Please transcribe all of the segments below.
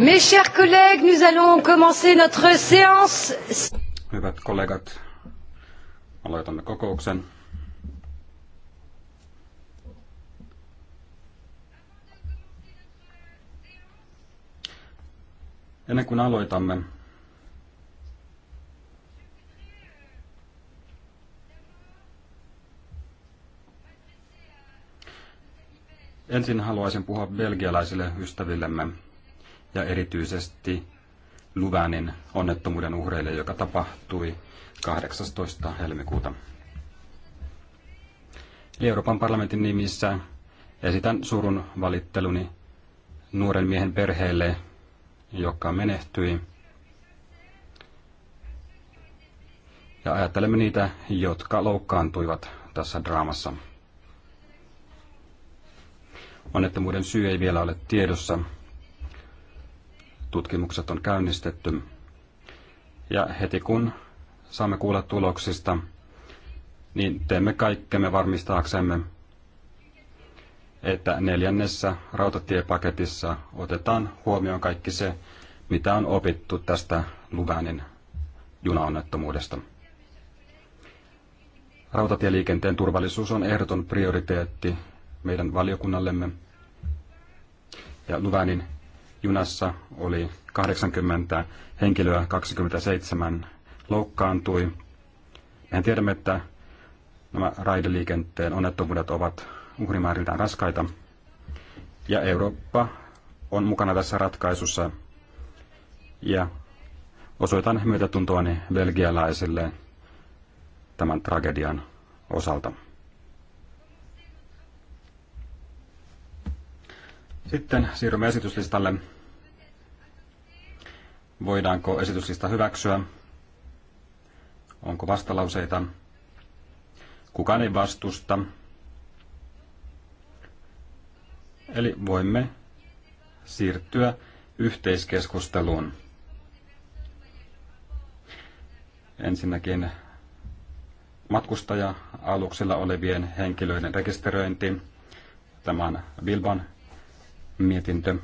Mes chers collègues, nous allons commencer notre séance. Hyvät kollegat, aloitamme kokouksen. Ennen kuin aloitamme, ensin haluaisin puhua belgialaisille ystävillemme ja erityisesti Luvänin onnettomuuden uhreille, joka tapahtui 18. helmikuuta. Eli Euroopan parlamentin nimissä esitän surun valitteluni nuoren miehen perheelle, joka menehtyi. Ja ajattelemme niitä, jotka loukkaantuivat tässä draamassa. Onnettomuuden syy ei vielä ole tiedossa, tutkimukset on käynnistetty. Ja heti kun saamme kuulla tuloksista, niin teemme kaikkemme varmistaaksemme, että neljännessä rautatiepaketissa otetaan huomioon kaikki se, mitä on opittu tästä Luvänin junaonnettomuudesta. Rautatieliikenteen turvallisuus on ehdoton prioriteetti meidän valiokunnallemme. Ja Luvänin junassa oli 80 henkilöä, 27 loukkaantui. Mehän tiedämme, että nämä raideliikenteen onnettomuudet ovat uhrimääriltään raskaita. Ja Eurooppa on mukana tässä ratkaisussa. Ja osoitan myötätuntoani belgialaisille tämän tragedian osalta. Sitten siirrymme esityslistalle. Voidaanko esityslista hyväksyä? Onko vastalauseita? Kukaan ei vastusta. Eli voimme siirtyä yhteiskeskusteluun. Ensinnäkin matkustaja-aluksilla olevien henkilöiden rekisteröinti. Tämä on Bilban mietintö.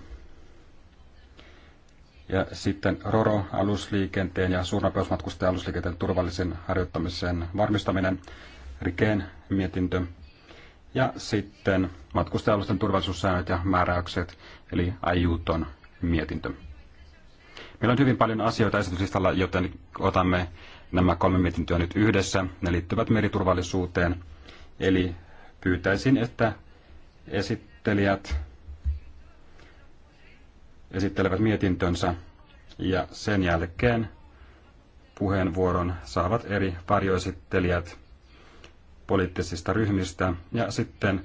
Ja sitten RORO, alusliikenteen ja suurnopeusmatkustajan alusliikenteen turvallisen harjoittamisen varmistaminen, Rikeen mietintö. Ja sitten matkustajalusten turvallisuussäännöt ja määräykset, eli Ajuton mietintö. Meillä on hyvin paljon asioita esityslistalla, joten otamme nämä kolme mietintöä nyt yhdessä. Ne liittyvät meriturvallisuuteen. Eli pyytäisin, että esittelijät esittelevät mietintönsä ja sen jälkeen puheenvuoron saavat eri varjoesittelijät poliittisista ryhmistä ja sitten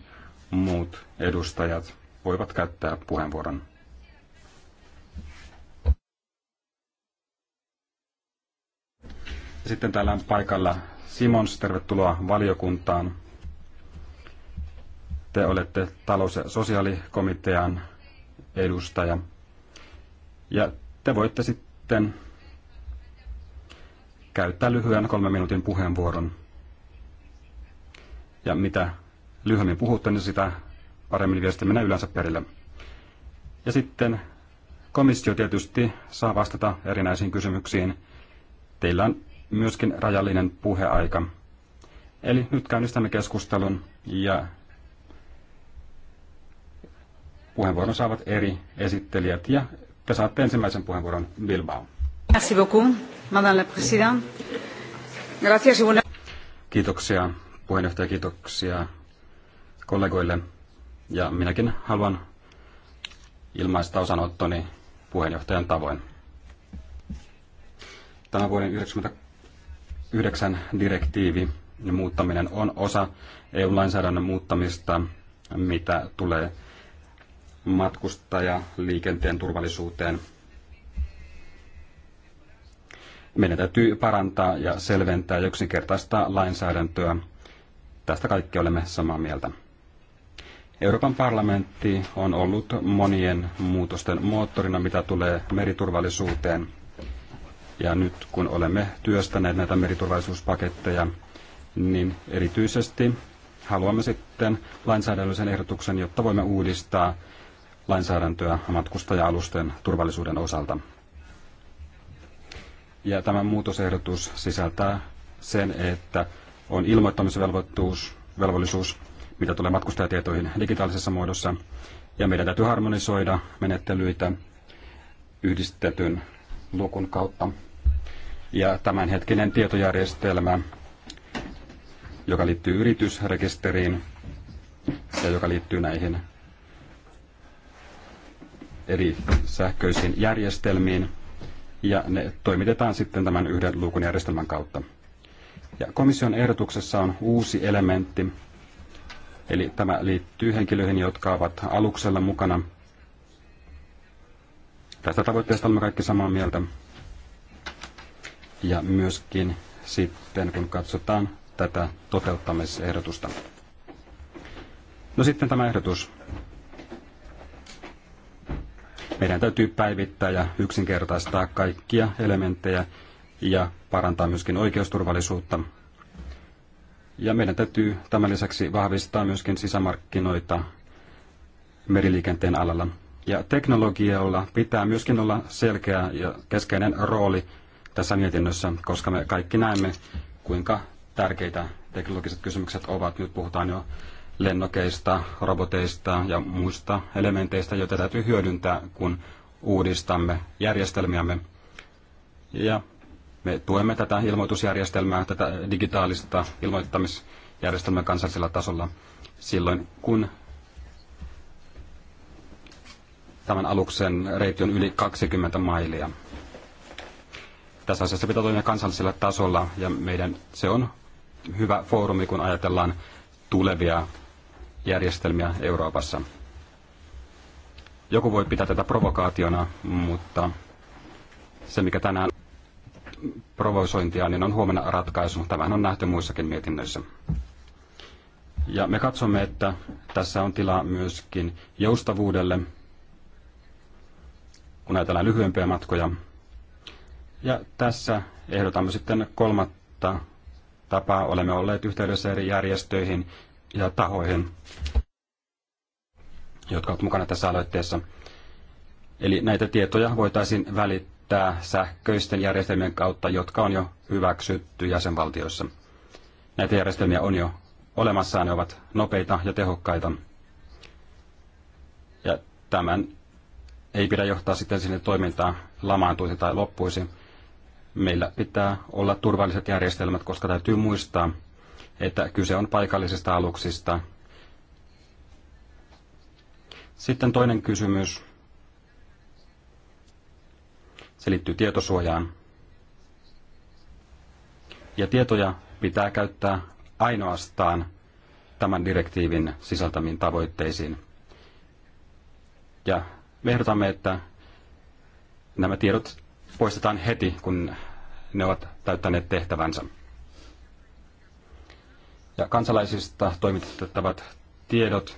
muut edustajat voivat käyttää puheenvuoron. Sitten täällä on paikalla Simons, tervetuloa valiokuntaan. Te olette talous- ja sosiaalikomitean edustaja. Ja te voitte sitten käyttää lyhyen kolmen minuutin puheenvuoron. Ja mitä lyhyemmin puhutte, niin sitä paremmin viesti menee yleensä perille. Ja sitten komissio tietysti saa vastata erinäisiin kysymyksiin. Teillä on myöskin rajallinen puheaika. Eli nyt käynnistämme keskustelun ja puheenvuoron saavat eri esittelijät ja te saatte ensimmäisen puheenvuoron Bilbao. Merci beaucoup, madame la présidente. Gracias y buena... Kiitoksia puheenjohtaja, kiitoksia kollegoille. Ja minäkin haluan ilmaista osanottoni puheenjohtajan tavoin. Tämä vuoden 1999 direktiivi muuttaminen on osa EU-lainsäädännön muuttamista, mitä tulee matkustajaliikenteen turvallisuuteen. Meidän täytyy parantaa ja selventää ja yksinkertaistaa lainsäädäntöä. Tästä kaikki olemme samaa mieltä. Euroopan parlamentti on ollut monien muutosten moottorina, mitä tulee meriturvallisuuteen. Ja nyt kun olemme työstäneet näitä meriturvallisuuspaketteja, niin erityisesti haluamme sitten lainsäädännöllisen ehdotuksen, jotta voimme uudistaa lainsäädäntöä matkustaja-alusten turvallisuuden osalta. Ja tämä muutosehdotus sisältää sen, että on ilmoittamisvelvollisuus, velvollisuus, mitä tulee matkustajatietoihin digitaalisessa muodossa, ja meidän täytyy harmonisoida menettelyitä yhdistetyn lukun kautta. Ja tämänhetkinen tietojärjestelmä, joka liittyy yritysrekisteriin ja joka liittyy näihin eri sähköisiin järjestelmiin, ja ne toimitetaan sitten tämän yhden luukun järjestelmän kautta. Ja komission ehdotuksessa on uusi elementti, eli tämä liittyy henkilöihin, jotka ovat aluksella mukana. Tästä tavoitteesta olemme kaikki samaa mieltä. Ja myöskin sitten, kun katsotaan tätä toteuttamisehdotusta. No sitten tämä ehdotus. Meidän täytyy päivittää ja yksinkertaistaa kaikkia elementtejä ja parantaa myöskin oikeusturvallisuutta. Ja meidän täytyy tämän lisäksi vahvistaa myöskin sisämarkkinoita meriliikenteen alalla. Ja teknologialla pitää myöskin olla selkeä ja keskeinen rooli tässä mietinnössä, koska me kaikki näemme, kuinka tärkeitä teknologiset kysymykset ovat. Nyt puhutaan jo lennokeista, roboteista ja muista elementeistä, joita täytyy hyödyntää, kun uudistamme järjestelmiämme. Ja me tuemme tätä ilmoitusjärjestelmää, tätä digitaalista ilmoittamisjärjestelmää kansallisella tasolla silloin, kun tämän aluksen reitti on yli 20 mailia. Tässä asiassa pitää toimia kansallisella tasolla ja meidän se on hyvä foorumi, kun ajatellaan tulevia järjestelmiä Euroopassa. Joku voi pitää tätä provokaationa, mutta se mikä tänään provosointia, niin on huomenna ratkaisu. Tämähän on nähty muissakin mietinnöissä. Ja me katsomme, että tässä on tilaa myöskin joustavuudelle, kun ajatellaan lyhyempiä matkoja. Ja tässä ehdotamme sitten kolmatta tapaa. Olemme olleet yhteydessä eri järjestöihin ja tahoihin, jotka ovat mukana tässä aloitteessa. Eli näitä tietoja voitaisiin välittää sähköisten järjestelmien kautta, jotka on jo hyväksytty jäsenvaltioissa. Näitä järjestelmiä on jo olemassa, ne ovat nopeita ja tehokkaita. Ja tämän ei pidä johtaa sitten sinne toimintaan lamaantuisi tai loppuisi. Meillä pitää olla turvalliset järjestelmät, koska täytyy muistaa, että kyse on paikallisista aluksista. Sitten toinen kysymys. Se liittyy tietosuojaan. Ja tietoja pitää käyttää ainoastaan tämän direktiivin sisältämiin tavoitteisiin. Ja me ehdotamme, että nämä tiedot poistetaan heti, kun ne ovat täyttäneet tehtävänsä ja kansalaisista toimitettavat tiedot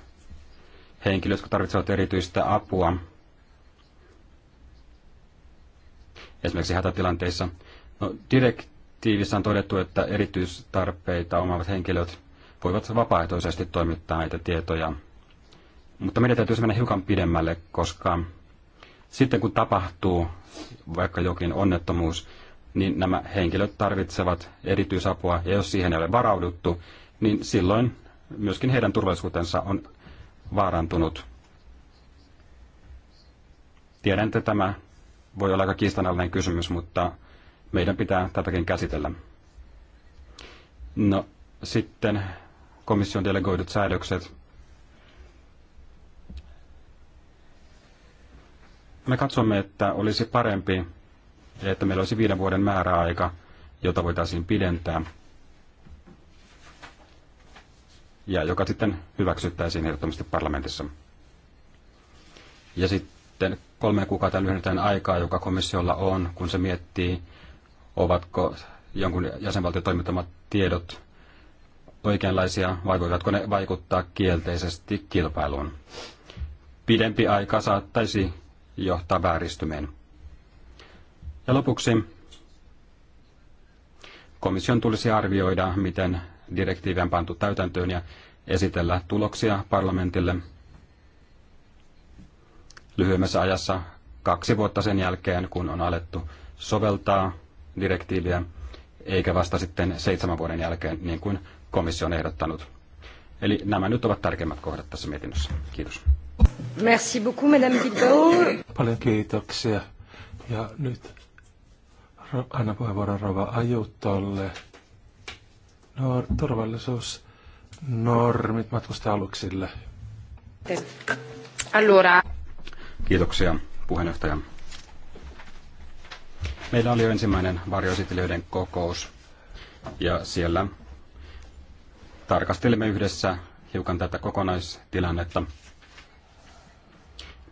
henkilöt, jotka tarvitsevat erityistä apua, esimerkiksi hätätilanteissa. No, direktiivissä on todettu, että erityistarpeita omaavat henkilöt voivat vapaaehtoisesti toimittaa näitä tietoja. Mutta meidän täytyy mennä hiukan pidemmälle, koska sitten kun tapahtuu vaikka jokin onnettomuus, niin nämä henkilöt tarvitsevat erityisapua, ja jos siihen ei ole varauduttu, niin silloin myöskin heidän turvallisuutensa on vaarantunut. Tiedän, että tämä voi olla aika kiistanallinen kysymys, mutta meidän pitää tätäkin käsitellä. No sitten komission delegoidut säädökset. Me katsomme, että olisi parempi, että meillä olisi viiden vuoden määräaika, jota voitaisiin pidentää ja joka sitten hyväksyttäisiin ehdottomasti parlamentissa. Ja sitten kolme kuukautta lyhennetään aikaa, joka komissiolla on, kun se miettii, ovatko jonkun jäsenvaltion toimittamat tiedot oikeanlaisia vai voivatko ne vaikuttaa kielteisesti kilpailuun. Pidempi aika saattaisi johtaa vääristymeen. Ja lopuksi komission tulisi arvioida, miten direktiiviä on pantu täytäntöön ja esitellä tuloksia parlamentille lyhyemmässä ajassa kaksi vuotta sen jälkeen, kun on alettu soveltaa direktiiviä, eikä vasta sitten seitsemän vuoden jälkeen, niin kuin komissio on ehdottanut. Eli nämä nyt ovat tärkeimmät kohdat tässä mietinnössä. Kiitos. Merci beaucoup, Madame Bilbao. Paljon kiitoksia. Ja nyt anna puheenvuoron Rova Ajutolle. No, turvallisuus, normit matkustajaluksille. Allora. Kiitoksia puheenjohtaja. Meillä oli jo ensimmäinen varjoesittelijöiden kokous ja siellä tarkastelimme yhdessä hiukan tätä kokonaistilannetta.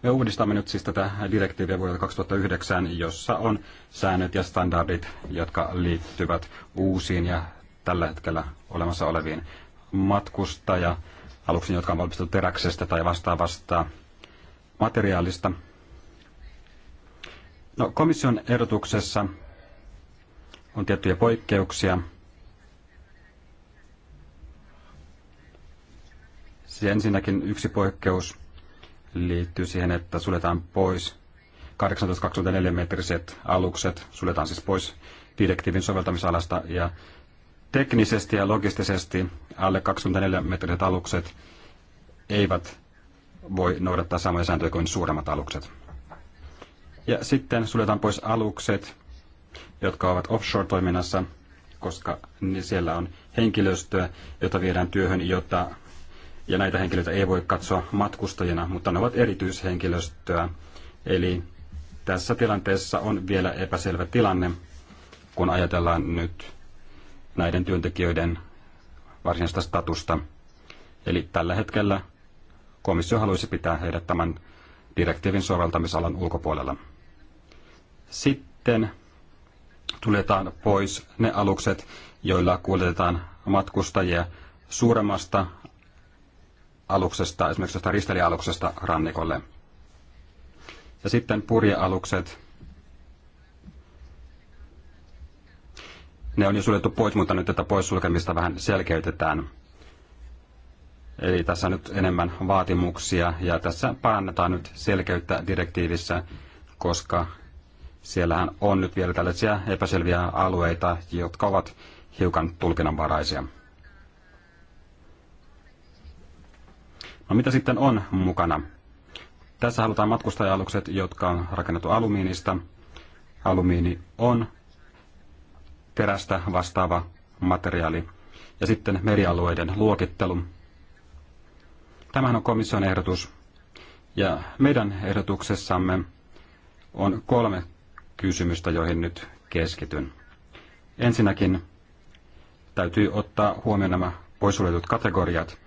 Me uudistamme nyt siis tätä direktiiviä vuodelta 2009, jossa on säännöt ja standardit, jotka liittyvät uusiin ja tällä hetkellä olemassa oleviin matkustaja aluksiin, jotka on valmistettu teräksestä tai vastaavasta materiaalista. No, komission ehdotuksessa on tiettyjä poikkeuksia. Siis ensinnäkin yksi poikkeus liittyy siihen, että suljetaan pois 18-24 metriset alukset, suljetaan siis pois direktiivin soveltamisalasta ja teknisesti ja logistisesti alle 24 metriset alukset eivät voi noudattaa samoja sääntöjä kuin suuremmat alukset. Ja sitten suljetaan pois alukset, jotka ovat offshore-toiminnassa, koska siellä on henkilöstöä, jota viedään työhön, jota, ja näitä henkilöitä ei voi katsoa matkustajina, mutta ne ovat erityishenkilöstöä. Eli tässä tilanteessa on vielä epäselvä tilanne, kun ajatellaan nyt näiden työntekijöiden varsinaista statusta. Eli tällä hetkellä komissio haluaisi pitää heidät tämän direktiivin soveltamisalan ulkopuolella. Sitten tuletaan pois ne alukset, joilla kuljetetaan matkustajia suuremmasta aluksesta, esimerkiksi tästä rannikolle. Ja sitten purjealukset, Ne on jo suljettu pois, mutta nyt tätä poissulkemista vähän selkeytetään. Eli tässä on nyt enemmän vaatimuksia ja tässä parannetaan nyt selkeyttä direktiivissä, koska siellähän on nyt vielä tällaisia epäselviä alueita, jotka ovat hiukan tulkinnanvaraisia. No mitä sitten on mukana? Tässä halutaan matkustaja-alukset, jotka on rakennettu alumiinista. Alumiini on terästä vastaava materiaali. Ja sitten merialueiden luokittelu. Tämähän on komission ehdotus. Ja meidän ehdotuksessamme on kolme kysymystä, joihin nyt keskityn. Ensinnäkin täytyy ottaa huomioon nämä poissuljetut kategoriat,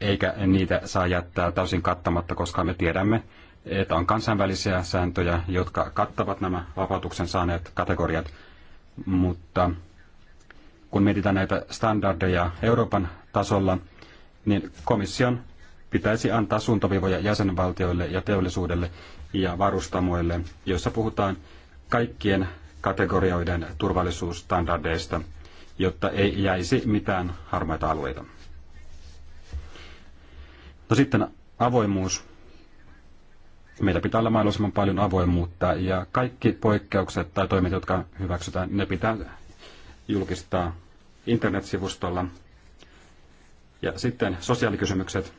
eikä niitä saa jättää täysin kattamatta, koska me tiedämme, että on kansainvälisiä sääntöjä, jotka kattavat nämä vapautuksen saaneet kategoriat, mutta kun mietitään näitä standardeja Euroopan tasolla, niin komission pitäisi antaa suuntaviivoja jäsenvaltioille ja teollisuudelle ja varustamoille, joissa puhutaan kaikkien kategorioiden turvallisuusstandardeista, jotta ei jäisi mitään harmaita alueita. No sitten avoimuus meillä pitää olla mahdollisimman paljon avoimuutta ja kaikki poikkeukset tai toimet, jotka hyväksytään, ne pitää julkistaa internetsivustolla. Ja sitten sosiaalikysymykset.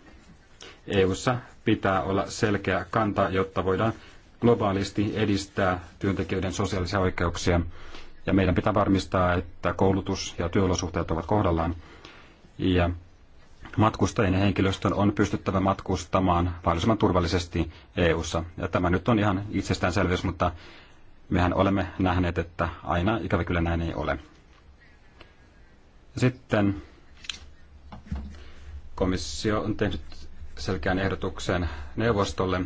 EU:ssa pitää olla selkeä kanta, jotta voidaan globaalisti edistää työntekijöiden sosiaalisia oikeuksia. Ja meidän pitää varmistaa, että koulutus ja työolosuhteet ovat kohdallaan. Ja matkustajien ja henkilöstön on pystyttävä matkustamaan mahdollisimman turvallisesti EU:ssa. Ja tämä nyt on ihan itsestäänselvyys, mutta mehän olemme nähneet, että aina ikävä kyllä näin ei ole. Sitten komissio on tehnyt selkeän ehdotuksen neuvostolle,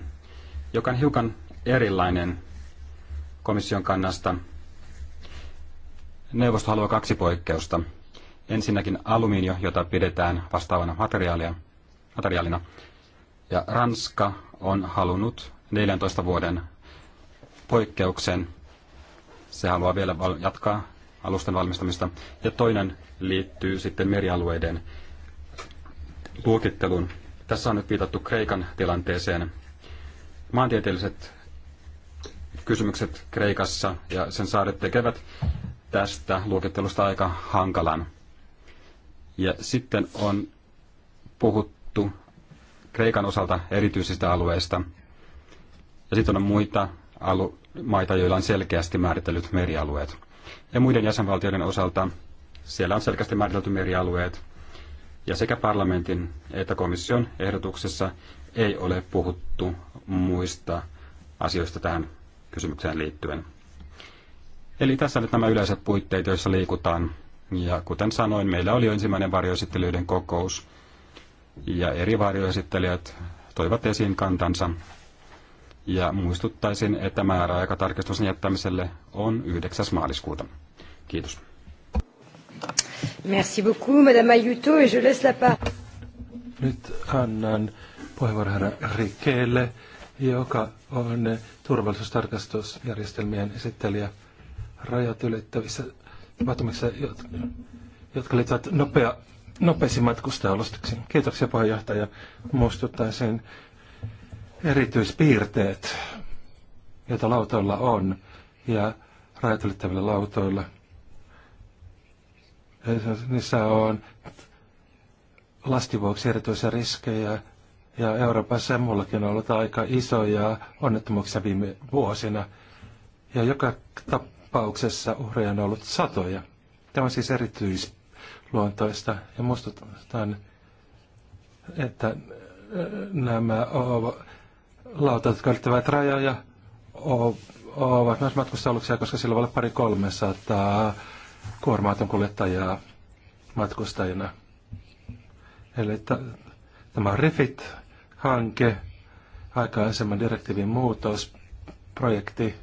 joka on hiukan erilainen komission kannasta. Neuvosto haluaa kaksi poikkeusta – Ensinnäkin alumiinio, jota pidetään vastaavana materiaalia, materiaalina. Ja Ranska on halunnut 14 vuoden poikkeuksen. Se haluaa vielä jatkaa alusten valmistamista. Ja toinen liittyy sitten merialueiden luokitteluun. Tässä on nyt viitattu Kreikan tilanteeseen. Maantieteelliset kysymykset Kreikassa ja sen saaret tekevät tästä luokittelusta aika hankalan. Ja sitten on puhuttu Kreikan osalta erityisistä alueista. Ja sitten on muita alu- maita, joilla on selkeästi määritellyt merialueet. Ja muiden jäsenvaltioiden osalta siellä on selkeästi määritelty merialueet. Ja sekä parlamentin että komission ehdotuksessa ei ole puhuttu muista asioista tähän kysymykseen liittyen. Eli tässä nyt nämä yleiset puitteet, joissa liikutaan ja kuten sanoin, meillä oli jo ensimmäinen varjoesittelyiden kokous ja eri varjoesittelijät toivat esiin kantansa. Ja muistuttaisin, että määräaika tarkistuksen jättämiselle on 9. maaliskuuta. Kiitos. Merci beaucoup, Madame Ayuto, et je laisse la part. Nyt annan puheenvuoron herra Rikkeelle, joka on turvallisuustarkastusjärjestelmien esittelijä rajat ylittävissä vaatimuksia, jotka liittyvät nopea, nopeisiin matkustajalustuksiin. Kiitoksia puheenjohtaja. sen erityispiirteet, joita lautoilla on ja rajatelittävillä lautoilla. Niissä on lastivuoksi erityisiä riskejä ja Euroopassa ja muullakin on ollut aika isoja onnettomuuksia viime vuosina. Ja joka tapauksessa tapauksessa uhreja on ollut satoja. Tämä on siis erityisluontoista ja muistutan, että äh, nämä lautat, jotka ylittävät rajoja, ovat myös matkustusaluksia, koska sillä voi olla pari 300 kuorma-auton kuljettajaa matkustajina. Eli tämä on REFIT-hanke, aikaisemman direktiivin muutosprojekti,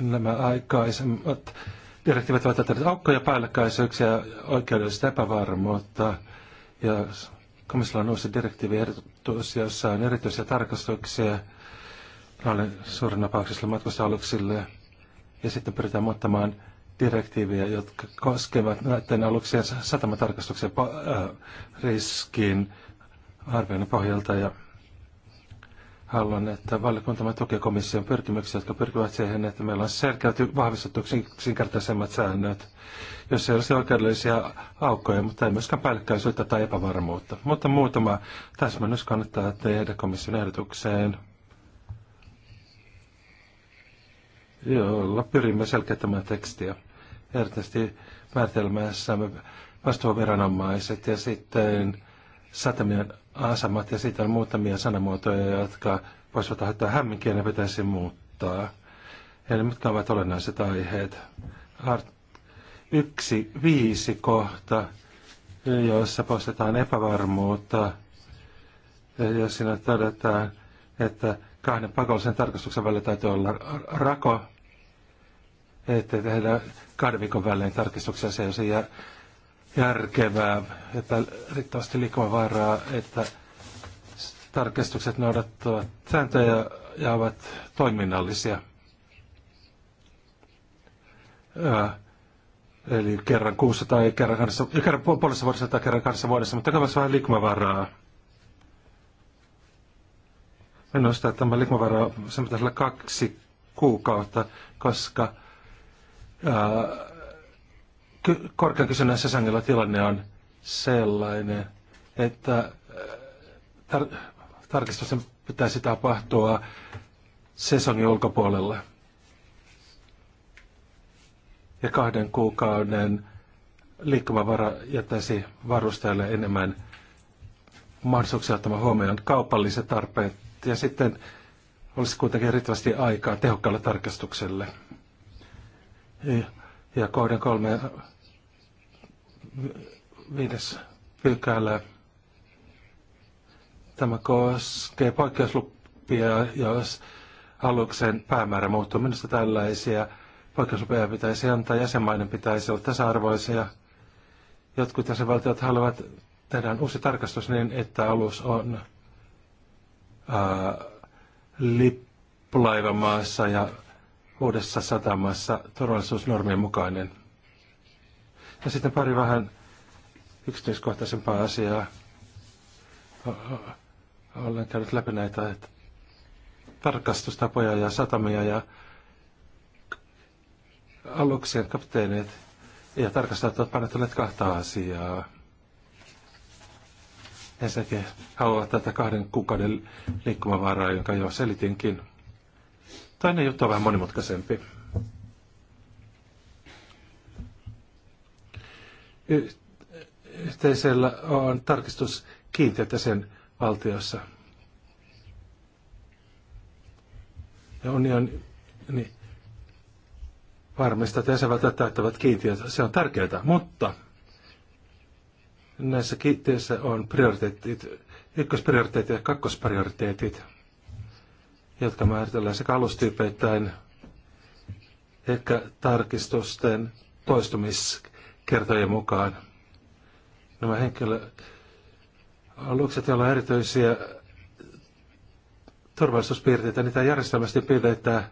nämä aikaisemmat direktiivit ovat tätä aukkoja, päällekkäisyyksiä ja oikeudellista epävarmuutta. Ja komissiolla on uusi direktiiviehdotus, jossa on erityisiä tarkastuksia näille suurin tapauksessa matkustajaluksille. Ja sitten pyritään muuttamaan direktiiviä, jotka koskevat näiden aluksien satamatarkastuksen riskiin arvioinnin pohjalta. Ja Haluan, että valiokuntamme tukee komission pyrkimyksiä, jotka pyrkivät siihen, että meillä on selkeyty vahvistettu yksinkertaisemmat säännöt, jos ei olisi oikeudellisia aukkoja, mutta ei myöskään päällekkäisyyttä tai epävarmuutta. Mutta muutama täsmennys kannattaa tehdä komission ehdotukseen, jolla pyrimme selkeyttämään tekstiä. Erityisesti määritelmässä me vastuuviranomaiset ja sitten satamien asemat ja siitä on muutamia sanamuotoja, jotka voisivat aiheuttaa hämminkiä ja pitäisi muuttaa. Eli mitkä ovat olennaiset aiheet? Art- yksi viisi kohta, jossa poistetaan epävarmuutta ja siinä todetaan, että kahden pakollisen tarkastuksen välillä täytyy olla rako, että tehdään kahden viikon välein tarkistuksia se, jos ei järkevää, että riittävästi liikkumavaraa, että tarkistukset noudattavat sääntöjä ja ovat toiminnallisia. Ää, eli kerran kuussa tai kerran, kanssa, kerran puolessa vuodessa tai kerran kanssa vuodessa, mutta tekemään vähän liikkumavaraa. Minusta tämä liikkumavara, se kaksi kuukautta, koska ää, ky- korkean kysynnässä tilanne on sellainen, että äh, tar- tarkistuksen pitäisi tapahtua sesongin ulkopuolella. Ja kahden kuukauden liikkumavara jättäisi varustajalle enemmän mahdollisuuksia ottamaan huomioon kaupalliset tarpeet. Ja sitten olisi kuitenkin riittävästi aikaa tehokkaalle tarkastukselle. Ja kohden kolme viides pykälä. Tämä koskee poikkeuslupia, jos aluksen päämäärä muuttuu. Minusta tällaisia poikkeuslupia pitäisi antaa. Jäsenmaiden pitäisi olla tasa-arvoisia. Jotkut jäsenvaltiot haluavat tehdä uusi tarkastus niin, että alus on lippulaivamaassa maassa ja uudessa satamassa turvallisuusnormien mukainen. Ja sitten pari vähän yksityiskohtaisempaa asiaa. Olen käynyt läpi näitä että tarkastustapoja ja satamia ja aluksien kapteenit ja tarkastajat ovat painottaneet kahta asiaa. Ensinnäkin haluaa tätä kahden kuukauden liikkumavaraa, jonka jo selitinkin. Toinen juttu on vähän monimutkaisempi. yhteisöllä on tarkistus kiinteätä sen valtiossa. Ja union niin, varmista, että jäsenvaltiot täyttävät kiintiöt. Se on tärkeää, mutta näissä kiintiöissä on prioriteetit, ykkösprioriteetit ja kakkosprioriteetit, jotka määritellään sekä alustyypeittäin että tarkistusten toistumis kertojen mukaan. Nämä alukset, joilla on erityisiä turvallisuuspiirteitä, niitä järjestelmästi pidetään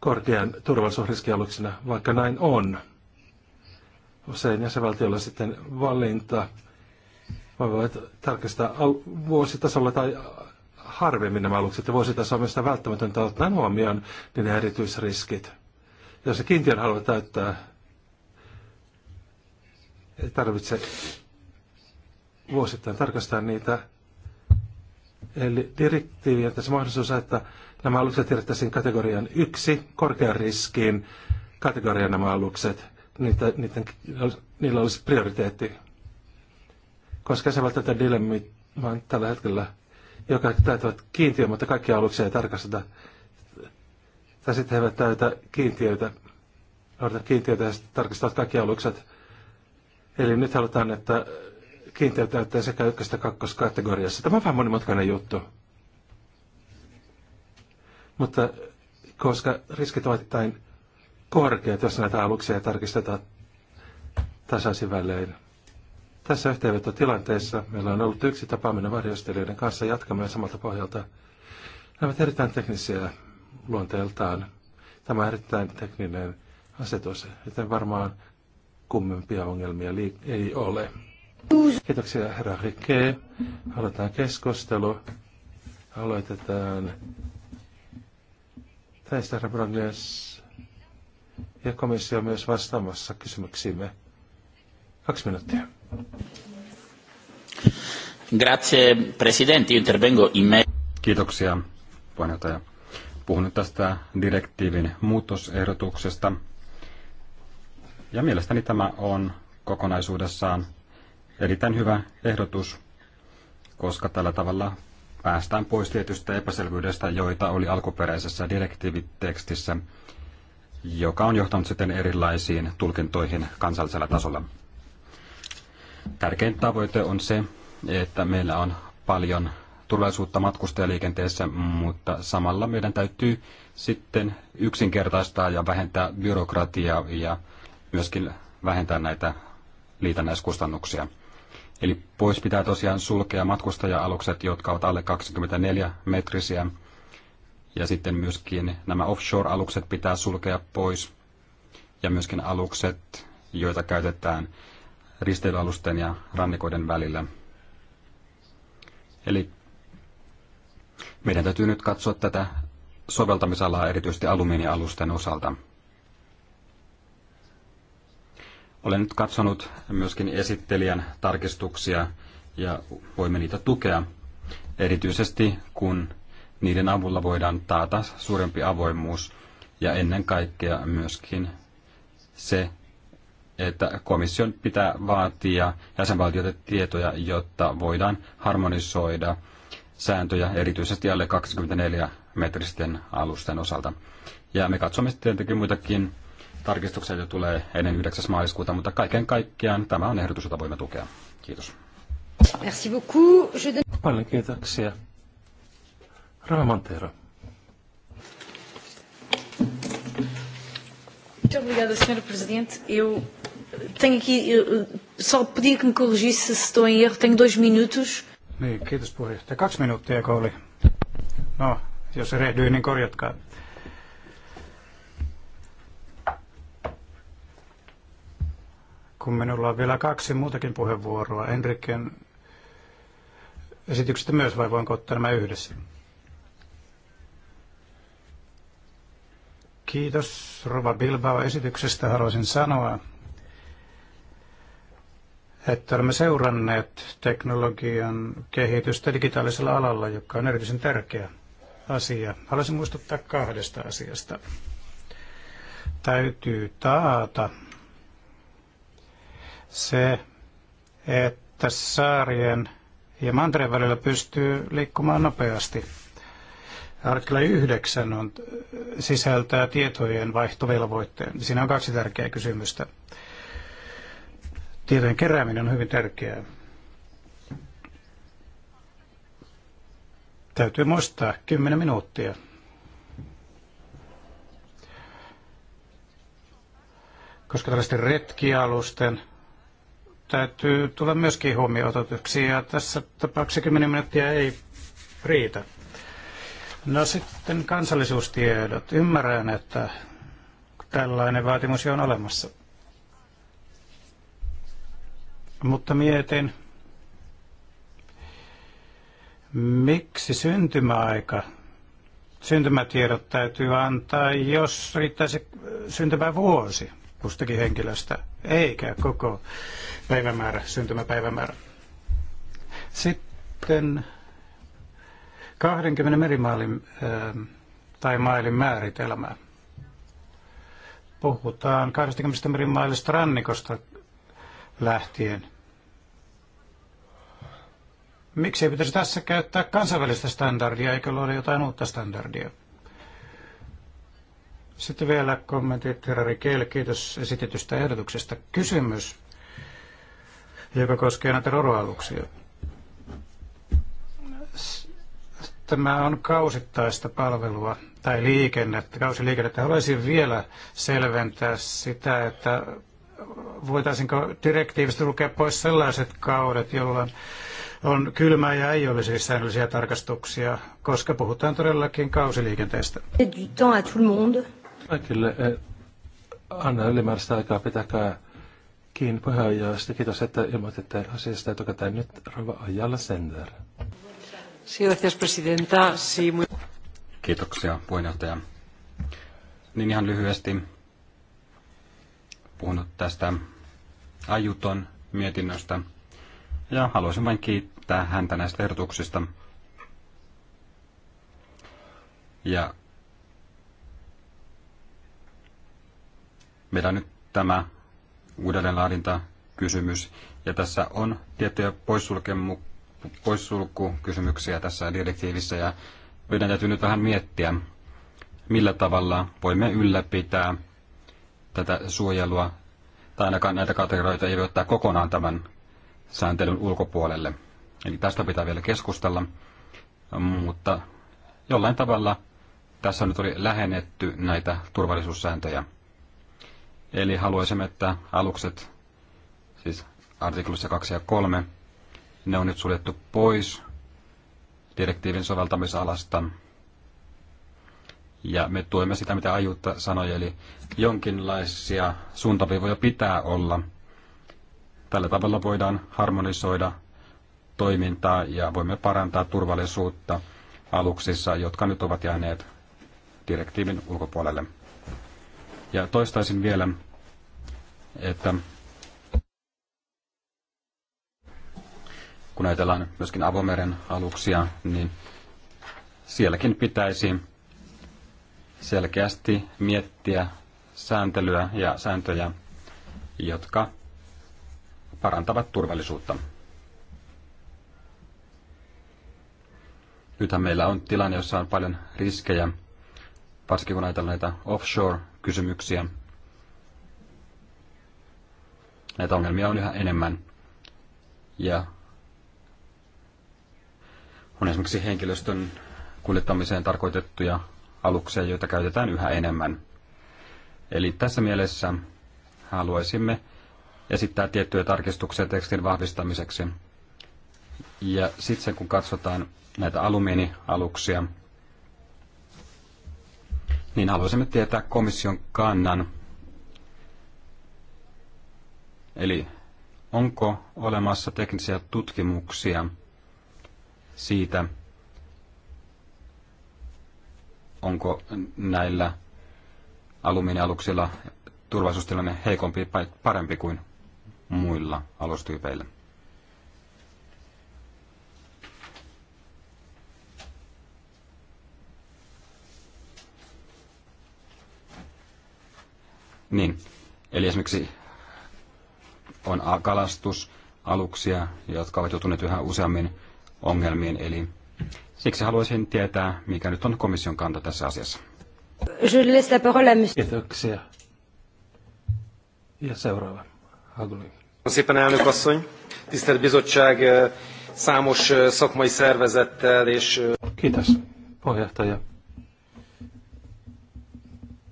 korkean turvallisuusriskialuksena, vaikka näin on. Usein jäsenvaltiolla sitten valinta voivat tarkistaa vuositasolla tai harvemmin nämä alukset, vuositasolla on välttämätöntä ottaa huomioon niiden erityisriskit. Jos se kiintiön haluaa täyttää, ei tarvitse vuosittain tarkastaa niitä. Eli direktiivi on tässä mahdollisuus, että nämä alukset siirrettäisiin kategorian yksi korkean riskiin kategorian nämä alukset. Niitä, niiden, niillä olisi prioriteetti. Koska se tätä dilemmaa tällä hetkellä, joka täyttävät kiintiö, mutta kaikkia aluksia ei tarkasteta. Tai sitten he eivät täytä kiintiöitä, noudata kiintiöitä ja tarkistavat kaikki alukset Eli nyt halutaan, että kiinteytetään sekä ykkös- että kakkoskategoriassa. Tämä on vähän monimutkainen juttu. Mutta koska riskit ovat jotain korkeat, jos näitä aluksia tarkistetaan tasaisin välein. Tässä yhteenvetotilanteessa meillä on ollut yksi tapaaminen varjostelijoiden kanssa jatkamaan samalta pohjalta. Nämä ovat erittäin teknisiä luonteeltaan. Tämä on erittäin tekninen asetus, joten varmaan kummempia ongelmia ei ole. Kiitoksia herra Rike. Aloitetaan keskustelu. Aloitetaan tästä herra Brangles. ja komissio myös vastaamassa kysymyksiimme. Kaksi minuuttia. Grazie, Presidenti, Intervengo in me- Kiitoksia, puheenjohtaja. Puhun nyt tästä direktiivin muutosehdotuksesta, ja mielestäni tämä on kokonaisuudessaan erittäin hyvä ehdotus, koska tällä tavalla päästään pois tietystä epäselvyydestä, joita oli alkuperäisessä direktiivitekstissä, joka on johtanut sitten erilaisiin tulkintoihin kansallisella tasolla. Tärkein tavoite on se, että meillä on paljon turvallisuutta matkustajaliikenteessä, mutta samalla meidän täytyy sitten yksinkertaistaa ja vähentää byrokratiaa ja myöskin vähentää näitä liitännäiskustannuksia. Eli pois pitää tosiaan sulkea matkustaja-alukset, jotka ovat alle 24 metrisiä. Ja sitten myöskin nämä offshore-alukset pitää sulkea pois. Ja myöskin alukset, joita käytetään risteilyalusten ja rannikoiden välillä. Eli meidän täytyy nyt katsoa tätä soveltamisalaa erityisesti alumiinialusten osalta – Olen nyt katsonut myöskin esittelijän tarkistuksia ja voimme niitä tukea, erityisesti kun niiden avulla voidaan taata suurempi avoimuus ja ennen kaikkea myöskin se, että komission pitää vaatia jäsenvaltioiden tietoja, jotta voidaan harmonisoida sääntöjä erityisesti alle 24 metristen alusten osalta. Ja me katsomme sitten tietenkin muitakin Tarkistukset jo tulee ennen 9. maaliskuuta, mutta kaiken kaikkiaan tämä on ehdotus, jota voimme tukea. Kiitos. Merci beaucoup. Je Paljon kiitoksia. Ramantero. Muito obrigada, Sr. Presidente. Eu tenho aqui, eu só pedir que me corrigisse se estou em erro. Tenho dois minutos. Niin, kiitos puheenjohtaja. Kaksi minuuttia, oli. No, jos erehdyin, niin korjatkaa. kun minulla on vielä kaksi muutakin puheenvuoroa. Enriken esityksestä myös, vai voinko ottaa nämä yhdessä? Kiitos Rova Bilbao esityksestä. Haluaisin sanoa, että olemme seuranneet teknologian kehitystä digitaalisella alalla, joka on erityisen tärkeä asia. Haluaisin muistuttaa kahdesta asiasta. Täytyy taata se, että saarien ja mantereen välillä pystyy liikkumaan nopeasti. Artikla 9 on, sisältää tietojen vaihtovelvoitteen. Siinä on kaksi tärkeää kysymystä. Tietojen kerääminen on hyvin tärkeää. Täytyy muistaa 10 minuuttia. Koska tällaisten retkialusten täytyy tulla myöskin huomioon otetuksi ja tässä tapauksessa 10 minuuttia ei riitä. No sitten kansallisuustiedot. Ymmärrän, että tällainen vaatimus jo on olemassa. Mutta mietin, miksi syntymäaika, syntymätiedot täytyy antaa, jos riittäisi syntymävuosi, kustakin henkilöstä eikä koko päivämäärä, syntymäpäivämäärä. Sitten 20 merimaalin ähm, tai mailin määritelmää. Puhutaan 20 merimailista rannikosta lähtien. Miksi ei pitäisi tässä käyttää kansainvälistä standardia, eikö luoda jotain uutta standardia? Sitten vielä kommentit herra Rikel, kiitos esitetystä ehdotuksesta. Kysymys, joka koskee näitä roroaluksia. Tämä on kausittaista palvelua tai liikennettä, kausiliikennettä. Haluaisin vielä selventää sitä, että voitaisinko direktiivistä lukea pois sellaiset kaudet, jolloin on kylmää ja ei olisi siis säännöllisiä tarkastuksia, koska puhutaan todellakin kausiliikenteestä. Kaikille eh, anna ylimääräistä aikaa pitäkää kiinni puheenjohtajasta. Kiitos, että ilmoititte asiasta etukäteen nyt Rova Ajalla Sender. Kiitoksia puheenjohtaja. Niin ihan lyhyesti puhunut tästä Ajuton mietinnöstä ja haluaisin vain kiittää häntä näistä ehdotuksista. Ja Meillä on nyt tämä uudelleenlaadinta kysymys. Ja tässä on tiettyjä poissulkukysymyksiä tässä direktiivissä ja meidän täytyy nyt vähän miettiä, millä tavalla voimme ylläpitää tätä suojelua, tai ainakaan näitä kategorioita ei voi ottaa kokonaan tämän sääntelyn ulkopuolelle. Eli tästä pitää vielä keskustella, mutta jollain tavalla tässä nyt oli lähennetty näitä turvallisuussääntöjä. Eli haluaisimme, että alukset, siis artiklussa 2 ja 3, ne on nyt suljettu pois direktiivin soveltamisalasta. Ja me tuemme sitä, mitä Ajuutta sanoi, eli jonkinlaisia suuntaviivoja pitää olla. Tällä tavalla voidaan harmonisoida toimintaa ja voimme parantaa turvallisuutta aluksissa, jotka nyt ovat jääneet direktiivin ulkopuolelle. Ja toistaisin vielä, että kun ajatellaan myöskin avomeren aluksia, niin sielläkin pitäisi selkeästi miettiä sääntelyä ja sääntöjä, jotka parantavat turvallisuutta. Nythän meillä on tilanne, jossa on paljon riskejä, varsinkin kun ajatellaan näitä offshore-kysymyksiä, Näitä ongelmia on yhä enemmän. Ja on esimerkiksi henkilöstön kuljettamiseen tarkoitettuja aluksia, joita käytetään yhä enemmän. Eli tässä mielessä haluaisimme esittää tiettyjä tarkistuksia tekstin vahvistamiseksi. Ja sitten kun katsotaan näitä alumiinialuksia, niin haluaisimme tietää komission kannan Eli onko olemassa teknisiä tutkimuksia siitä, onko näillä alumiinialuksilla turvallisuustilanne heikompi tai parempi kuin muilla alustyypeillä. Niin, eli esimerkiksi on kalastusaluksia, jotka ovat joutuneet yhä useammin ongelmiin. Eli siksi haluaisin tietää, mikä nyt on komission kanta tässä asiassa. Kiitoksia. Ja seuraava. Kiitos, puheenjohtaja.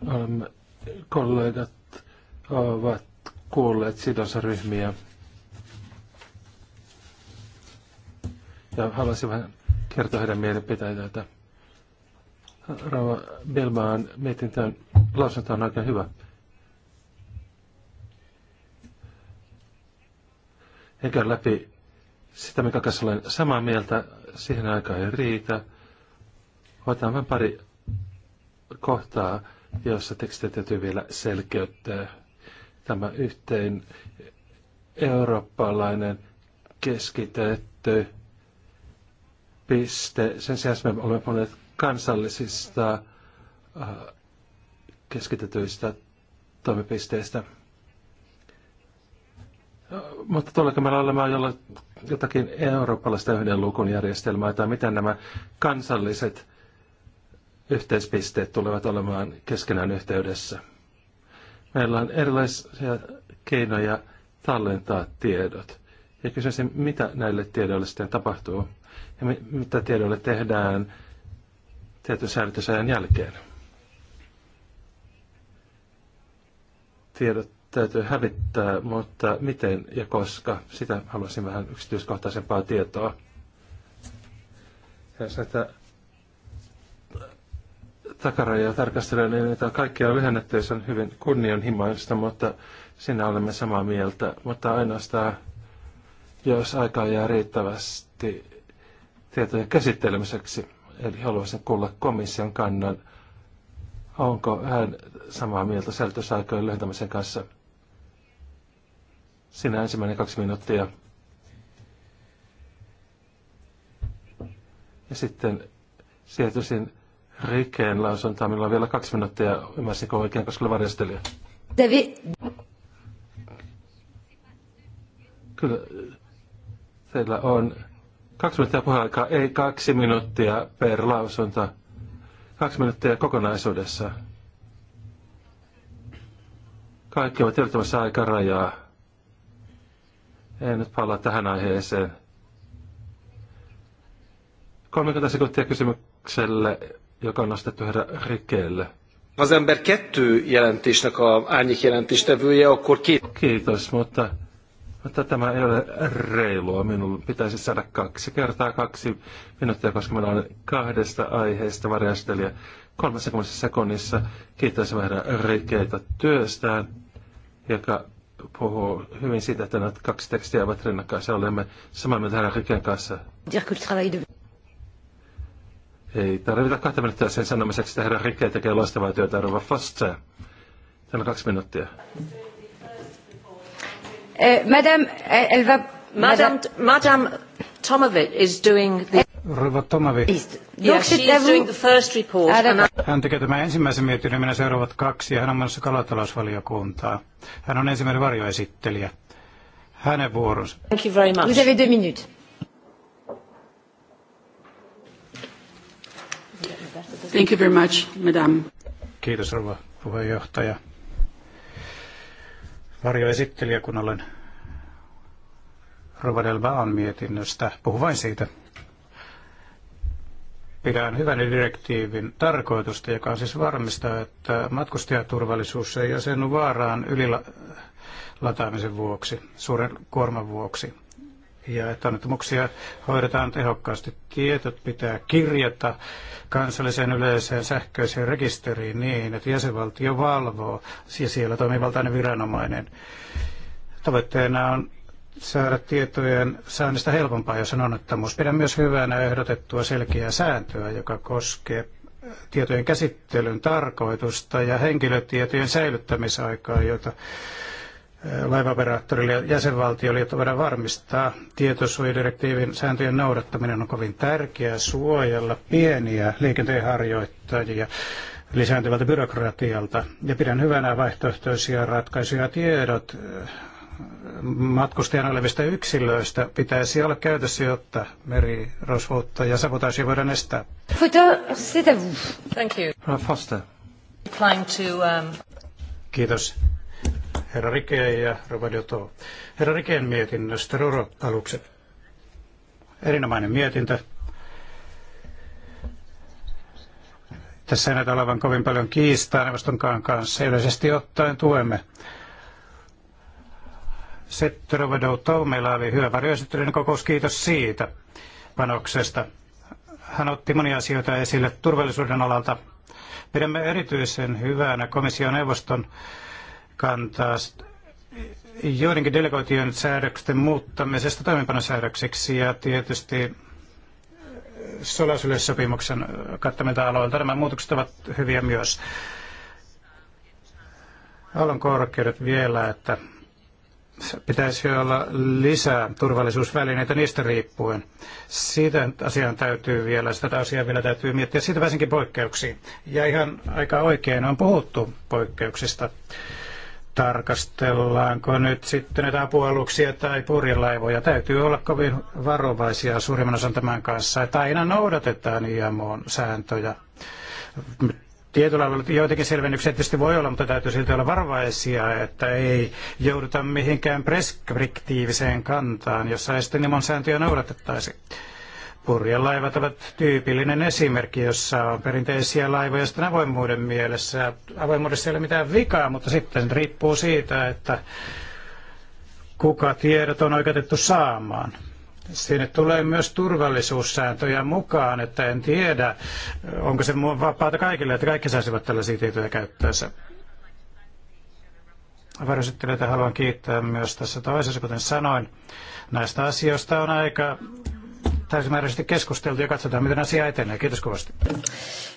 Olemme kollegat ovat kuolleet sidosryhmiä. Ja haluaisin vähän kertoa heidän mielipiteitä. Rauha Belmaan mietintö on, lausunto on aika hyvä. En käy läpi sitä, mikä kanssa olen samaa mieltä. Siihen aikaan ei riitä. Otan vain pari kohtaa, jossa tekstit täytyy vielä selkeyttää tämä yhteen eurooppalainen keskitetty piste. Sen sijaan me olemme puhuneet kansallisista äh, keskitetyistä toimipisteistä. Äh, mutta tuleeko meillä olemaan jotakin eurooppalaista yhden lukun järjestelmää, tai miten nämä kansalliset yhteispisteet tulevat olemaan keskenään yhteydessä? Meillä on erilaisia keinoja tallentaa tiedot. Ja kysyisin, mitä näille tiedoille sitten tapahtuu ja mitä tiedoille tehdään tietyn säilytysajan jälkeen. Tiedot täytyy hävittää, mutta miten ja koska, sitä haluaisin vähän yksityiskohtaisempaa tietoa. Ja sitä, takaraja tarkastelee, niin niitä kaikkia lyhennetty, se on hyvin kunnianhimoista, mutta sinä olemme samaa mieltä. Mutta ainoastaan, jos aikaa jää riittävästi tietojen käsittelemiseksi, eli haluaisin kuulla komission kannan, onko hän samaa mieltä säilytysaikojen lyhentämisen kanssa. sinä ensimmäinen kaksi minuuttia. Ja sitten siirtyisin Rikeen lausuntaa. Minulla on vielä kaksi minuuttia. Ymmärsinkö oikein, koska olen David. Kyllä. Teillä on kaksi minuuttia puheaikaa, ei kaksi minuuttia per lausunta. Kaksi minuuttia kokonaisuudessa. Kaikki ovat tiedottamassa aikarajaa. En nyt palaa tähän aiheeseen. 30 sekuntia kysymykselle joka on nostettu herra Rikelle. Az ember kettő jelentésnek a árnyék jelentéstevője, akkor két... Kiitos, mutta, mutta tämä ei ole reilua. Minun pitäisi saada kaksi kertaa kaksi minuuttia, koska meillä on kahdesta aiheesta varjastelija 30 sekunnissa. Kiitos vähän Rikeitä työstään, joka puhuu hyvin siitä, että nämä kaksi tekstiä ovat rinnakkaisia. Olemme samaa mieltä herra Riken kanssa. Ei tarvita kahta minuuttia sen sanomiseksi, että herra Rikke tekee loistavaa työtä, Rova Foster. Tämä on kaksi minuuttia. Eh, madame, eh, elle va... Madame, Madame Tomovic is doing the... Rova Tomovic. Yeah, is doing the first report. Ah, hän tekee tämän ensimmäisen mietinnön, minä seuraavat kaksi, ja hän on menossa kalatalousvaliokuntaa. Hän on ensimmäinen varjoesittelijä. Hänen vuoronsa. Thank you very much. Vous avez deux minutes. Thank you very much, madam. Kiitos, rouva puheenjohtaja. Varjoesittelijä, kun olen Rova Del mietinnöstä, puhun vain siitä. Pidän hyvänä direktiivin tarkoitusta, joka on siis varmistaa, että matkustajaturvallisuus ei asennu vaaraan ylilataamisen vuoksi, suuren kuorman vuoksi ja että onnettomuuksia hoidetaan tehokkaasti. Tietot pitää kirjata kansalliseen yleiseen sähköiseen rekisteriin niin, että jäsenvaltio valvoo ja siellä toimivaltainen viranomainen. Tavoitteena on saada tietojen saannista helpompaa, jos on onnettomuus. Pidän myös hyvänä ehdotettua selkeää sääntöä, joka koskee tietojen käsittelyn tarkoitusta ja henkilötietojen säilyttämisaikaa, joita laivaoperaattorille ja jäsenvaltioille, jotta voidaan varmistaa tietosuojadirektiivin sääntöjen noudattaminen on kovin tärkeää suojella pieniä liikenteenharjoittajia lisääntyvältä byrokratialta. Ja pidän hyvänä vaihtoehtoisia ratkaisuja tiedot matkustajana olevista yksilöistä pitäisi olla käytössä, jotta merirosvoutta ja sabotaasia voidaan estää. Thank you. Foster. Um, Kiitos herra Rike ja Robadioto. Herra Rikeen mietinnöstä Roro aluksi. Erinomainen mietintö. Tässä ei näytä olevan kovin paljon kiistaa neuvostonkaan kanssa. Yleisesti ottaen tuemme sitten Rovedoutou, meillä oli hyvä varjoesittelyinen kokous, kiitos siitä panoksesta. Hän otti monia asioita esille turvallisuuden alalta. Pidämme erityisen hyvänä komission neuvoston kantaa joidenkin delegoitujen säädöksen muuttamisesta toimeenpanosäädöksiksi ja tietysti solasyleissopimuksen kattamilta aloilta. Nämä muutokset ovat hyviä myös. Haluan korkeudet vielä, että pitäisi olla lisää turvallisuusvälineitä niistä riippuen. Siitä asiaan täytyy vielä, sitä asiaa vielä täytyy miettiä, siitä varsinkin poikkeuksiin. Ja ihan aika oikein on puhuttu poikkeuksista tarkastellaanko nyt sitten näitä apualuksia tai purjelaivoja. Täytyy olla kovin varovaisia suurimman osan tämän kanssa, että aina noudatetaan IMOn sääntöjä. Tietyllä lailla joitakin selvennyksiä tietysti voi olla, mutta täytyy silti olla varovaisia, että ei jouduta mihinkään preskriptiiviseen kantaan, jossa ei sitten IMOn sääntöjä noudatettaisi. Purjelaivat ovat tyypillinen esimerkki, jossa on perinteisiä laivoja sitten avoimuuden mielessä. Avoimuudessa ei ole mitään vikaa, mutta sitten riippuu siitä, että kuka tiedot on oikeutettu saamaan. Sinne tulee myös turvallisuussääntöjä mukaan, että en tiedä, onko se vapaata kaikille, että kaikki saisivat tällaisia tietoja käyttäänsä. Varoesittelijöitä haluan kiittää myös tässä toisessa, kuten sanoin. Näistä asioista on aika täysimääräisesti keskusteltu ja katsotaan, miten asia etenee. Kiitos kovasti.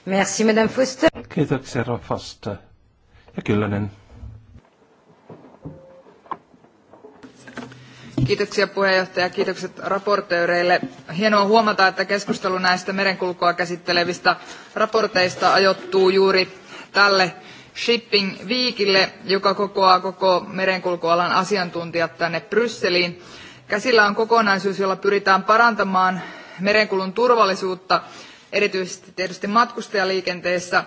Merci, Madame Foster. Kiitoksia, Rob Foster. Ja Kyllönen. Kiitoksia puheenjohtaja, kiitokset raportööreille. Hienoa huomata, että keskustelu näistä merenkulkua käsittelevistä raporteista ajoittuu juuri tälle Shipping Weekille, joka kokoaa koko merenkulkualan asiantuntijat tänne Brysseliin. Käsillä on kokonaisuus, jolla pyritään parantamaan merenkulun turvallisuutta, erityisesti tietysti matkustajaliikenteessä.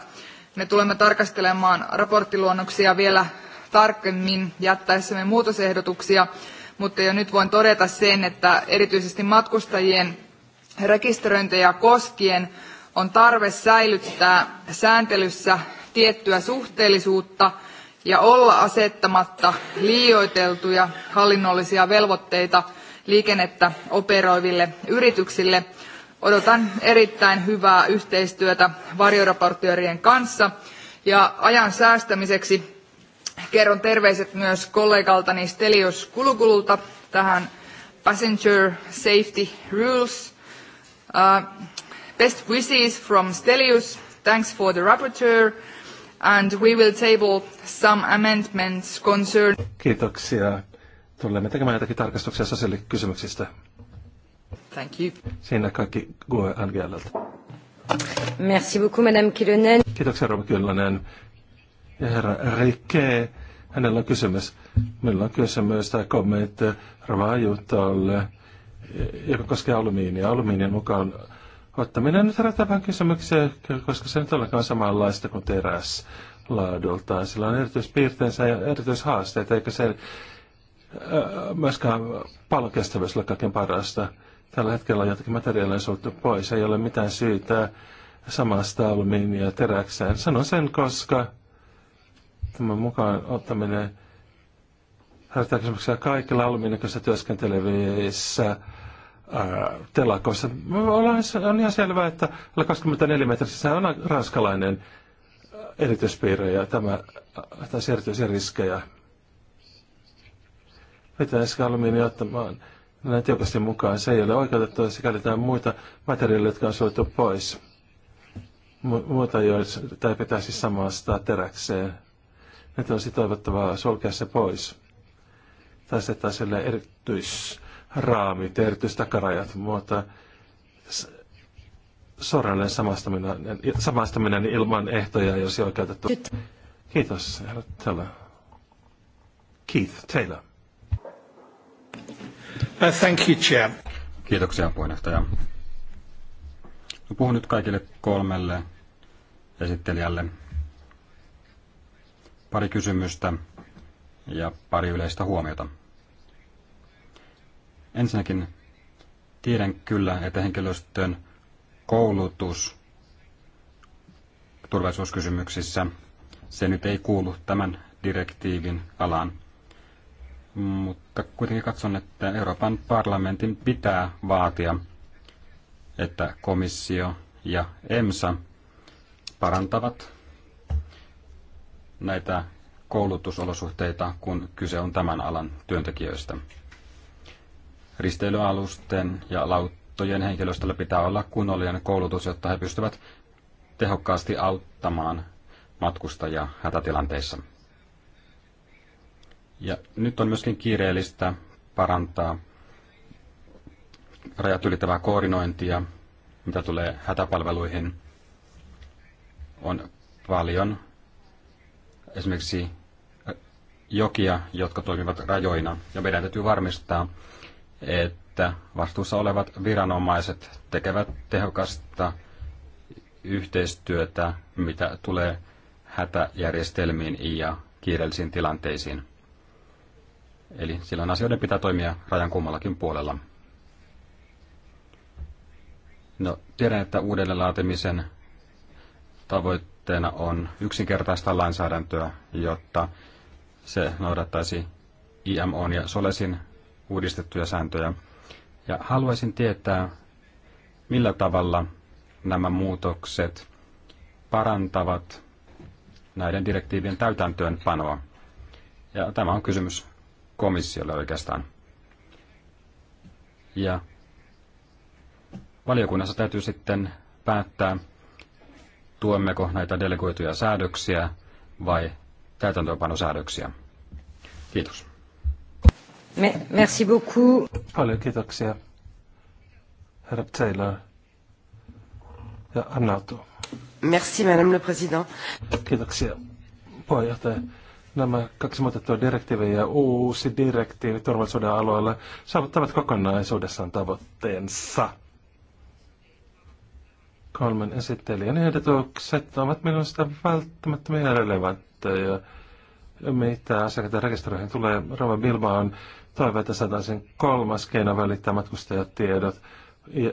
Me tulemme tarkastelemaan raporttiluonnoksia vielä tarkemmin jättäessämme muutosehdotuksia, mutta jo nyt voin todeta sen, että erityisesti matkustajien rekisteröintejä koskien on tarve säilyttää sääntelyssä tiettyä suhteellisuutta – ja olla asettamatta liioiteltuja hallinnollisia velvoitteita liikennettä operoiville yrityksille. Odotan erittäin hyvää yhteistyötä varjoraportöörien kanssa ja ajan säästämiseksi kerron terveiset myös kollegaltani Stelios Kulukululta tähän Passenger Safety Rules. Uh, best wishes from Stelios. Thanks for the rapporteur and we will table some amendments concern... Kiitoksia. Tulemme tekemään jotakin tarkastuksia sosiaalikysymyksistä. Thank you. Siinä kaikki Gue Angelalta. Merci beaucoup, Madame Kilonen. Kiitoksia, Rouva Kyllönen. Ja herra Rikke, hänellä on kysymys. Meillä on kysymys tai kommentti Ravajutalle, joka koskee alumiinia. Alumiinin mukaan mutta minä nyt herätän vähän kysymyksiä, koska se nyt ollenkaan samanlaista kuin teräs laadultaan. Sillä on erityispiirteensä ja erityishaasteita, eikä se äh, myöskään palokestävyys ole kaiken parasta. Tällä hetkellä on jotakin materiaaleja suuttu pois, ei ole mitään syytä samasta alumiinia teräkseen. Sanon sen, koska tämän mukaan ottaminen herättää kysymyksiä kaikilla alumiinikossa työskentelevissä telakoissa. On ihan selvää, että alle 24 metrissä on ranskalainen erityispiirre ja tämä tässä erityisiä riskejä. Pitäisikö alumiini ottamaan näin tiukasti mukaan? Se ei ole oikeutettu, sikäli tämä muita materiaaleja, jotka on suojattu pois. Mu- muuta, joita tai pitäisi samastaa teräkseen. Nyt olisi toivottavaa sulkea se pois. Tai se sille erityis raamit, erityisesti takarajat, mutta sorrelleen samastaminen, samastaminen ilman ehtoja, jos ei oikeutettu. Kiitos, herra Taylor. Keith Taylor. Uh, thank you, Chair. Kiitoksia, puheenjohtaja. Puhun nyt kaikille kolmelle esittelijälle pari kysymystä ja pari yleistä huomiota. Ensinnäkin tiedän kyllä, että henkilöstön koulutus turvallisuuskysymyksissä, se nyt ei kuulu tämän direktiivin alaan. Mutta kuitenkin katson, että Euroopan parlamentin pitää vaatia, että komissio ja EMSA parantavat näitä koulutusolosuhteita, kun kyse on tämän alan työntekijöistä risteilyalusten ja lauttojen henkilöstöllä pitää olla kunnollinen koulutus, jotta he pystyvät tehokkaasti auttamaan matkustajia hätätilanteissa. Ja nyt on myöskin kiireellistä parantaa rajat ylittävää koordinointia, mitä tulee hätäpalveluihin. On paljon esimerkiksi jokia, jotka toimivat rajoina, ja meidän täytyy varmistaa, että vastuussa olevat viranomaiset tekevät tehokasta yhteistyötä, mitä tulee hätäjärjestelmiin ja kiireellisiin tilanteisiin. Eli silloin asioiden pitää toimia rajan kummallakin puolella. No, tiedän, että laatimisen tavoitteena on yksinkertaista lainsäädäntöä, jotta se noudattaisi IMO ja Solesin uudistettuja sääntöjä. Ja haluaisin tietää, millä tavalla nämä muutokset parantavat näiden direktiivien täytäntöönpanoa. Ja tämä on kysymys komissiolle oikeastaan. Ja valiokunnassa täytyy sitten päättää, tuemmeko näitä delegoituja säädöksiä vai täytäntöönpanosäädöksiä. Kiitos. Me, merci beaucoup. Paljon kiitoksia, herra Taylor ja Annato. Merci, madame le président. Kiitoksia, puheenjohtaja. Nämä kaksi muutettua direktiiviä ja uusi direktiivi turvallisuuden aloilla saavuttavat kokonaisuudessaan tavoitteensa. Kolmen esittelijän ehdotukset ovat minusta välttämättömiä ja relevantteja mitä asiakkaita rekisteröihin tulee. Rova Bilba on toive, saadaan sen kolmas keino välittää matkustajatiedot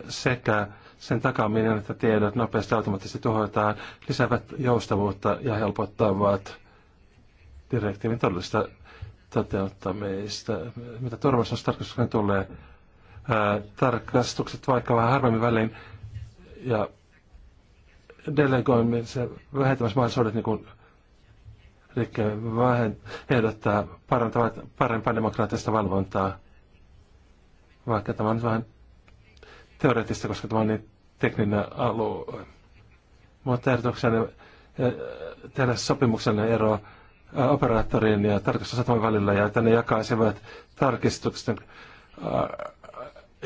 sekä sen takaaminen, että tiedot nopeasti automaattisesti tuhoitaan, lisäävät joustavuutta ja helpottavat direktiivin todellista toteuttamista. Mitä turvallisuustarkastuksen tulee, ää, tarkastukset vaikka vähän harvemmin väliin ja delegoimisen vähentämismahdollisuudet, niin kuin liikkeen ehdottaa parantavat parempaa demokraattista valvontaa, vaikka tämä on vähän teoreettista, koska tämä on niin tekninen alue. Mutta ehdotuksen äh, tehdä sopimuksen ero äh, operaattorien ja tarkastusataman välillä ja tänne jakaisivat tarkistuksen äh,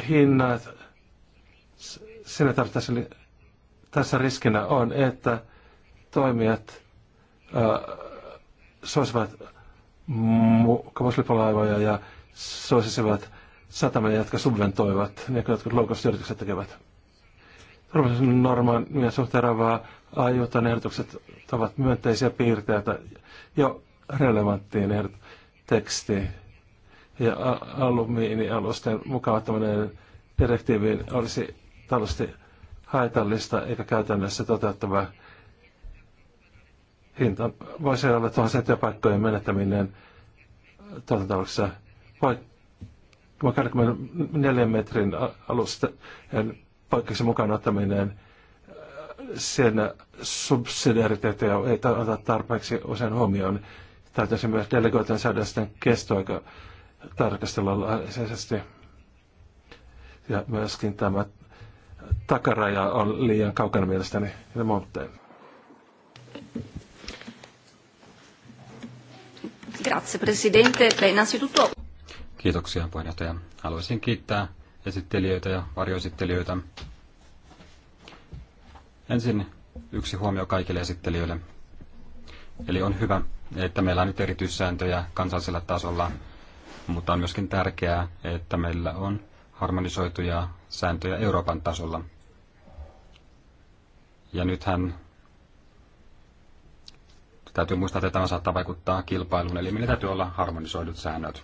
hinnat. Sinä tarvittaisiin, tässä riskinä on, että toimijat ää, suosivat kamoslipalaivoja ja suosisivat satamia, jotka subventoivat, ne jotkut loukasyritykset tekevät. Turvallisuusnormia suhteeraavaa aiotaan ehdotukset ovat myönteisiä piirteitä jo relevanttiin ehdot- tekstiin. Ja alumiinialusten mukauttaminen direktiiviin olisi talosti haitallista eikä käytännössä toteuttavaa hinta voisi olla tuhansia työpaikkojen menettäminen tuotantalouksessa. Voi neljän metrin alusta poikkeuksen mukaan ottaminen äh, sen subsidiariteetteja ei ota tarpeeksi usein huomioon. Täytyisi myös delegoitujen sitten kestoaika tarkastella laajaisesti. Ja myöskin tämä takaraja on liian kaukana mielestäni ja muuten. Grazie, presidente. Innanzitutto... Kiitoksia, puheenjohtaja. Haluaisin kiittää esittelijöitä ja varjoesittelijöitä. Ensin yksi huomio kaikille esittelijöille. Eli on hyvä, että meillä on nyt erityissääntöjä kansallisella tasolla, mutta on myöskin tärkeää, että meillä on harmonisoituja sääntöjä Euroopan tasolla. Ja nythän Täytyy muistaa, että tämä saattaa vaikuttaa kilpailuun, eli meillä täytyy olla harmonisoidut säännöt.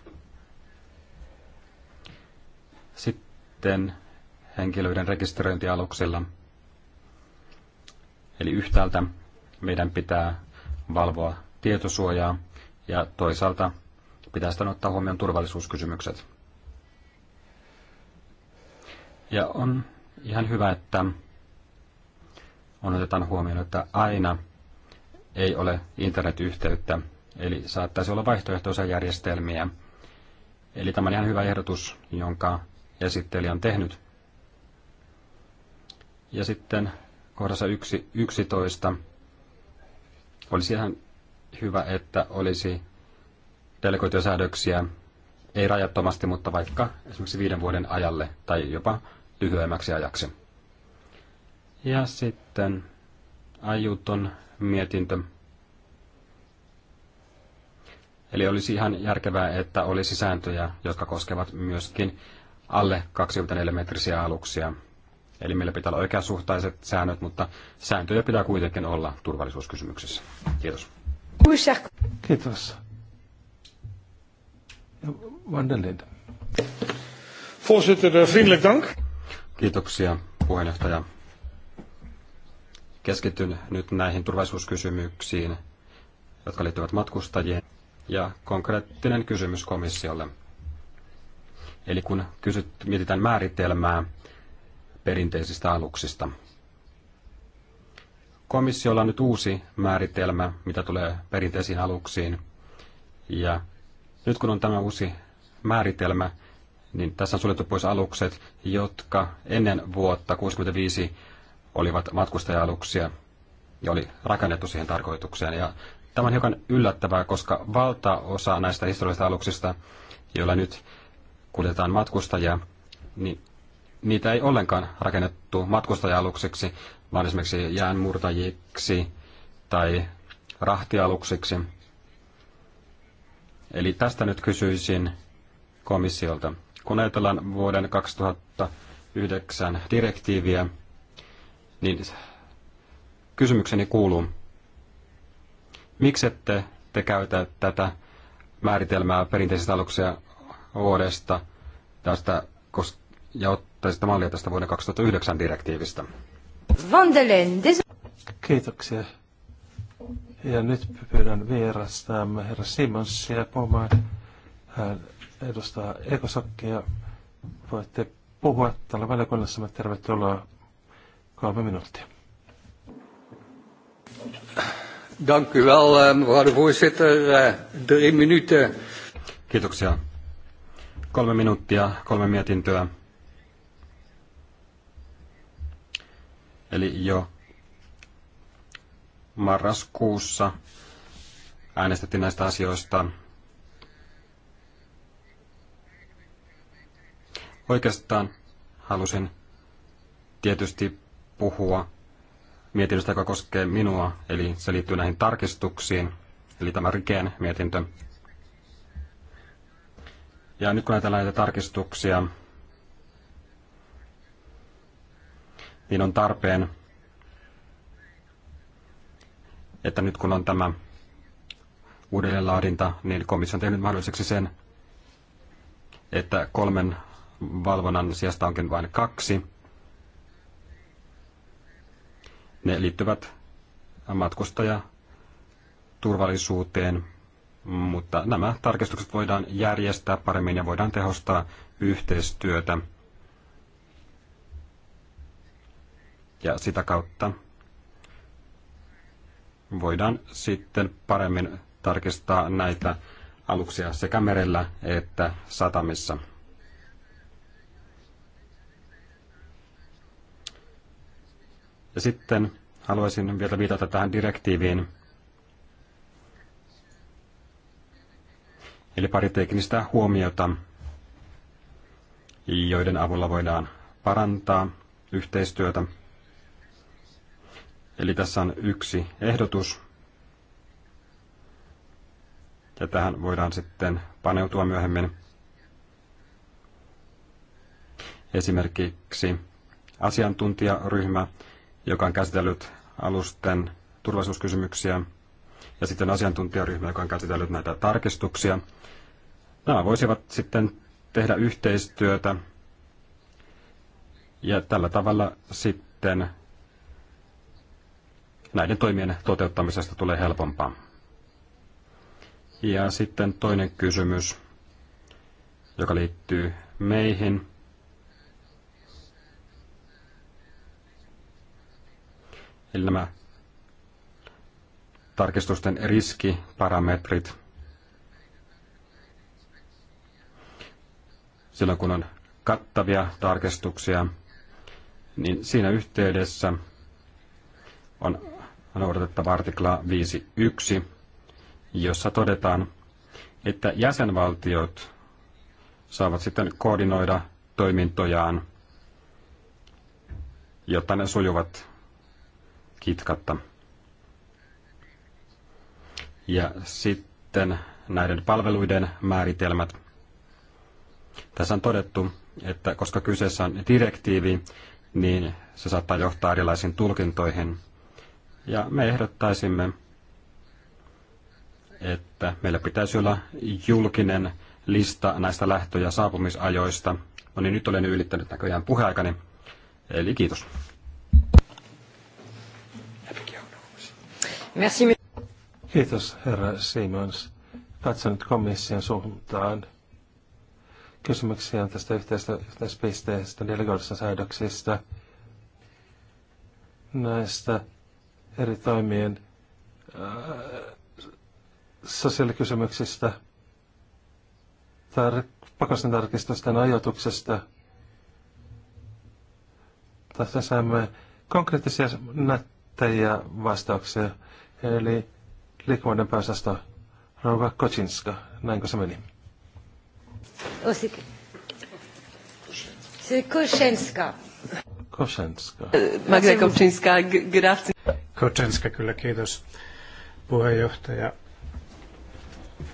Sitten henkilöiden rekisteröintialuksilla, Eli yhtäältä meidän pitää valvoa tietosuojaa ja toisaalta pitää sitten ottaa huomioon turvallisuuskysymykset. Ja on ihan hyvä, että on otetaan huomioon, että aina – ei ole internetyhteyttä, eli saattaisi olla vaihtoehtoisia järjestelmiä. Eli tämä on ihan hyvä ehdotus, jonka esittelijä on tehnyt. Ja sitten kohdassa 11 olisi ihan hyvä, että olisi delegoituja säädöksiä, ei rajattomasti, mutta vaikka esimerkiksi viiden vuoden ajalle tai jopa lyhyemmäksi ajaksi. Ja sitten ajuton mietintö. Eli olisi ihan järkevää, että olisi sääntöjä, jotka koskevat myöskin alle 24-metrisiä aluksia. Eli meillä pitää olla oikeasuhtaiset säännöt, mutta sääntöjä pitää kuitenkin olla turvallisuuskysymyksessä. Kiitos. Kiitos. Van Voorzitter, eh, vriendelijk dank. Kiitoksia, puheenjohtaja. Keskityn nyt näihin turvallisuuskysymyksiin, jotka liittyvät matkustajien ja konkreettinen kysymys komissiolle. Eli kun kysyt, mietitään määritelmää perinteisistä aluksista. Komissiolla on nyt uusi määritelmä, mitä tulee perinteisiin aluksiin. Ja nyt kun on tämä uusi määritelmä, niin tässä on suljettu pois alukset, jotka ennen vuotta 1965 olivat matkustaja-aluksia ja oli rakennettu siihen tarkoitukseen. Ja tämä on hiukan yllättävää, koska valtaosa näistä historiallisista aluksista, joilla nyt kuljetaan matkustajia, niin niitä ei ollenkaan rakennettu matkustaja vaan esimerkiksi jäänmurtajiksi tai rahtialuksiksi. Eli tästä nyt kysyisin komissiolta. Kun ajatellaan vuoden 2009 direktiiviä, niin kysymykseni kuuluu, miksi ette te käytä tätä määritelmää perinteisistä aluksia vuodesta tästä, ja ottaisitte mallia tästä vuoden 2009 direktiivistä? Kiitoksia. Ja nyt pyydän vierastamme herra Simonsia puhumaan. Hän edustaa Ekosokkia. Voitte puhua täällä valiokunnassa. Tervetuloa Kolme minuuttia. Dank u wel, eh, mevrouw de voorzitter. Eh, drie minuten. Kiitoksia. Kolme minuuttia, kolme mietintöä. Eli jo marraskuussa äänestettiin näistä asioista. Oikeastaan halusin tietysti puhua mietinnöstä, joka koskee minua, eli se liittyy näihin tarkistuksiin, eli tämä Rikeen mietintö. Ja nyt kun ajatellaan näitä tarkistuksia, niin on tarpeen, että nyt kun on tämä uudelleenlaadinta, niin komissio on tehnyt mahdolliseksi sen, että kolmen valvonnan sijasta onkin vain kaksi – Ne liittyvät matkustaja turvallisuuteen, mutta nämä tarkistukset voidaan järjestää paremmin ja voidaan tehostaa yhteistyötä. Ja sitä kautta voidaan sitten paremmin tarkistaa näitä aluksia sekä merellä että satamissa. Ja sitten haluaisin vielä viitata tähän direktiiviin. Eli pari teknistä huomiota, joiden avulla voidaan parantaa yhteistyötä. Eli tässä on yksi ehdotus. Ja tähän voidaan sitten paneutua myöhemmin. Esimerkiksi asiantuntijaryhmä, joka on käsitellyt alusten turvallisuuskysymyksiä, ja sitten asiantuntijaryhmä, joka on käsitellyt näitä tarkistuksia. Nämä voisivat sitten tehdä yhteistyötä, ja tällä tavalla sitten näiden toimien toteuttamisesta tulee helpompaa. Ja sitten toinen kysymys, joka liittyy meihin Eli nämä tarkistusten riskiparametrit silloin kun on kattavia tarkistuksia, niin siinä yhteydessä on noudatettava artikla 5.1, jossa todetaan, että jäsenvaltiot saavat sitten koordinoida toimintojaan, jotta ne sujuvat kitkatta. Ja sitten näiden palveluiden määritelmät. Tässä on todettu, että koska kyseessä on direktiivi, niin se saattaa johtaa erilaisiin tulkintoihin. Ja me ehdottaisimme, että meillä pitäisi olla julkinen lista näistä lähtö- ja saapumisajoista. No niin, nyt olen ylittänyt näköjään puheaikani. Eli kiitos. Merci. Kiitos, herra Simons. Katson nyt komission suuntaan. Kysymyksiä on tästä yhteistä, yhteispisteestä, delegoidusta säädöksistä, näistä eri toimien äh, sosiaalikysymyksistä, tar- pakosten tarkistusten ajoituksesta. Tässä saamme konkreettisia nättejä vastauksia eli likmoiden pääsästä Rauka Kocinska. Näinkö se meni? Osik. Se Kosenska. Kosenska. Magda Kocinska, good afternoon. Kocinska, kyllä kiitos puheenjohtaja.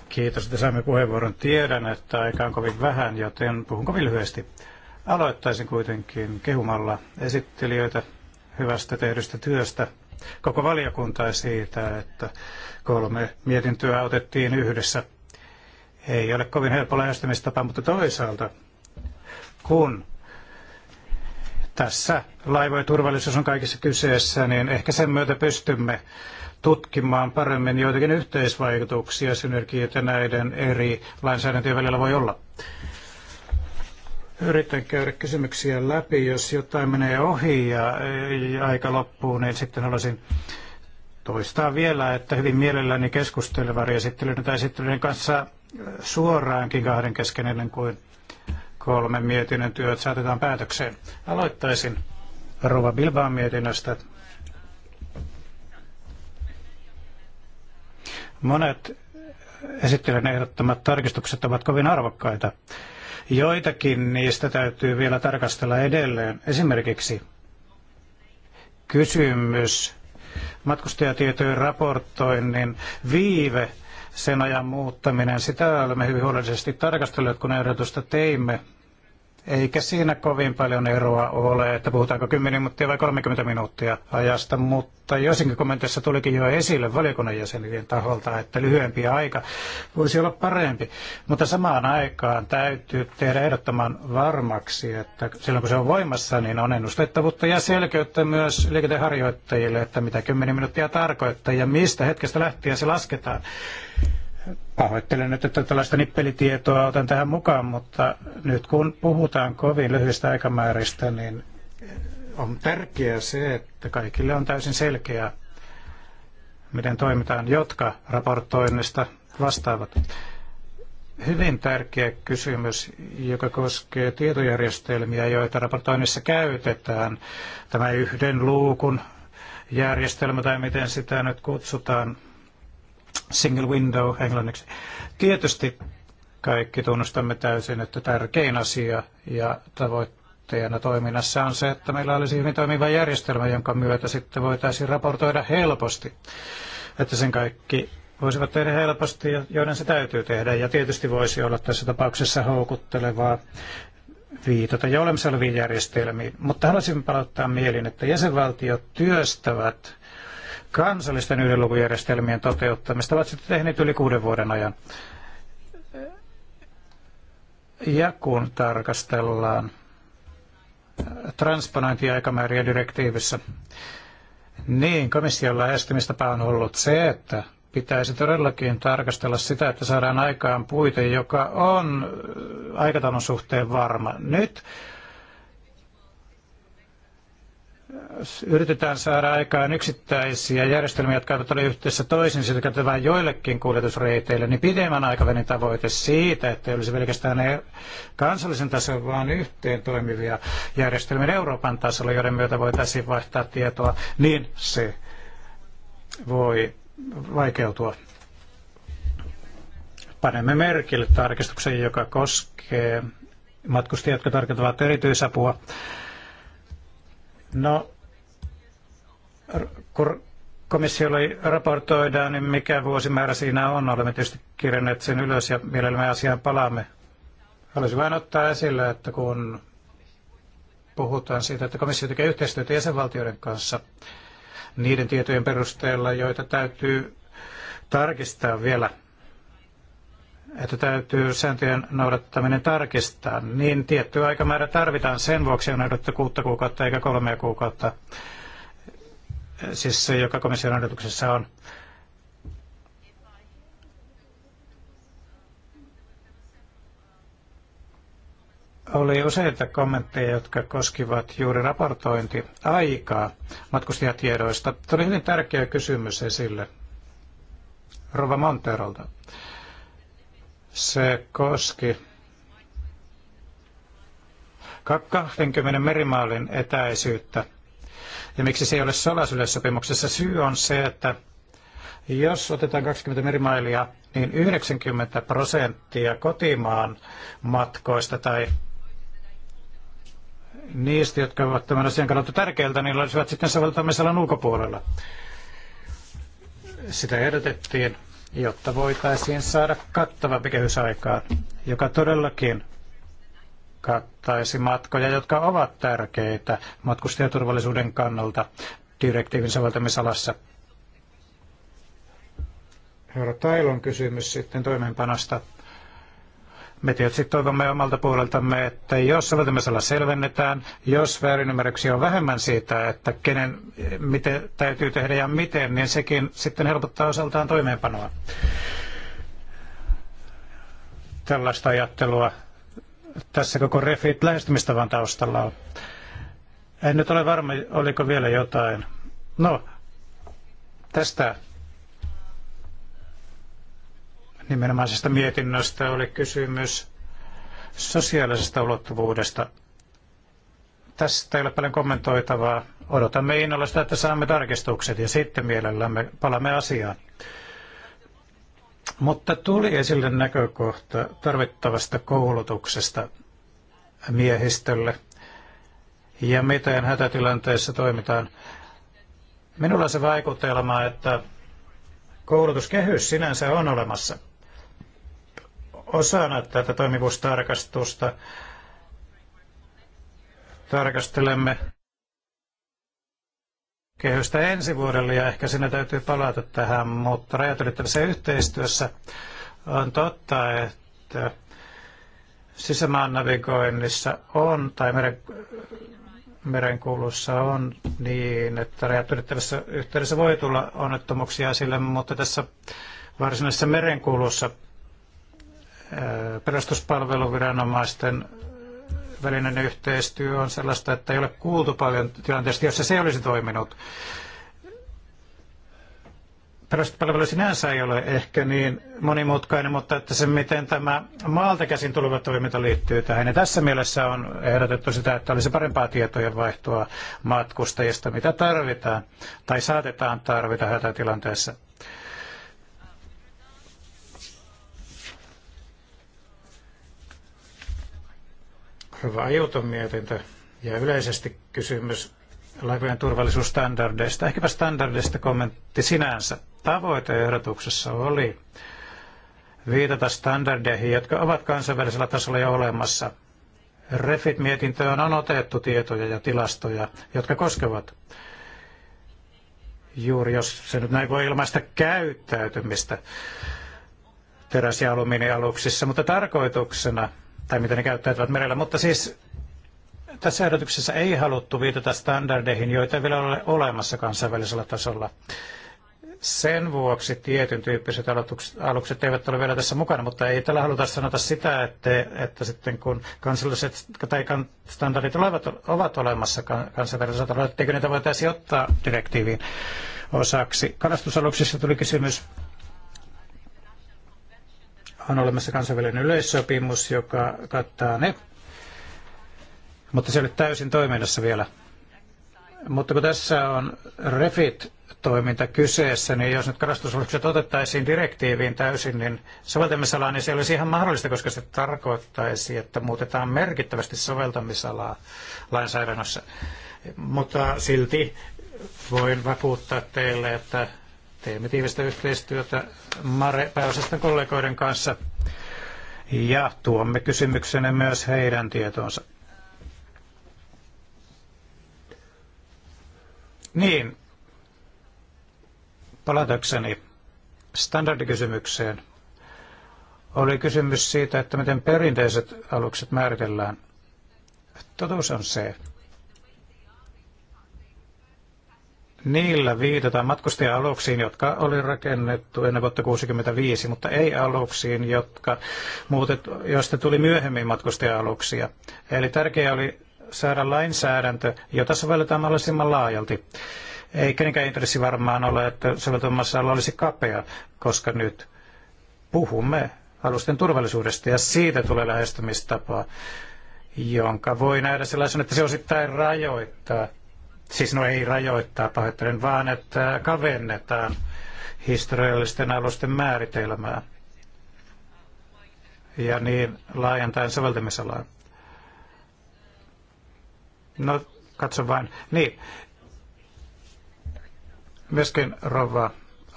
Kiitos, että saimme puheenvuoron. Tiedän, että aika on kovin vähän, joten puhun kovin lyhyesti. Aloittaisin kuitenkin kehumalla esittelijöitä hyvästä tehdystä työstä koko valiokuntaa siitä, että kolme mietintöä otettiin yhdessä. Ei ole kovin helppo lähestymistapa, mutta toisaalta kun tässä laivojen turvallisuus on kaikissa kyseessä, niin ehkä sen myötä pystymme tutkimaan paremmin joitakin yhteisvaikutuksia, synergioita näiden eri lainsäädäntöjen välillä voi olla. Yritän käydä kysymyksiä läpi. Jos jotain menee ohi ja, ja aika loppuu, niin sitten haluaisin toistaa vielä, että hyvin mielelläni keskustelen varjoesittelyiden tai esittelyiden kanssa suoraankin kahden kesken ennen kuin kolme mietinnön työt saatetaan päätökseen. Aloittaisin Rova Bilbaan mietinnöstä. Monet esittelyn ehdottamat tarkistukset ovat kovin arvokkaita. Joitakin niistä täytyy vielä tarkastella edelleen. Esimerkiksi kysymys matkustajatietojen raportoinnin viive sen ajan muuttaminen. Sitä olemme hyvin huolellisesti tarkastelleet, kun ehdotusta teimme. Eikä siinä kovin paljon eroa ole, että puhutaanko 10 minuuttia vai 30 minuuttia ajasta, mutta joissakin kommenteissa tulikin jo esille valiokunnan jäsenien taholta, että lyhyempi aika voisi olla parempi. Mutta samaan aikaan täytyy tehdä ehdottoman varmaksi, että silloin kun se on voimassa, niin on ennustettavuutta ja selkeyttä myös liikenteenharjoittajille, että mitä 10 minuuttia tarkoittaa ja mistä hetkestä lähtien se lasketaan. Pahoittelen nyt, että tällaista nippelitietoa otan tähän mukaan, mutta nyt kun puhutaan kovin lyhyistä aikamääristä, niin on tärkeää se, että kaikille on täysin selkeää, miten toimitaan, jotka raportoinnista vastaavat. Hyvin tärkeä kysymys, joka koskee tietojärjestelmiä, joita raportoinnissa käytetään. Tämä yhden luukun järjestelmä tai miten sitä nyt kutsutaan, Single window englanniksi. Tietysti kaikki tunnustamme täysin, että tärkein asia ja tavoitteena toiminnassa on se, että meillä olisi hyvin toimiva järjestelmä, jonka myötä sitten voitaisiin raportoida helposti, että sen kaikki voisivat tehdä helposti, joiden se täytyy tehdä. Ja tietysti voisi olla tässä tapauksessa houkuttelevaa viitata jo olemassa oleviin järjestelmiin. Mutta haluaisin palauttaa mieliin, että jäsenvaltiot työstävät kansallisten yhden toteuttamista ovat sitten tehneet yli kuuden vuoden ajan. Ja kun tarkastellaan transponointiaikamääriä direktiivissä, niin komission lähestymistapa on ollut se, että pitäisi todellakin tarkastella sitä, että saadaan aikaan puite, joka on aikataulun suhteen varma. Nyt yritetään saada aikaan yksittäisiä järjestelmiä, jotka eivät ole yhteydessä toisiinsa, jotka käytetään joillekin kuljetusreiteille, niin pidemmän aikavälin tavoite siitä, että ei olisi pelkästään kansallisen tason, vaan yhteen toimivia järjestelmiä Euroopan tasolla, joiden myötä voitaisiin vaihtaa tietoa, niin se voi vaikeutua. Panemme merkille tarkistuksen, joka koskee matkustajia, jotka tarkoittavat erityisapua No, kun komissiolle raportoidaan, niin mikä vuosimäärä siinä on? Olemme tietysti kirjanneet sen ylös ja mielellämme asiaan palaamme. Haluaisin vain ottaa esille, että kun puhutaan siitä, että komissio tekee yhteistyötä jäsenvaltioiden kanssa niiden tietojen perusteella, joita täytyy tarkistaa vielä että täytyy sääntöjen noudattaminen tarkistaa, niin tietty aikamäärä tarvitaan. Sen vuoksi on ehdotettu kuutta kuukautta eikä kolmea kuukautta, siis se, joka komission ehdotuksessa on. Oli useita kommentteja, jotka koskivat juuri raportointiaikaa matkustajatiedoista. Tuli hyvin tärkeä kysymys esille Rova Monterolta. Se koski 20 merimaalin etäisyyttä. Ja miksi se ei ole salasyleissopimuksessa? Syy on se, että jos otetaan 20 merimailia, niin 90 prosenttia kotimaan matkoista tai niistä, jotka ovat tämän asian kannalta tärkeiltä, niin olisivat sitten soveltamisalan ulkopuolella. Sitä ehdotettiin jotta voitaisiin saada kattava kehysaikaan, joka todellakin kattaisi matkoja, jotka ovat tärkeitä matkustajaturvallisuuden kannalta direktiivin soveltamisalassa. Herra Tailon kysymys sitten toimeenpanosta. Me tietysti toivomme omalta puoleltamme, että jos soveltamisella selvennetään, jos väärinymmärryksiä on vähemmän siitä, että kenen miten täytyy tehdä ja miten, niin sekin sitten helpottaa osaltaan toimeenpanoa. Tällaista ajattelua tässä koko refit lähestymistavan taustalla on. En nyt ole varma, oliko vielä jotain. No, tästä nimenomaisesta mietinnöstä oli kysymys sosiaalisesta ulottuvuudesta. Tästä ei ole paljon kommentoitavaa. Odotamme innolla sitä, että saamme tarkistukset ja sitten mielellämme palaamme asiaan. Mutta tuli esille näkökohta tarvittavasta koulutuksesta miehistölle ja miten hätätilanteessa toimitaan. Minulla on se vaikutelma, että koulutuskehys sinänsä on olemassa – osana tätä toimivuustarkastusta tarkastelemme kehystä ensi vuodelle ja ehkä sinne täytyy palata tähän, mutta rajat ylittävässä yhteistyössä on totta, että sisämaan navigoinnissa on tai meren, merenkulussa on niin, että rajat ylittävässä yhteydessä voi tulla onnettomuuksia sille, mutta tässä varsinaisessa merenkulussa pelastuspalveluviranomaisten välinen yhteistyö on sellaista, että ei ole kuultu paljon tilanteesta, jossa se olisi toiminut. Pelastuspalvelu sinänsä ei ole ehkä niin monimutkainen, mutta että se, miten tämä maalta käsin tuleva toiminta liittyy tähän. Ja tässä mielessä on ehdotettu sitä, että olisi parempaa tietojen vaihtoa matkustajista, mitä tarvitaan tai saatetaan tarvita hätätilanteessa. tilanteessa Vajuton mietintö ja yleisesti kysymys laivojen turvallisuusstandardeista. Ehkäpä standardeista kommentti sinänsä. Tavoite ehdotuksessa oli viitata standardeihin, jotka ovat kansainvälisellä tasolla jo olemassa. Refit-mietintöön on otettu tietoja ja tilastoja, jotka koskevat juuri, jos se nyt näin voi ilmaista, käyttäytymistä teräs- ja alumiinialuksissa, mutta tarkoituksena tai mitä ne käyttäytyvät merellä. Mutta siis tässä ehdotuksessa ei haluttu viitata standardeihin, joita ei vielä ole olemassa kansainvälisellä tasolla. Sen vuoksi tietyn tyyppiset alukset eivät ole vielä tässä mukana, mutta ei tällä haluta sanota sitä, että, että sitten kun kansalliset tai standardit olevat, ovat olemassa kansainvälisellä tasolla, etteikö niitä voitaisiin ottaa direktiiviin osaksi. Kalastusaluksissa tuli kysymys on olemassa kansainvälinen yleissopimus, joka kattaa ne, mutta se ei ole täysin toiminnassa vielä. Mutta kun tässä on refit-toiminta kyseessä, niin jos nyt kalastusalukset otettaisiin direktiiviin täysin, niin soveltamisalaa, niin se olisi ihan mahdollista, koska se tarkoittaisi, että muutetaan merkittävästi soveltamisalaa lainsäädännössä. Mutta silti voin vakuuttaa teille, että Teemme tiivistä yhteistyötä Mare pääosaston kollegoiden kanssa ja tuomme kysymyksenne myös heidän tietoonsa. Niin, palatakseni standardikysymykseen. Oli kysymys siitä, että miten perinteiset alukset määritellään. Totuus on se, Niillä viitataan matkustaja-aluksiin, jotka oli rakennettu ennen vuotta 1965, mutta ei aluksiin, jotka muutet, joista tuli myöhemmin matkustaja-aluksia. Eli tärkeää oli saada lainsäädäntö, jota sovelletaan mahdollisimman laajalti. Ei kenenkään intressi varmaan ole, että soveltumassa alla olisi kapea, koska nyt puhumme alusten turvallisuudesta ja siitä tulee lähestymistapa, jonka voi nähdä sellaisen, että se osittain rajoittaa siis no ei rajoittaa pahoittelen, vaan että kavennetaan historiallisten alusten määritelmää ja niin laajentaen soveltamisalaa. No, katso vain. Niin. Myöskin Rova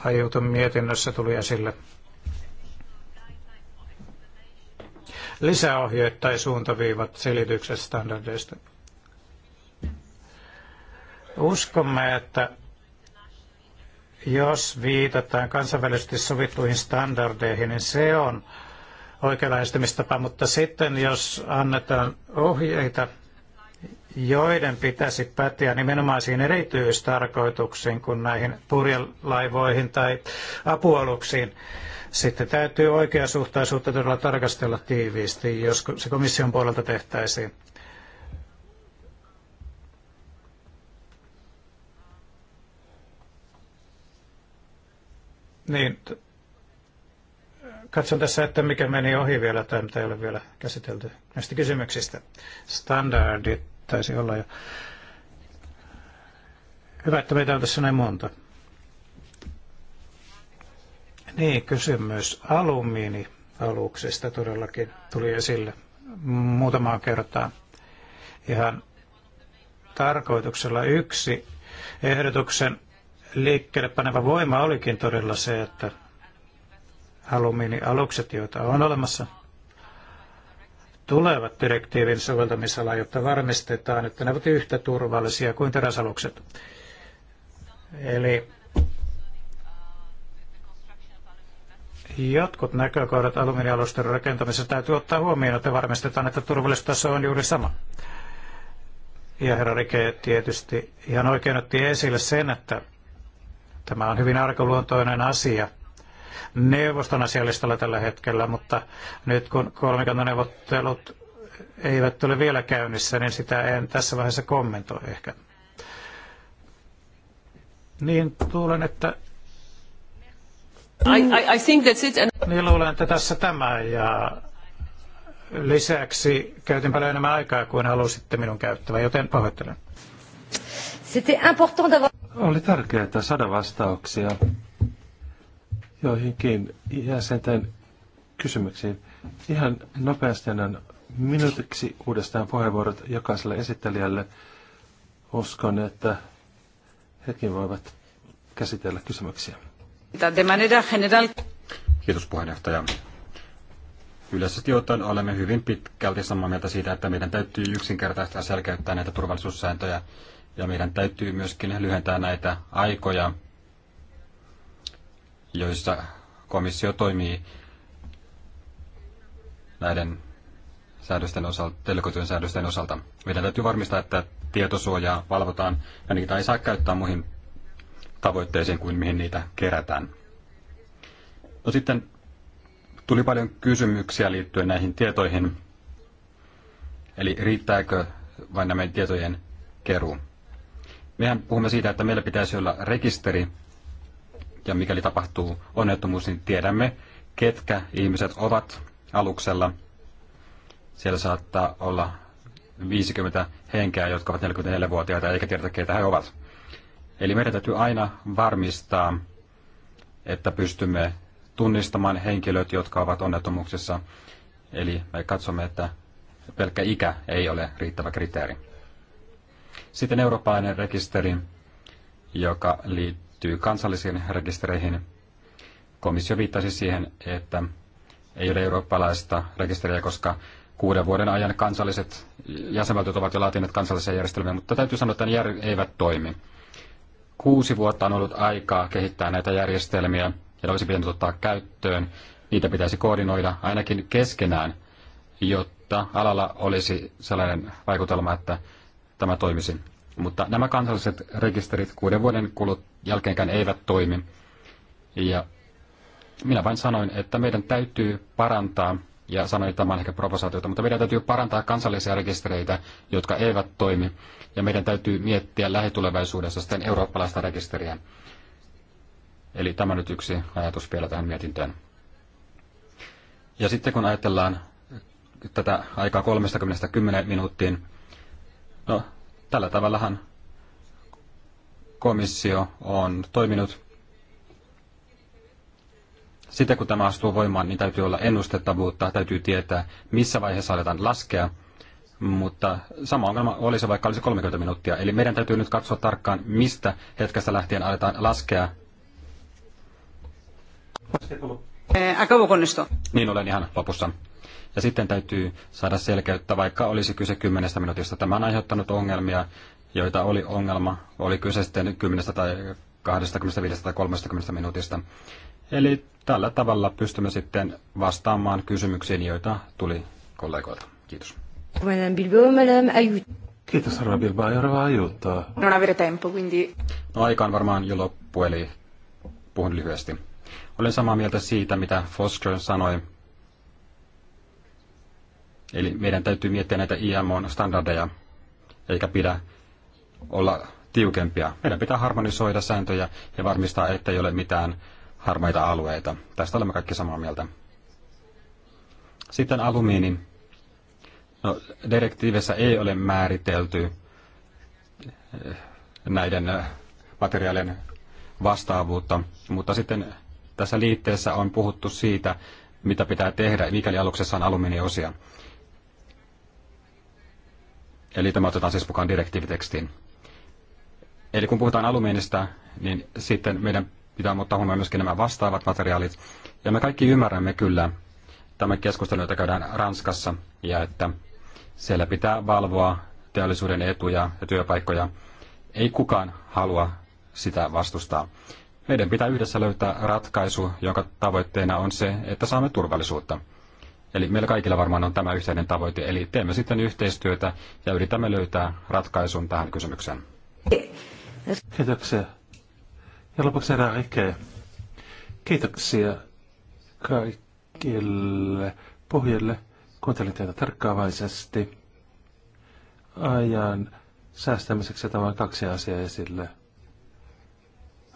Ajutun mietinnössä tuli esille lisäohjeet tai suuntaviivat selityksestä standardeista. Uskomme, että jos viitataan kansainvälisesti sovittuihin standardeihin, niin se on oikea lähestymistapa, mutta sitten jos annetaan ohjeita, joiden pitäisi päteä nimenomaisiin erityistarkoituksiin kuin näihin purjelaivoihin tai apualuksiin, sitten täytyy oikeasuhtaisuutta todella tarkastella tiiviisti, jos se komission puolelta tehtäisiin. Niin, katson tässä, että mikä meni ohi vielä tai mitä ei ole vielä käsitelty näistä kysymyksistä. Standardit taisi olla jo. Hyvä, että meitä on tässä näin monta. Niin, kysymys alumiinialuksesta todellakin tuli esille muutamaan kertaan. Ihan tarkoituksella yksi ehdotuksen liikkeelle paneva voima olikin todella se, että alumiinialukset, joita on olemassa, tulevat direktiivin soveltamisala, jotta varmistetaan, että ne ovat yhtä turvallisia kuin teräsalukset. Eli jotkut näkökohdat alumiinialusten rakentamisessa täytyy ottaa huomioon, että varmistetaan, että turvallisuustaso on juuri sama. Ja herra Rike tietysti ihan oikein otti esille sen, että Tämä on hyvin arkaluontoinen asia neuvoston asialistalla tällä hetkellä, mutta nyt kun kolmikantaneuvottelut eivät ole vielä käynnissä, niin sitä en tässä vaiheessa kommentoi ehkä. Niin tuulen, että... I, I, I think that's it. And... Niin luulen, että tässä tämä ja lisäksi käytin paljon enemmän aikaa kuin halusitte minun käyttävän, joten pahoittelen. Oli tärkeää saada vastauksia joihinkin jäsenten kysymyksiin. Ihan nopeasti annan minuutiksi uudestaan puheenvuorot jokaiselle esittelijälle. Uskon, että hekin voivat käsitellä kysymyksiä. Kiitos puheenjohtaja. Yleisesti ottaen olemme hyvin pitkälti samaa mieltä siitä, että meidän täytyy yksinkertaistaa selkeyttää näitä turvallisuussääntöjä ja meidän täytyy myöskin lyhentää näitä aikoja, joissa komissio toimii näiden säädösten osalta, delegoitujen säädösten osalta. Meidän täytyy varmistaa, että tietosuojaa valvotaan ja niitä ei saa käyttää muihin tavoitteisiin kuin mihin niitä kerätään. No sitten tuli paljon kysymyksiä liittyen näihin tietoihin. Eli riittääkö vain nämä tietojen keruu? mehän puhumme siitä, että meillä pitäisi olla rekisteri, ja mikäli tapahtuu onnettomuus, niin tiedämme, ketkä ihmiset ovat aluksella. Siellä saattaa olla 50 henkeä, jotka ovat 44-vuotiaita, eikä tiedetä, keitä he ovat. Eli meidän täytyy aina varmistaa, että pystymme tunnistamaan henkilöt, jotka ovat onnettomuuksissa. Eli me katsomme, että pelkkä ikä ei ole riittävä kriteeri. Sitten eurooppalainen rekisteri, joka liittyy kansallisiin rekistereihin. Komissio viittasi siihen, että ei ole eurooppalaista rekisteriä, koska kuuden vuoden ajan kansalliset jäsenvaltiot ovat jo laatineet kansallisia järjestelmiä, mutta täytyy sanoa, että ne eivät toimi. Kuusi vuotta on ollut aikaa kehittää näitä järjestelmiä ja ne olisi pitänyt ottaa käyttöön. Niitä pitäisi koordinoida ainakin keskenään, jotta alalla olisi sellainen vaikutelma, että tämä toimisi. Mutta nämä kansalliset rekisterit kuuden vuoden kulut jälkeenkään eivät toimi. Ja minä vain sanoin, että meidän täytyy parantaa, ja sanoin, että tämä on ehkä proposaatiota, mutta meidän täytyy parantaa kansallisia rekistereitä, jotka eivät toimi, ja meidän täytyy miettiä lähitulevaisuudessa sitten eurooppalaista rekisteriä. Eli tämä nyt yksi ajatus vielä tähän mietintöön. Ja sitten kun ajatellaan tätä aikaa 30-10 minuuttiin, No, tällä tavallahan komissio on toiminut. Sitten kun tämä astuu voimaan, niin täytyy olla ennustettavuutta, täytyy tietää, missä vaiheessa aletaan laskea. Mutta sama ongelma olisi vaikka olisi 30 minuuttia. Eli meidän täytyy nyt katsoa tarkkaan, mistä hetkestä lähtien aletaan laskea. Eh, acabo Niin olen ihan lopussa. Ja sitten täytyy saada selkeyttä, vaikka olisi kyse kymmenestä minuutista. Tämä on aiheuttanut ongelmia, joita oli ongelma. Oli kyse sitten 10 tai 25 tai 30 minuutista. Eli tällä tavalla pystymme sitten vastaamaan kysymyksiin, joita tuli kollegoilta. Kiitos. Bilbao, Kiitos, Arva Bilbao. Non avere tempo, quindi... No aika on varmaan jo loppu, eli puhun lyhyesti. Olen samaa mieltä siitä, mitä Foster sanoi Eli meidän täytyy miettiä näitä IMO-standardeja, eikä pidä olla tiukempia. Meidän pitää harmonisoida sääntöjä ja varmistaa, että ei ole mitään harmaita alueita. Tästä olemme kaikki samaa mieltä. Sitten alumiini. No, direktiivissä ei ole määritelty eh, näiden eh, materiaalien vastaavuutta, mutta sitten tässä liitteessä on puhuttu siitä, mitä pitää tehdä, mikäli aluksessa on alumiiniosia. Eli tämä otetaan siis mukaan direktiivitekstiin. Eli kun puhutaan alumiinista, niin sitten meidän pitää ottaa huomioon myöskin nämä vastaavat materiaalit. Ja me kaikki ymmärrämme kyllä tämän keskustelun, jota käydään Ranskassa, ja että siellä pitää valvoa teollisuuden etuja ja työpaikkoja. Ei kukaan halua sitä vastustaa. Meidän pitää yhdessä löytää ratkaisu, jonka tavoitteena on se, että saamme turvallisuutta. Eli meillä kaikilla varmaan on tämä yhteinen tavoite, eli teemme sitten yhteistyötä ja yritämme löytää ratkaisun tähän kysymykseen. Kiitoksia. Ja lopuksi herra Rike. Kiitoksia kaikille pohjille. Kuuntelin teitä tarkkaavaisesti. Ajan säästämiseksi tämä on kaksi asiaa esille.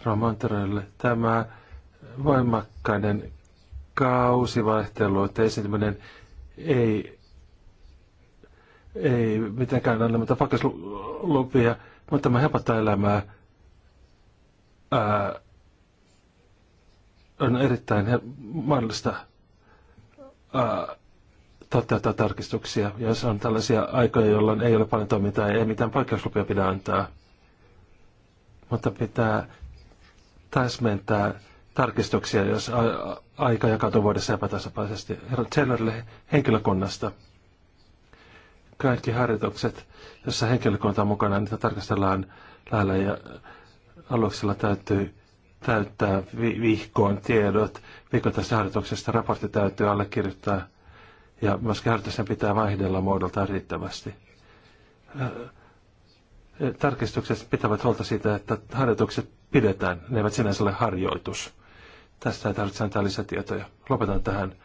Romanterille tämä voimakkaiden kausivaihtelu, että tämmöinen, ei, ei mitenkään anna mitään pakkaslupia, mutta tämä helpottaa elämää. Ää, on erittäin mahdollista ää, toteuttaa tarkistuksia, jos on tällaisia aikoja, jolloin ei ole paljon toimintaa ja ei mitään paikkauslupia pidä antaa. Mutta pitää täsmentää tarkistuksia, jos aika kato vuodessa epätasapaisesti. Herra Taylorille henkilökunnasta. Kaikki harjoitukset, jossa henkilökunta on mukana, niitä tarkastellaan lähellä ja aluksella täytyy täyttää vi- vihkoon tiedot. Viikoittaisesta harjoituksesta raportti täytyy allekirjoittaa ja myöskin harjoitusten pitää vaihdella muodoltaan riittävästi. Tarkistukset pitävät huolta siitä, että harjoitukset pidetään, ne eivät sinänsä ole harjoitus. Tästä ei tarvitse antaa lisätietoja. Lopetan tähän.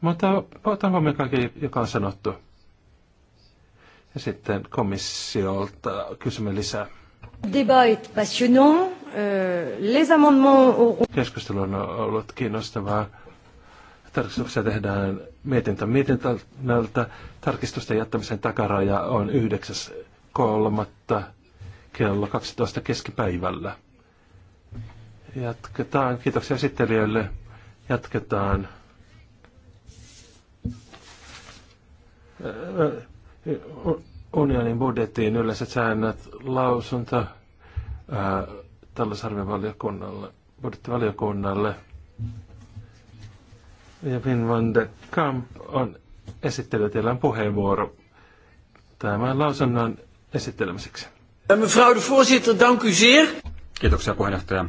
Mutta otan huomioon kaiken, joka on sanottu. Ja sitten komissiolta kysymme lisää. Debat est passionnant. Euh, les amendements Keskustelu on ollut kiinnostavaa. Tarkistuksia tehdään mietintä mietintältä. Tarkistusten jättämisen takaraja on 9.3. kello 12 keskipäivällä. Jatketaan. Kiitoksia esittelijöille. Jatketaan. Unionin budjettiin yleiset säännöt, lausunto talousarviovaliokunnalle, budjettivaliokunnalle. Ja Vin van de Kamp on esittely, on puheenvuoro tämän lausunnon esittelemiseksi. Mevrouw de voorzitter, dank u zeer. Kiitoksia puheenjohtaja.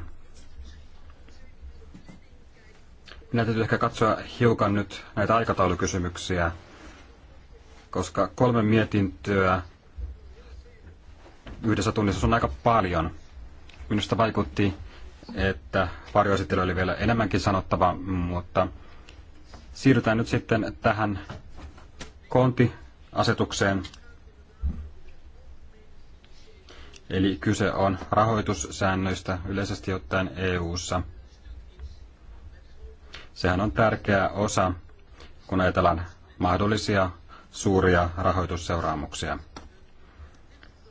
Minä täytyy ehkä katsoa hiukan nyt näitä aikataulukysymyksiä, koska kolme mietintöä yhdessä tunnissa on aika paljon. Minusta vaikutti, että varjoesittely oli vielä enemmänkin sanottava, mutta siirrytään nyt sitten tähän kontiasetukseen. Eli kyse on rahoitussäännöistä yleisesti ottaen EU-ssa – Sehän on tärkeä osa, kun ajatellaan mahdollisia suuria rahoitusseuraamuksia.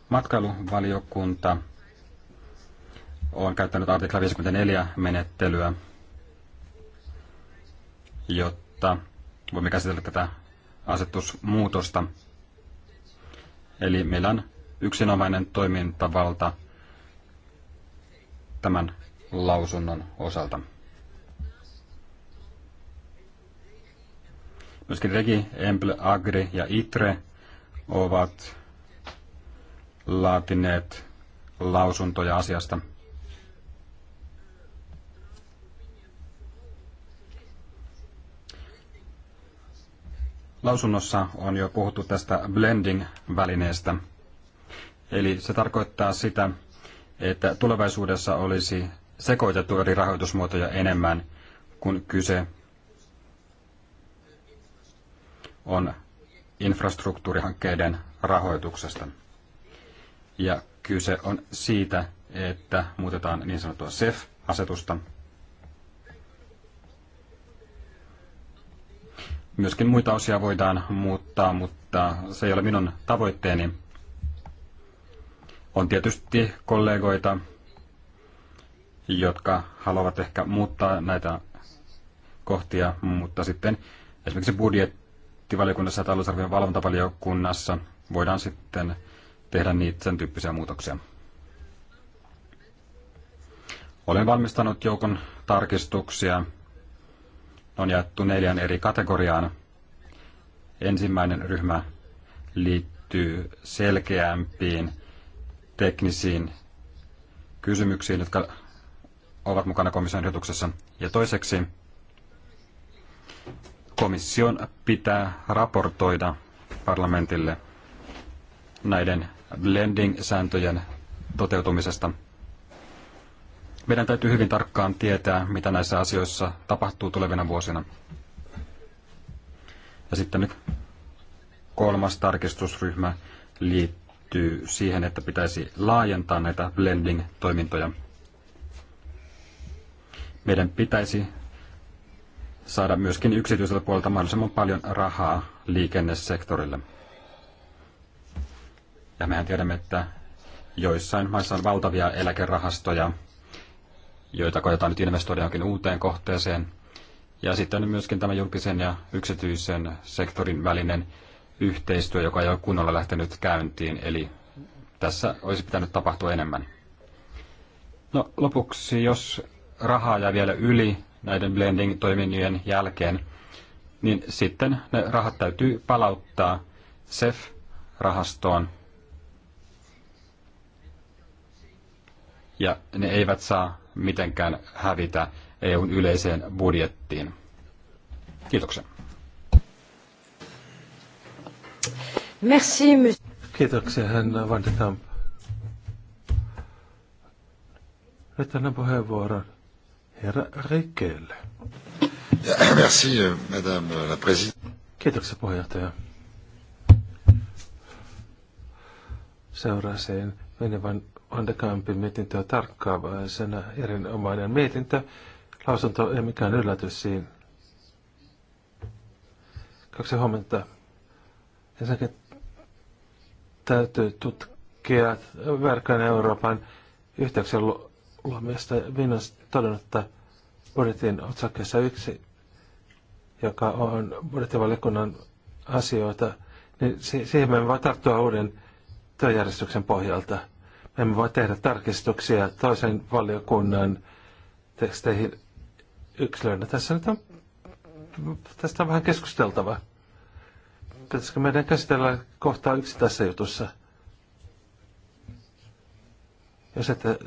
Matkailuvaliokunta on käyttänyt artikla 54 menettelyä, jotta voimme käsitellä tätä asetusmuutosta. Eli meillä on yksinomainen toimintavalta tämän lausunnon osalta. Myöskin Regi, Emble, Agri ja Itre ovat laatineet lausuntoja asiasta. Lausunnossa on jo puhuttu tästä blending-välineestä. Eli se tarkoittaa sitä, että tulevaisuudessa olisi sekoitettu eri rahoitusmuotoja enemmän, kun kyse on infrastruktuurihankkeiden rahoituksesta. Ja kyse on siitä, että muutetaan niin sanottua SEF-asetusta. Myöskin muita osia voidaan muuttaa, mutta se ei ole minun tavoitteeni. On tietysti kollegoita, jotka haluavat ehkä muuttaa näitä kohtia, mutta sitten esimerkiksi budjetti budjettivaliokunnassa ja talousarvion valvontavaliokunnassa voidaan sitten tehdä niitä sen tyyppisiä muutoksia. Olen valmistanut joukon tarkistuksia. Ne on jaettu neljän eri kategoriaan. Ensimmäinen ryhmä liittyy selkeämpiin teknisiin kysymyksiin, jotka ovat mukana komission ehdotuksessa. Ja toiseksi komission pitää raportoida parlamentille näiden blending-sääntöjen toteutumisesta. Meidän täytyy hyvin tarkkaan tietää, mitä näissä asioissa tapahtuu tulevina vuosina. Ja sitten nyt kolmas tarkistusryhmä liittyy siihen, että pitäisi laajentaa näitä blending-toimintoja. Meidän pitäisi saada myöskin yksityiseltä puolelta mahdollisimman paljon rahaa liikennesektorille. Ja mehän tiedämme, että joissain maissa on valtavia eläkerahastoja, joita koetaan nyt investoida johonkin uuteen kohteeseen. Ja sitten on myöskin tämä julkisen ja yksityisen sektorin välinen yhteistyö, joka ei ole kunnolla lähtenyt käyntiin, eli tässä olisi pitänyt tapahtua enemmän. No lopuksi, jos rahaa jää vielä yli näiden blending-toiminnojen jälkeen, niin sitten ne rahat täytyy palauttaa SEF-rahastoon. Ja ne eivät saa mitenkään hävitä EUn yleiseen budjettiin. Kiitoksia. Merci, Kiitoksia, Hanna Vandekamp. Nyt annan puheenvuoron herra Rekelle. Merci, madame la Kiitoksia puheenjohtaja. Seuraaseen menevän Vandekampin mietintö on tarkkaavaisena erinomainen mietintö. Lausunto ei mikään yllätys siinä. Kaksi huomenta. Ensinnäkin täytyy tutkia verkan Euroopan yhteyksen Huomiosta Vinnas todennut, että budjetin otsakkeessa yksi, joka on budjettivaliokunnan asioita, niin siihen me voi tarttua uuden työjärjestyksen pohjalta. Me emme voi tehdä tarkistuksia toisen valiokunnan teksteihin yksilöinä. Tässä nyt on, tästä on vähän keskusteltava. Pitäisikö meidän käsitellä kohtaa yksi tässä jutussa? Jos ette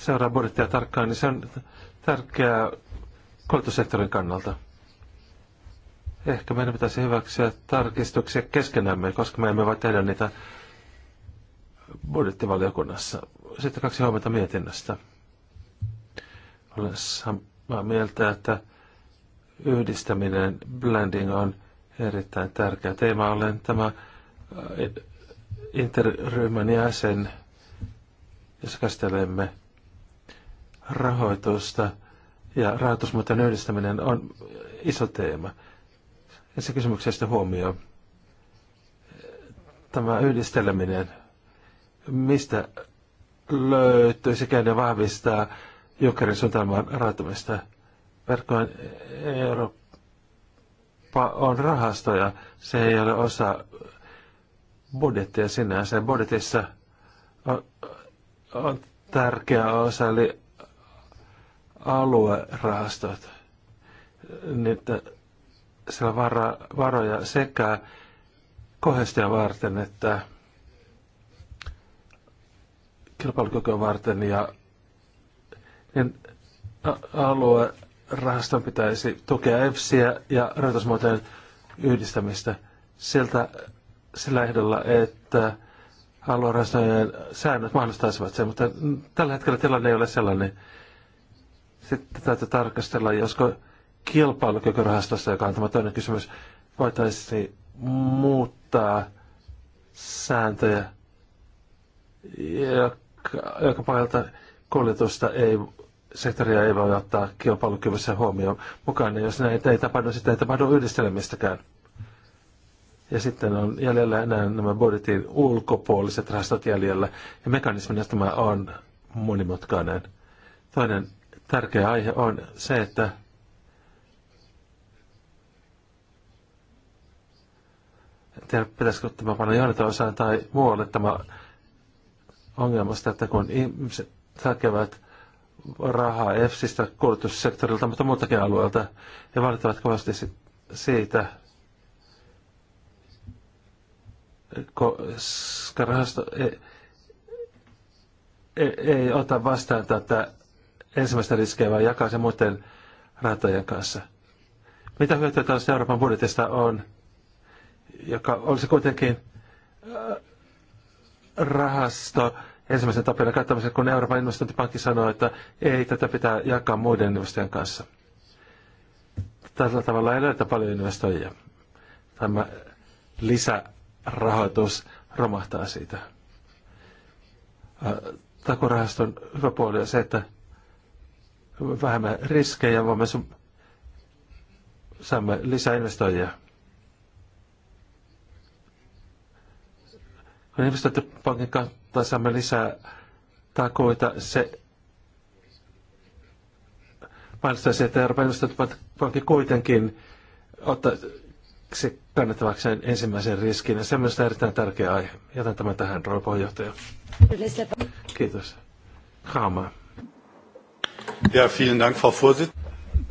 seuraa budjettia tarkkaan, niin se on tärkeää koulutussektorin kannalta. Ehkä meidän pitäisi hyväksyä tarkistuksia keskenämme, koska me emme voi tehdä niitä budjettivaliokunnassa. Sitten kaksi huomenta mietinnöstä. Olen samaa mieltä, että yhdistäminen, blending on erittäin tärkeä teema. Olen tämä äh, interryhmän jäsen, jos käsittelemme rahoitusta ja rahoitusmuotojen yhdistäminen on iso teema. Ensin kysymyksestä huomio. Tämä yhdisteleminen, mistä löytyy sekä ne vahvistaa Junckerin suunnitelman rahoittamista. Verkkojen Eurooppa on rahasto ja se ei ole osa budjettia sinänsä. Budjetissa on, on tärkeä osa, eli aluerahastot, niin että siellä vara, varoja sekä kohdistia varten että kilpailukykyä varten ja niin aluerahaston pitäisi tukea EFSiä ja rahoitusmuotojen yhdistämistä siltä, sillä ehdolla, että aluerahastojen säännöt mahdollistaisivat sen, mutta tällä hetkellä tilanne ei ole sellainen. Sitten täytyy tarkastella, josko kilpailukykyrahastossa, joka on tämä toinen kysymys, voitaisiin muuttaa sääntöjä, joka, joka pohjalta kuljetusta ei, sektoria ei voi ottaa kilpailukyvyssä huomioon mukaan, niin jos näitä ei tapahdu, sitä ei tapahdu yhdistelemistäkään. Ja sitten on jäljellä enää nämä budjetin ulkopuoliset rahastot jäljellä, ja mekanismina tämä on monimutkainen. Toinen tärkeä aihe on se, että tiedä, pitäisikö tämä panna johdanto-osaan tai muualle tämä ongelmasta, että kun ihmiset hakevat rahaa EFSistä kulutussektorilta, mutta muutakin alueelta, he valitavat kovasti siitä, koska rahasto ei, ei, ei ota vastaan tätä ensimmäistä riskejä, vaan jakaa se muiden ratojen kanssa. Mitä hyötyä tällaista Euroopan budjetista on, joka olisi kuitenkin äh, rahasto ensimmäisen tapin katsomisen, kun Euroopan investointipankki sanoo, että ei, tätä pitää jakaa muiden investoijien kanssa. Tällä tavalla ei löydetä paljon investoijia. Tämä lisärahoitus romahtaa siitä. Äh, takurahaston hyvä puoli on se, että vähemmän riskejä, vaan me saamme lisää investoijia. Kun investointipankin kautta saamme lisää takuita, se se että Euroopan investointipankki kuitenkin ottaisi kannettavakseen ensimmäisen riskin. Ja se on erittäin tärkeä aihe. Jätän tämän tähän, rouva puheenjohtaja. Kiitos. Haamaa. Ja, vielen Dank, Frau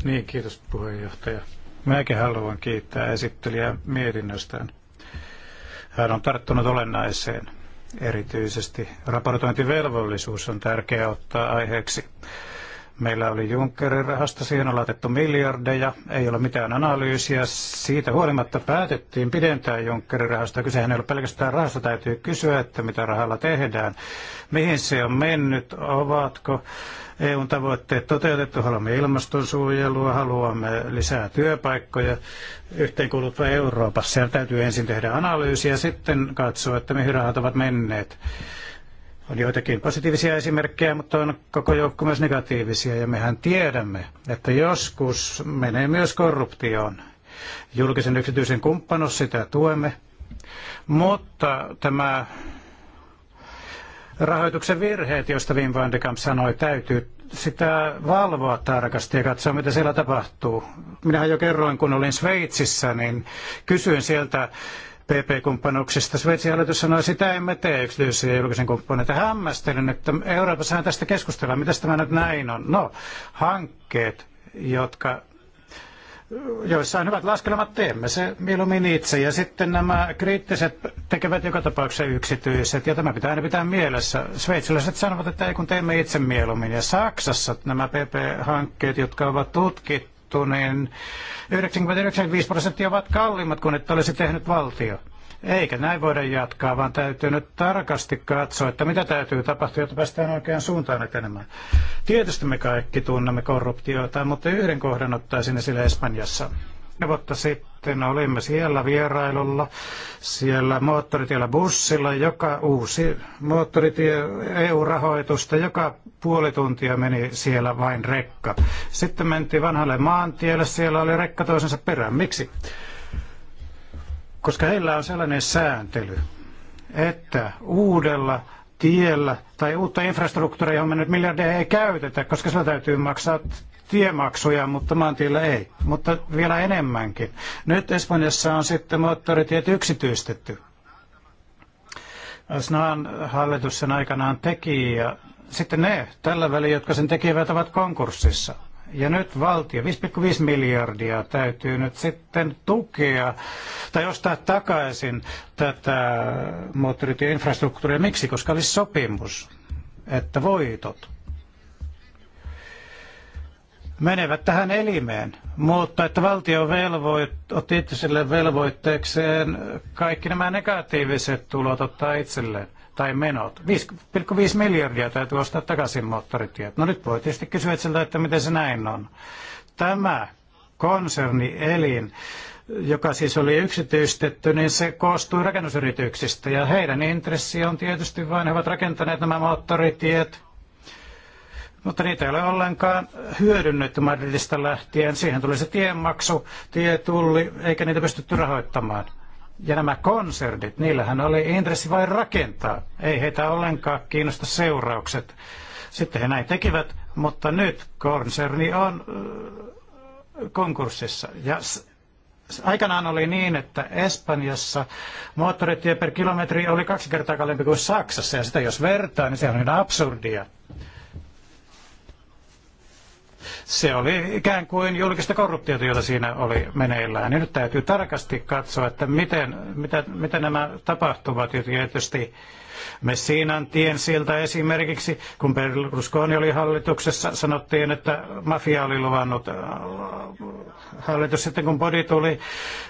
Niin, kiitos puheenjohtaja. Mäkin haluan kiittää esittelijää mietinnöstään. Hän on tarttunut olennaiseen. Erityisesti raportointivelvollisuus on tärkeää ottaa aiheeksi. Meillä oli Junckerin rahasta, siihen on laitettu miljardeja, ei ole mitään analyysiä. Siitä huolimatta päätettiin pidentää Junckerin rahasta. Kysehän ei ole pelkästään rahasta, täytyy kysyä, että mitä rahalla tehdään. Mihin se on mennyt, ovatko EUn tavoitteet toteutettu, haluamme ilmastonsuojelua, haluamme lisää työpaikkoja, yhteenkuuluva Euroopassa. Siellä täytyy ensin tehdä analyysi ja sitten katsoa, että mihin rahat ovat menneet. On joitakin positiivisia esimerkkejä, mutta on koko joukko myös negatiivisia. Ja mehän tiedämme, että joskus menee myös korruptioon. Julkisen yksityisen kumppanuus, sitä tuemme. Mutta tämä rahoituksen virheet, joista Wim van de Kamp sanoi, täytyy sitä valvoa tarkasti ja katsoa, mitä siellä tapahtuu. Minähän jo kerroin, kun olin Sveitsissä, niin kysyin sieltä PP-kumppanuuksista. Sveitsin hallitus sanoi, että sitä emme tee yksityisiä ja julkisen kumppaneita. Hämmästelin, että Euroopassahan tästä keskustellaan. Mitäs tämä nyt näin on? No, hankkeet, jotka joissain hyvät laskelmat teemme se mieluummin itse. Ja sitten nämä kriittiset tekevät joka tapauksessa yksityiset, ja tämä pitää aina pitää mielessä. Sveitsiläiset sanovat, että ei kun teemme itse mieluummin. Ja Saksassa nämä PP-hankkeet, jotka ovat tutkittu, niin 90 prosenttia ovat kalliimmat kuin että olisi tehnyt valtio. Eikä näin voida jatkaa, vaan täytyy nyt tarkasti katsoa, että mitä täytyy tapahtua, jotta päästään oikeaan suuntaan etenemään. Tietysti me kaikki tunnemme korruptiota, mutta yhden kohdan ottaisin esille Espanjassa. Vuotta sitten olimme siellä vierailulla, siellä moottoritiellä bussilla, joka uusi moottoritie EU-rahoitusta, joka puoli tuntia meni siellä vain rekka. Sitten mentiin vanhalle maantielle, siellä oli rekka toisensa perään. Miksi? koska heillä on sellainen sääntely, että uudella tiellä tai uutta infrastruktuuria, johon me nyt miljardeja ei käytetä, koska sillä täytyy maksaa tiemaksuja, mutta maantiellä ei. Mutta vielä enemmänkin. Nyt Espanjassa on sitten moottoritiet yksityistetty. Snaan hallitus sen aikanaan teki ja sitten ne tällä välin, jotka sen tekivät, ovat konkurssissa. Ja nyt valtio, 5,5 miljardia täytyy nyt sitten tukea tai ostaa takaisin tätä moottoritieinfrastruktuuria. Miksi? Koska olisi sopimus, että voitot menevät tähän elimeen, mutta että valtio velvoit, otti itselleen velvoitteekseen kaikki nämä negatiiviset tulot ottaa itselleen tai menot. 5,5 miljardia täytyy ostaa takaisin moottoritiet. No nyt voi tietysti kysyä siltä, että miten se näin on. Tämä konserni elin, joka siis oli yksityistetty, niin se koostui rakennusyrityksistä ja heidän intressi on tietysti vain, he ovat rakentaneet nämä moottoritiet, mutta niitä ei ole ollenkaan hyödynnetty Madridista lähtien. Siihen tuli se tienmaksu, tietulli, eikä niitä pystytty rahoittamaan. Ja nämä konsertit, niillähän oli intressi vain rakentaa. Ei heitä ollenkaan kiinnosta seuraukset. Sitten he näin tekivät, mutta nyt konserni on äh, konkurssissa. Ja aikanaan oli niin, että Espanjassa moottoritie per kilometri oli kaksi kertaa kalliimpi kuin Saksassa, ja sitä jos vertaa, niin se on ihan absurdia. Se oli ikään kuin julkista korruptiota, jota siinä oli meneillään. Ja nyt täytyy tarkasti katsoa, että miten, mitä, miten nämä tapahtuvat. Ja tietysti Messinan tien siltä esimerkiksi, kun Berlusconi oli hallituksessa, sanottiin, että mafia oli luvannut äh, hallitus. Sitten kun Bodi tuli,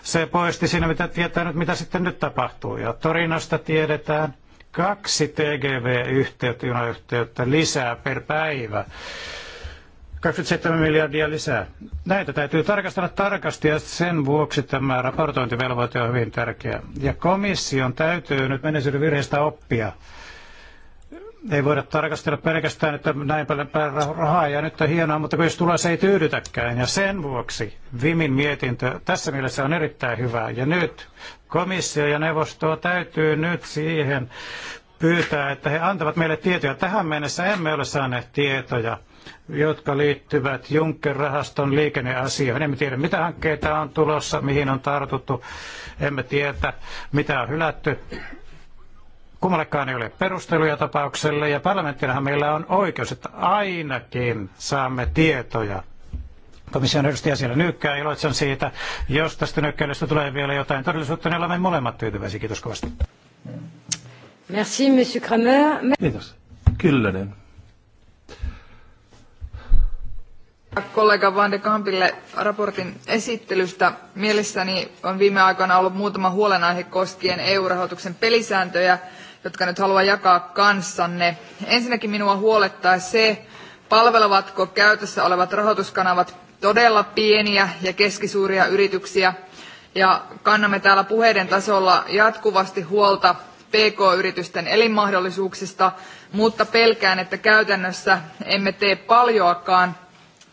se poisti siinä, mitä tietää nyt, mitä sitten nyt tapahtuu. Ja Torinosta tiedetään kaksi TGV-yhteyttä, junayhteyttä lisää per päivä 27 miljardia lisää. Näitä täytyy tarkastella tarkasti ja sen vuoksi tämä raportointivelvoite on hyvin tärkeä. Ja komission täytyy nyt menneisyyden virheistä oppia. Ei voida tarkastella pelkästään, että näin paljon rahaa ja nyt on hienoa, mutta kun jos tulee, se ei tyydytäkään. Ja sen vuoksi Vimin mietintö tässä mielessä on erittäin hyvä. Ja nyt komissio ja neuvosto täytyy nyt siihen pyytää, että he antavat meille tietoja. Tähän mennessä emme ole saaneet tietoja jotka liittyvät Juncker-rahaston liikenneasioihin. Emme tiedä, mitä hankkeita on tulossa, mihin on tartuttu. Emme tiedä, mitä on hylätty. Kummallekaan ei ole perusteluja tapaukselle ja parlamenttinahan meillä on oikeus, että ainakin saamme tietoja komission edustaja siellä nykkää Iloitsen siitä. Jos tästä nyykkäilystä tulee vielä jotain todellisuutta, niin olemme molemmat tyytyväisiä. Kiitos kovasti. Merci, monsieur Kramer. Kiitos. niin. kollega Van de Kampille raportin esittelystä. Mielessäni on viime aikoina ollut muutama huolenaihe koskien EU-rahoituksen pelisääntöjä, jotka nyt haluan jakaa kanssanne. Ensinnäkin minua huolettaa se, palvelevatko käytössä olevat rahoituskanavat todella pieniä ja keskisuuria yrityksiä, ja kannamme täällä puheiden tasolla jatkuvasti huolta PK-yritysten elinmahdollisuuksista, mutta pelkään, että käytännössä emme tee paljoakaan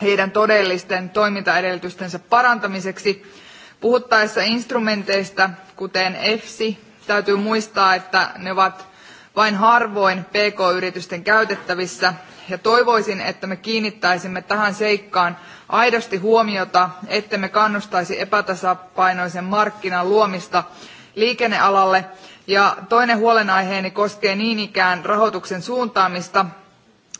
heidän todellisten toimintaedellytystensä parantamiseksi. Puhuttaessa instrumenteista, kuten EFSI, täytyy muistaa, että ne ovat vain harvoin PK-yritysten käytettävissä, ja toivoisin, että me kiinnittäisimme tähän seikkaan aidosti huomiota, ettemme kannustaisi epätasapainoisen markkinan luomista liikennealalle. Ja toinen huolenaiheeni koskee niin ikään rahoituksen suuntaamista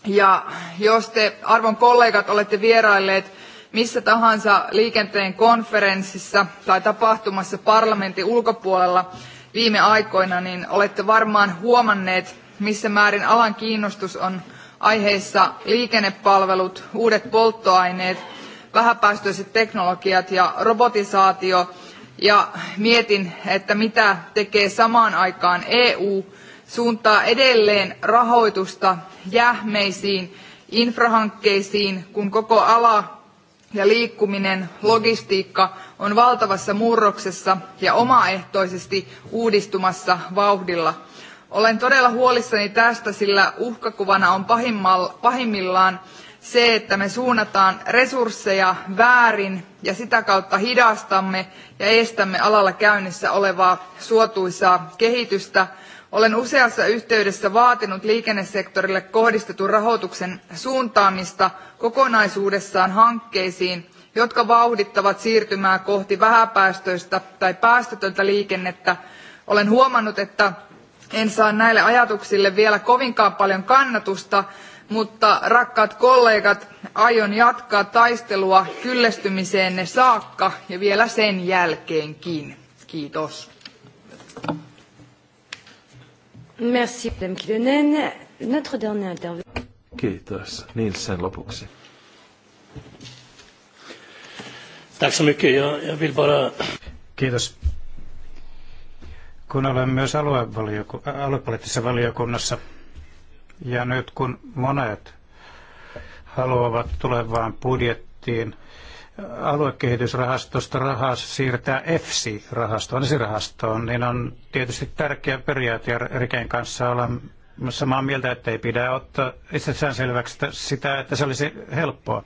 ja jos te, arvon kollegat, olette vierailleet missä tahansa liikenteen konferenssissa tai tapahtumassa parlamentin ulkopuolella viime aikoina, niin olette varmaan huomanneet, missä määrin alan kiinnostus on aiheissa liikennepalvelut, uudet polttoaineet, vähäpäästöiset teknologiat ja robotisaatio. Ja mietin, että mitä tekee samaan aikaan EU suuntaa edelleen rahoitusta jähmeisiin infrahankkeisiin, kun koko ala ja liikkuminen, logistiikka on valtavassa murroksessa ja omaehtoisesti uudistumassa vauhdilla. Olen todella huolissani tästä, sillä uhkakuvana on pahimmillaan se, että me suunnataan resursseja väärin ja sitä kautta hidastamme ja estämme alalla käynnissä olevaa suotuisaa kehitystä – olen useassa yhteydessä vaatinut liikennesektorille kohdistetun rahoituksen suuntaamista kokonaisuudessaan hankkeisiin jotka vauhdittavat siirtymää kohti vähäpäästöistä tai päästötöntä liikennettä. olen huomannut että en saa näille ajatuksille vielä kovinkaan paljon kannatusta mutta rakkaat kollegat aion jatkaa taistelua kyllästymiseenne saakka ja vielä sen jälkeenkin. kiitos. Merci, Kilonen. Notre Kiitos. Nielsen niin, lopuksi. Tack så mycket. Jag, vill bara... Kiitos. Kun olen myös aluepoliittisessa valiokunnassa ja nyt kun monet haluavat tulevaan budjettiin aluekehitysrahastosta rahaa siirtää EFSI-rahastoon, ESI-rahastoon, niin on tietysti tärkeä periaate ja Riken kanssa olla samaa mieltä, että ei pidä ottaa itsessään selväksi sitä, että se olisi helppoa.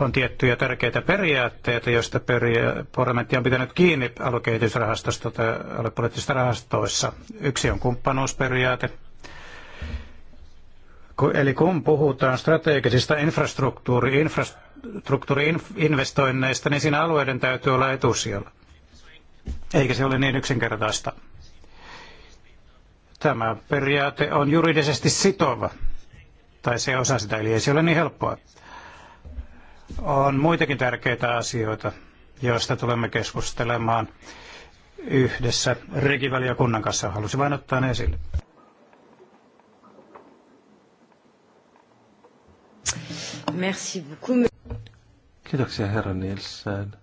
On tiettyjä tärkeitä periaatteita, joista peria- parlamentti on pitänyt kiinni aluekehitysrahastosta tai aluepoliittisista rahastoissa. Yksi on kumppanuusperiaate, Eli kun puhutaan strategisista infrastruktuuri, infrastruktuurista, infrastruktuuriinvestoinneista, niin siinä alueiden täytyy olla etusijalla. Eikä se ole niin yksinkertaista. Tämä periaate on juridisesti sitova, tai se osa sitä, eli ei se ole niin helppoa. On muitakin tärkeitä asioita, joista tulemme keskustelemaan yhdessä regivaliokunnan kanssa. Halusin vain ottaa ne esille. Merci beaucoup. Kiitoksia herra Nielsen.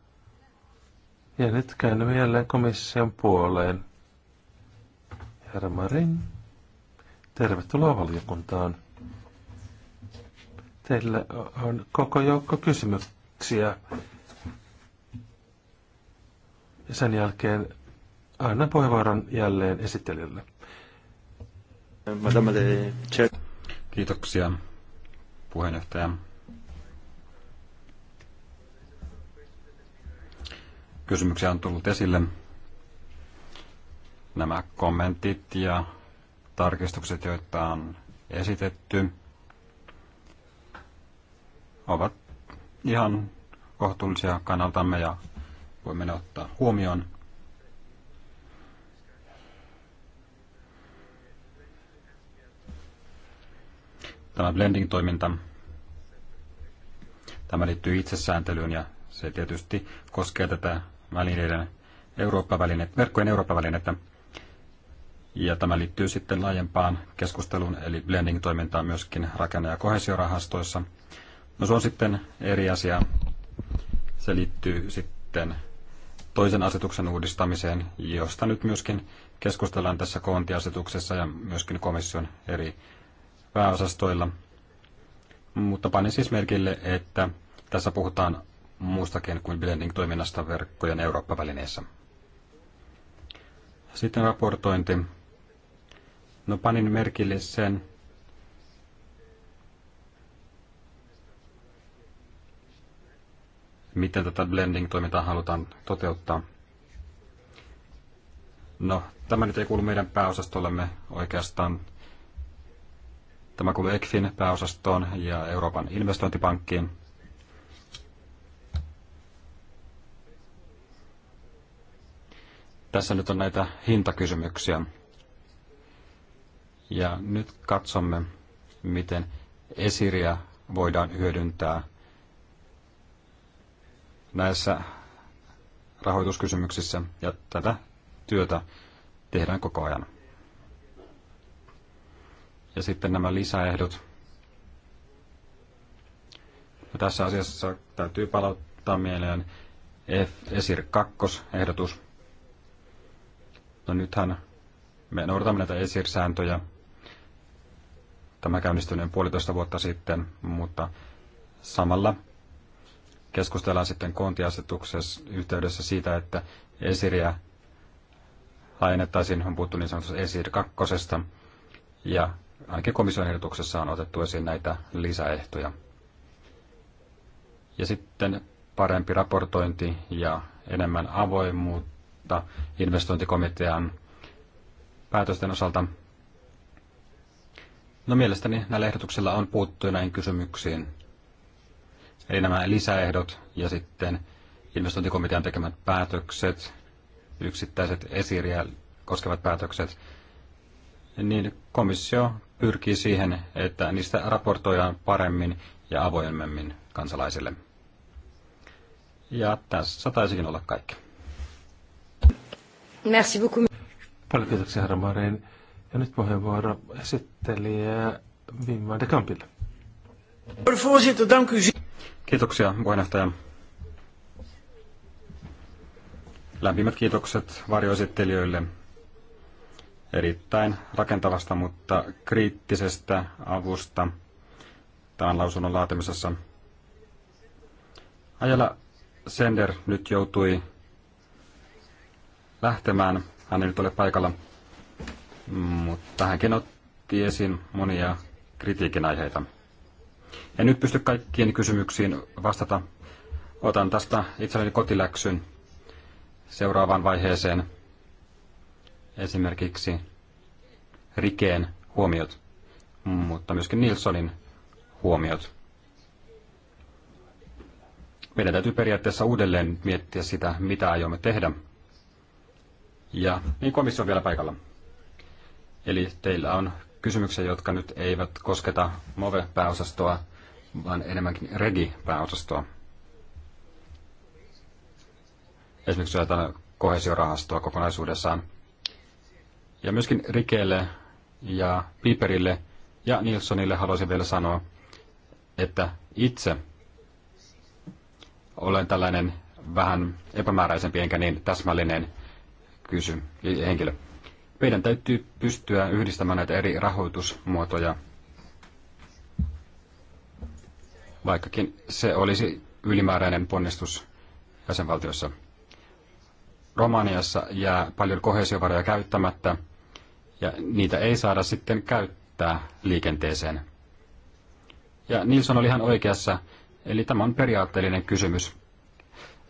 Ja nyt käännymme jälleen komission puoleen. Herra Marin, tervetuloa valiokuntaan. Teillä on koko joukko kysymyksiä. Ja sen jälkeen annan puheenvuoron jälleen esittelijälle. Kiitoksia, puheenjohtaja. kysymyksiä on tullut esille. Nämä kommentit ja tarkistukset, joita on esitetty, ovat ihan kohtuullisia kannaltamme ja voimme ne ottaa huomioon. Tämä blending-toiminta, tämä liittyy itsesääntelyyn ja se tietysti koskee tätä välineiden Eurooppa-välinet, verkkojen Eurooppa-välinettä. Ja tämä liittyy sitten laajempaan keskusteluun, eli blending-toimintaan myöskin rakenne- ja kohesiorahastoissa. No se on sitten eri asia. Se liittyy sitten toisen asetuksen uudistamiseen, josta nyt myöskin keskustellaan tässä koontiasetuksessa ja myöskin komission eri pääosastoilla. Mutta panin siis merkille, että tässä puhutaan muustakin kuin blending-toiminnasta verkkojen Eurooppa-välineessä. Sitten raportointi. No panin merkille sen, miten tätä blending-toimintaa halutaan toteuttaa. No, tämä nyt ei kuulu meidän pääosastollemme oikeastaan. Tämä kuuluu ECFin pääosastoon ja Euroopan investointipankkiin. tässä nyt on näitä hintakysymyksiä. Ja nyt katsomme, miten esiriä voidaan hyödyntää näissä rahoituskysymyksissä, ja tätä työtä tehdään koko ajan. Ja sitten nämä lisäehdot. Ja tässä asiassa täytyy palauttaa mieleen F Esir 2-ehdotus, No nythän me noudatamme näitä esirsääntöjä. Tämä noin puolitoista vuotta sitten, mutta samalla keskustellaan sitten kontiasetuksessa yhteydessä siitä, että esiriä laajennettaisiin, on puhuttu niin sanotusta esir kakkosesta, ja ainakin komission ehdotuksessa on otettu esiin näitä lisäehtoja. Ja sitten parempi raportointi ja enemmän avoimuutta mutta investointikomitean päätösten osalta. No mielestäni näillä ehdotuksilla on puuttu näihin kysymyksiin. Eli nämä lisäehdot ja sitten investointikomitean tekemät päätökset, yksittäiset esiriä koskevat päätökset, niin komissio pyrkii siihen, että niistä raportoidaan paremmin ja avoimemmin kansalaisille. Ja tässä taisikin olla kaikki. Merci beaucoup. Paljon kiitoksia, herra Marin. Ja nyt puheenvuoro esittelijä Wim van de Kampille. Kiitoksia, puheenjohtaja. Lämpimät kiitokset varjoesittelijöille erittäin rakentavasta, mutta kriittisestä avusta tämän lausunnon laatimisessa. Ajalla Sender nyt joutui lähtemään. Hän ei nyt ole paikalla, mutta hänkin otti esiin monia kritiikin aiheita. En nyt pysty kaikkiin kysymyksiin vastata. Otan tästä itselleni kotiläksyn seuraavaan vaiheeseen. Esimerkiksi Rikeen huomiot, mutta myöskin Nilssonin huomiot. Meidän täytyy periaatteessa uudelleen miettiä sitä, mitä aiomme tehdä ja niin komissio on vielä paikalla. Eli teillä on kysymyksiä, jotka nyt eivät kosketa MOVE-pääosastoa, vaan enemmänkin REGI-pääosastoa. Esimerkiksi ajatellaan kohesiorahastoa kokonaisuudessaan. Ja myöskin Rikeelle ja Piperille ja Nilssonille haluaisin vielä sanoa, että itse olen tällainen vähän epämääräisempi enkä niin täsmällinen kysy, henkilö. Meidän täytyy pystyä yhdistämään näitä eri rahoitusmuotoja, vaikkakin se olisi ylimääräinen ponnistus jäsenvaltiossa. Romaniassa jää paljon kohesiovaroja käyttämättä, ja niitä ei saada sitten käyttää liikenteeseen. Ja Nilsson oli ihan oikeassa, eli tämä on periaatteellinen kysymys.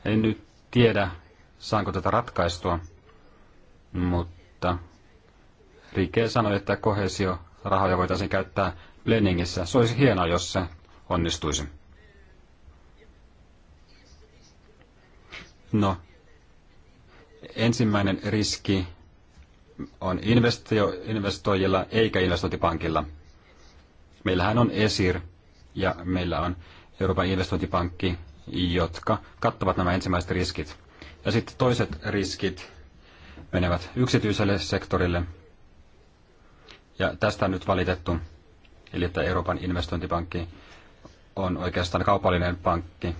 En nyt tiedä, saanko tätä ratkaistua mutta Rike sanoi, että kohesiorahoja voitaisiin käyttää Leningissä. Se olisi hienoa, jos se onnistuisi. No, ensimmäinen riski on investoijilla eikä investointipankilla. Meillähän on ESIR ja meillä on Euroopan investointipankki, jotka kattavat nämä ensimmäiset riskit. Ja sitten toiset riskit menevät yksityiselle sektorille. Ja tästä on nyt valitettu, eli että Euroopan investointipankki on oikeastaan kaupallinen pankki.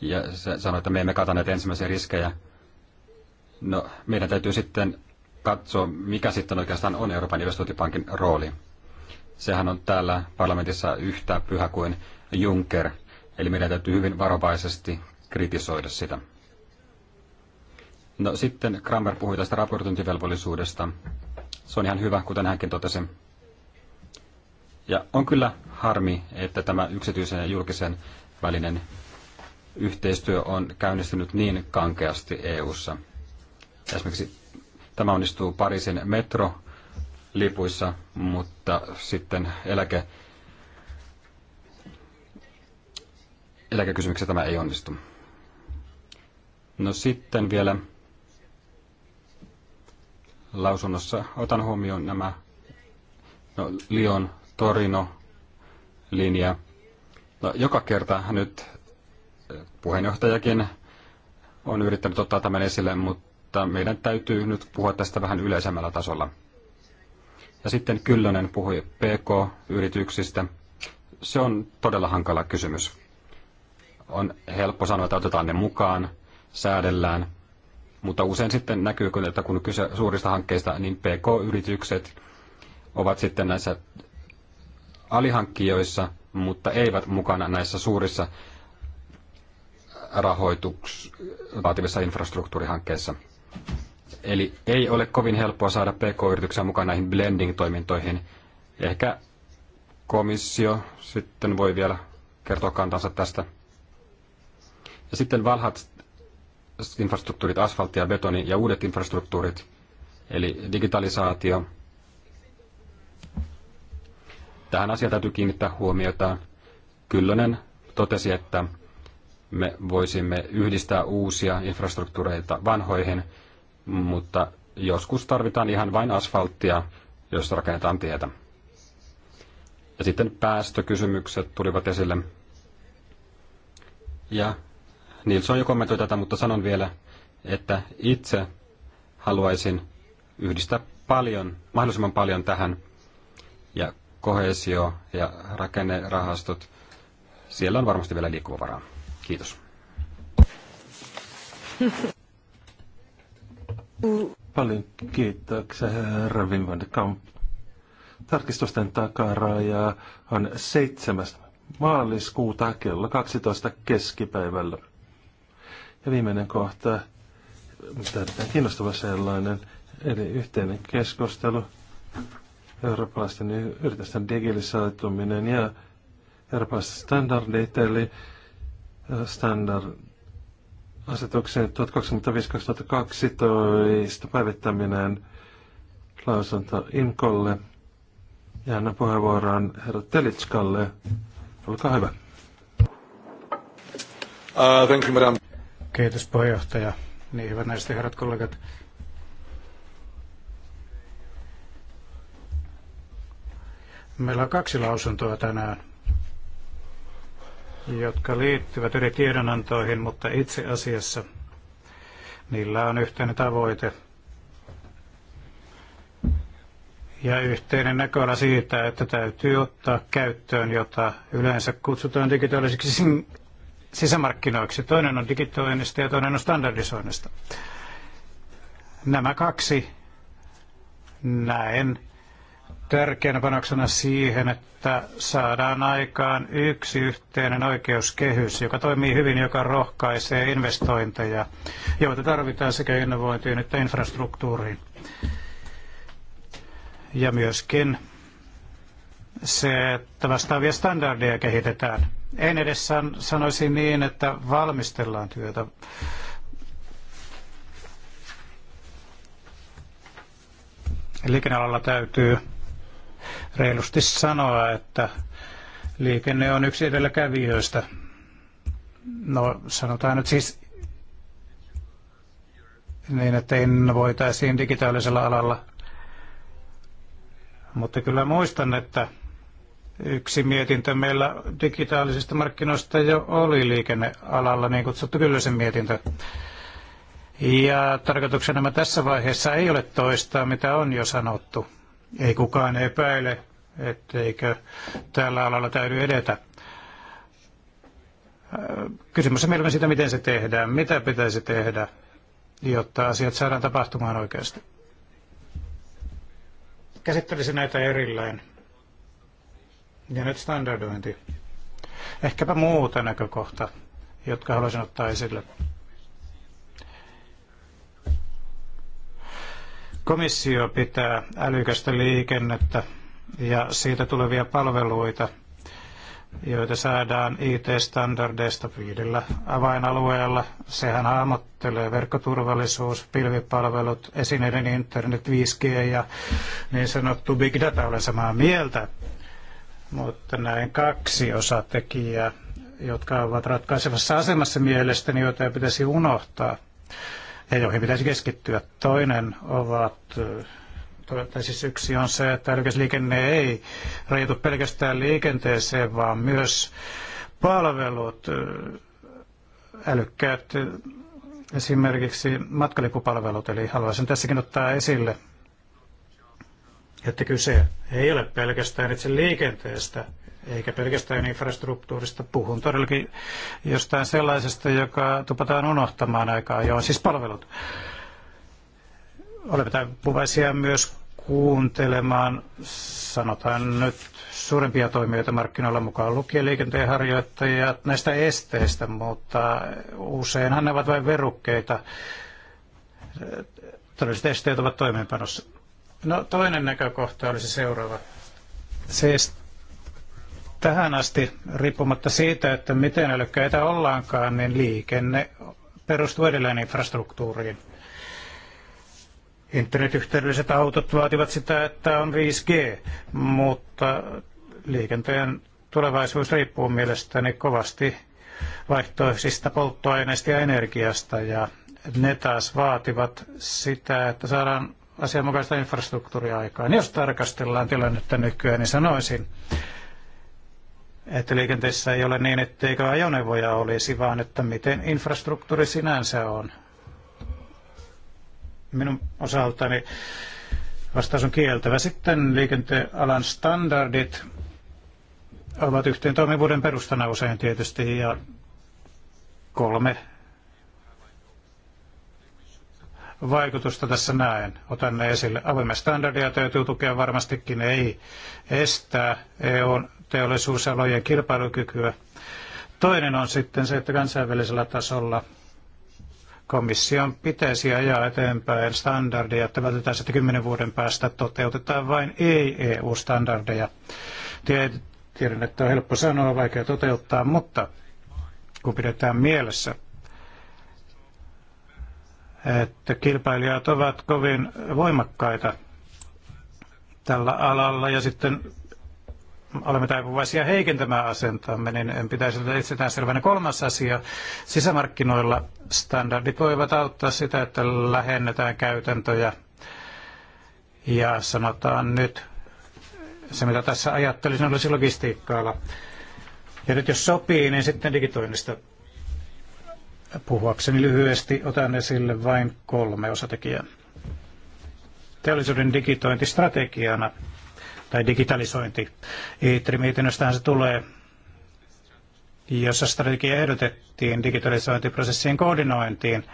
Ja se sanoi, että me emme kata näitä ensimmäisiä riskejä. No, meidän täytyy sitten katsoa, mikä sitten oikeastaan on Euroopan investointipankin rooli. Sehän on täällä parlamentissa yhtä pyhä kuin Juncker, eli meidän täytyy hyvin varovaisesti kritisoida sitä. No sitten Kramer puhui tästä raportointivelvollisuudesta. Se on ihan hyvä, kuten hänkin totesi. Ja on kyllä harmi, että tämä yksityisen ja julkisen välinen yhteistyö on käynnistynyt niin kankeasti EU:ssa. Esimerkiksi tämä onnistuu Pariisin metrolipuissa, mutta sitten eläke, eläkekysymyksessä tämä ei onnistu. No sitten vielä lausunnossa otan huomioon nämä no, Lion Torino linja. No, joka kerta nyt eh, puheenjohtajakin on yrittänyt ottaa tämän esille, mutta meidän täytyy nyt puhua tästä vähän yleisemmällä tasolla. Ja sitten Kyllönen puhui PK-yrityksistä. Se on todella hankala kysymys. On helppo sanoa, että otetaan ne mukaan, säädellään, mutta usein sitten näkyy, että kun kyse suurista hankkeista, niin PK-yritykset ovat sitten näissä alihankkijoissa, mutta eivät mukana näissä suurissa rahoituks vaativissa infrastruktuurihankkeissa. Eli ei ole kovin helppoa saada PK-yrityksiä mukaan näihin blending-toimintoihin. Ehkä komissio sitten voi vielä kertoa kantansa tästä. Ja sitten Valhat infrastruktuurit, asfaltti ja betoni ja uudet infrastruktuurit, eli digitalisaatio. Tähän asiaan täytyy kiinnittää huomiota. Kyllönen totesi, että me voisimme yhdistää uusia infrastruktuureita vanhoihin, mutta joskus tarvitaan ihan vain asfalttia, jos rakennetaan tietä. Ja sitten päästökysymykset tulivat esille. Ja Nils on jo kommentoi tätä, mutta sanon vielä, että itse haluaisin yhdistää paljon, mahdollisimman paljon tähän. Ja kohesio ja rakennerahastot, siellä on varmasti vielä liikkumavaraa. Kiitos. Paljon kiitoksia, herra Wim Kamp. Tarkistusten takaraja on 7. maaliskuuta kello 12 keskipäivällä. Ja viimeinen kohta, erittäin kiinnostava sellainen, eli yhteinen keskustelu, eurooppalaisten yritysten digitalisoituminen ja eurooppalaiset standardit, eli standard asetuksen 1025-2012 päivittäminen lausunto Inkolle. Ja annan puheenvuoron herra Telitskalle. Olkaa hyvä. Uh, thank you, madam kehityspuheenjohtaja. Niin, hyvät näistä herrat kollegat. Meillä on kaksi lausuntoa tänään, jotka liittyvät eri tiedonantoihin, mutta itse asiassa niillä on yhteinen tavoite ja yhteinen näköala siitä, että täytyy ottaa käyttöön, jota yleensä kutsutaan digitaaliseksi sisämarkkinoiksi. Toinen on digitoinnista ja toinen on standardisoinnista. Nämä kaksi näen tärkeänä panoksena siihen, että saadaan aikaan yksi yhteinen oikeuskehys, joka toimii hyvin, joka rohkaisee investointeja, joita tarvitaan sekä innovointiin että infrastruktuuriin. Ja myöskin se, että vastaavia standardeja kehitetään en edes san, sanoisi niin, että valmistellaan työtä. Liikennealalla täytyy reilusti sanoa, että liikenne on yksi edelläkävijöistä. No sanotaan nyt siis niin, että voitaisiin digitaalisella alalla. Mutta kyllä muistan, että Yksi mietintö meillä digitaalisista markkinoista jo oli liikennealalla, niin kutsuttu Kyllösen mietintö. Ja tarkoituksena tässä vaiheessa ei ole toistaa, mitä on jo sanottu. Ei kukaan epäile, etteikö tällä alalla täydy edetä. Kysymys on mielestäni siitä, miten se tehdään, mitä pitäisi tehdä, jotta asiat saadaan tapahtumaan oikeasti. Käsittelisin näitä erillään. Ja nyt standardointi. Ehkäpä muuta näkökohta, jotka haluaisin ottaa esille. Komissio pitää älykästä liikennettä ja siitä tulevia palveluita, joita saadaan IT-standardeista viidellä avainalueella. Sehän hahmottelee verkkoturvallisuus, pilvipalvelut, esineiden internet, 5G ja niin sanottu big data. Olen samaa mieltä mutta näin kaksi osatekijää, jotka ovat ratkaisevassa asemassa mielestäni, joita ei pitäisi unohtaa ja joihin pitäisi keskittyä. Toinen ovat tai siis yksi on se, että älykäsliikenne ei rajoitu pelkästään liikenteeseen, vaan myös palvelut, älykkäät esimerkiksi matkalipupalvelut, eli haluaisin tässäkin ottaa esille että kyse ei ole pelkästään itse liikenteestä eikä pelkästään infrastruktuurista. Puhun todellakin jostain sellaisesta, joka tupataan unohtamaan aikaa Joo, siis palvelut. Olemme taipuvaisia myös kuuntelemaan, sanotaan nyt, suurempia toimijoita markkinoilla mukaan lukien liikenteen harjoittajat näistä esteistä, mutta useinhan ne ovat vain verukkeita. Todelliset esteet ovat toimeenpanossa No toinen näkökohta olisi seuraava. Siis tähän asti, riippumatta siitä, että miten älykkäitä ollaankaan, niin liikenne perustuu edelleen infrastruktuuriin. Internetyhteydelliset autot vaativat sitä, että on 5G, mutta liikenteen tulevaisuus riippuu mielestäni kovasti vaihtoehtoisista polttoaineista ja energiasta, ja ne taas vaativat sitä, että saadaan asianmukaista infrastruktuuriaikaan. Jos tarkastellaan tilannetta nykyään, niin sanoisin, että liikenteessä ei ole niin, etteikö ajoneuvoja olisi, vaan että miten infrastruktuuri sinänsä on. Minun osaltani vastaus on kieltävä. Sitten liikenteen alan standardit ovat yhteen toimivuuden perustana usein tietysti ja kolme vaikutusta tässä näen. Otan ne esille. Avoimia standardeja täytyy tukea varmastikin, ei estää EUn teollisuusalojen kilpailukykyä. Toinen on sitten se, että kansainvälisellä tasolla komission pitäisi ajaa eteenpäin standardeja, että vältetään sitten kymmenen vuoden päästä toteutetaan vain ei-EU-standardeja. Tiedän, että on helppo sanoa, vaikea toteuttaa, mutta kun pidetään mielessä, että kilpailijat ovat kovin voimakkaita tällä alalla ja sitten olemme taipuvaisia heikentämään asentamme, niin en pitäisi olla selvänä Kolmas asia, sisämarkkinoilla standardit voivat auttaa sitä, että lähennetään käytäntöjä ja sanotaan nyt, se mitä tässä ajattelisin olisi logistiikkaa, Ja nyt jos sopii, niin sitten digitoinnista Puhuakseni lyhyesti otan esille vain kolme osatekijää. Teollisuuden digitointistrategiana tai digitalisointi. ITRI-mietinnöstähän se tulee, jossa strategia ehdotettiin digitalisointiprosessien koordinointiin,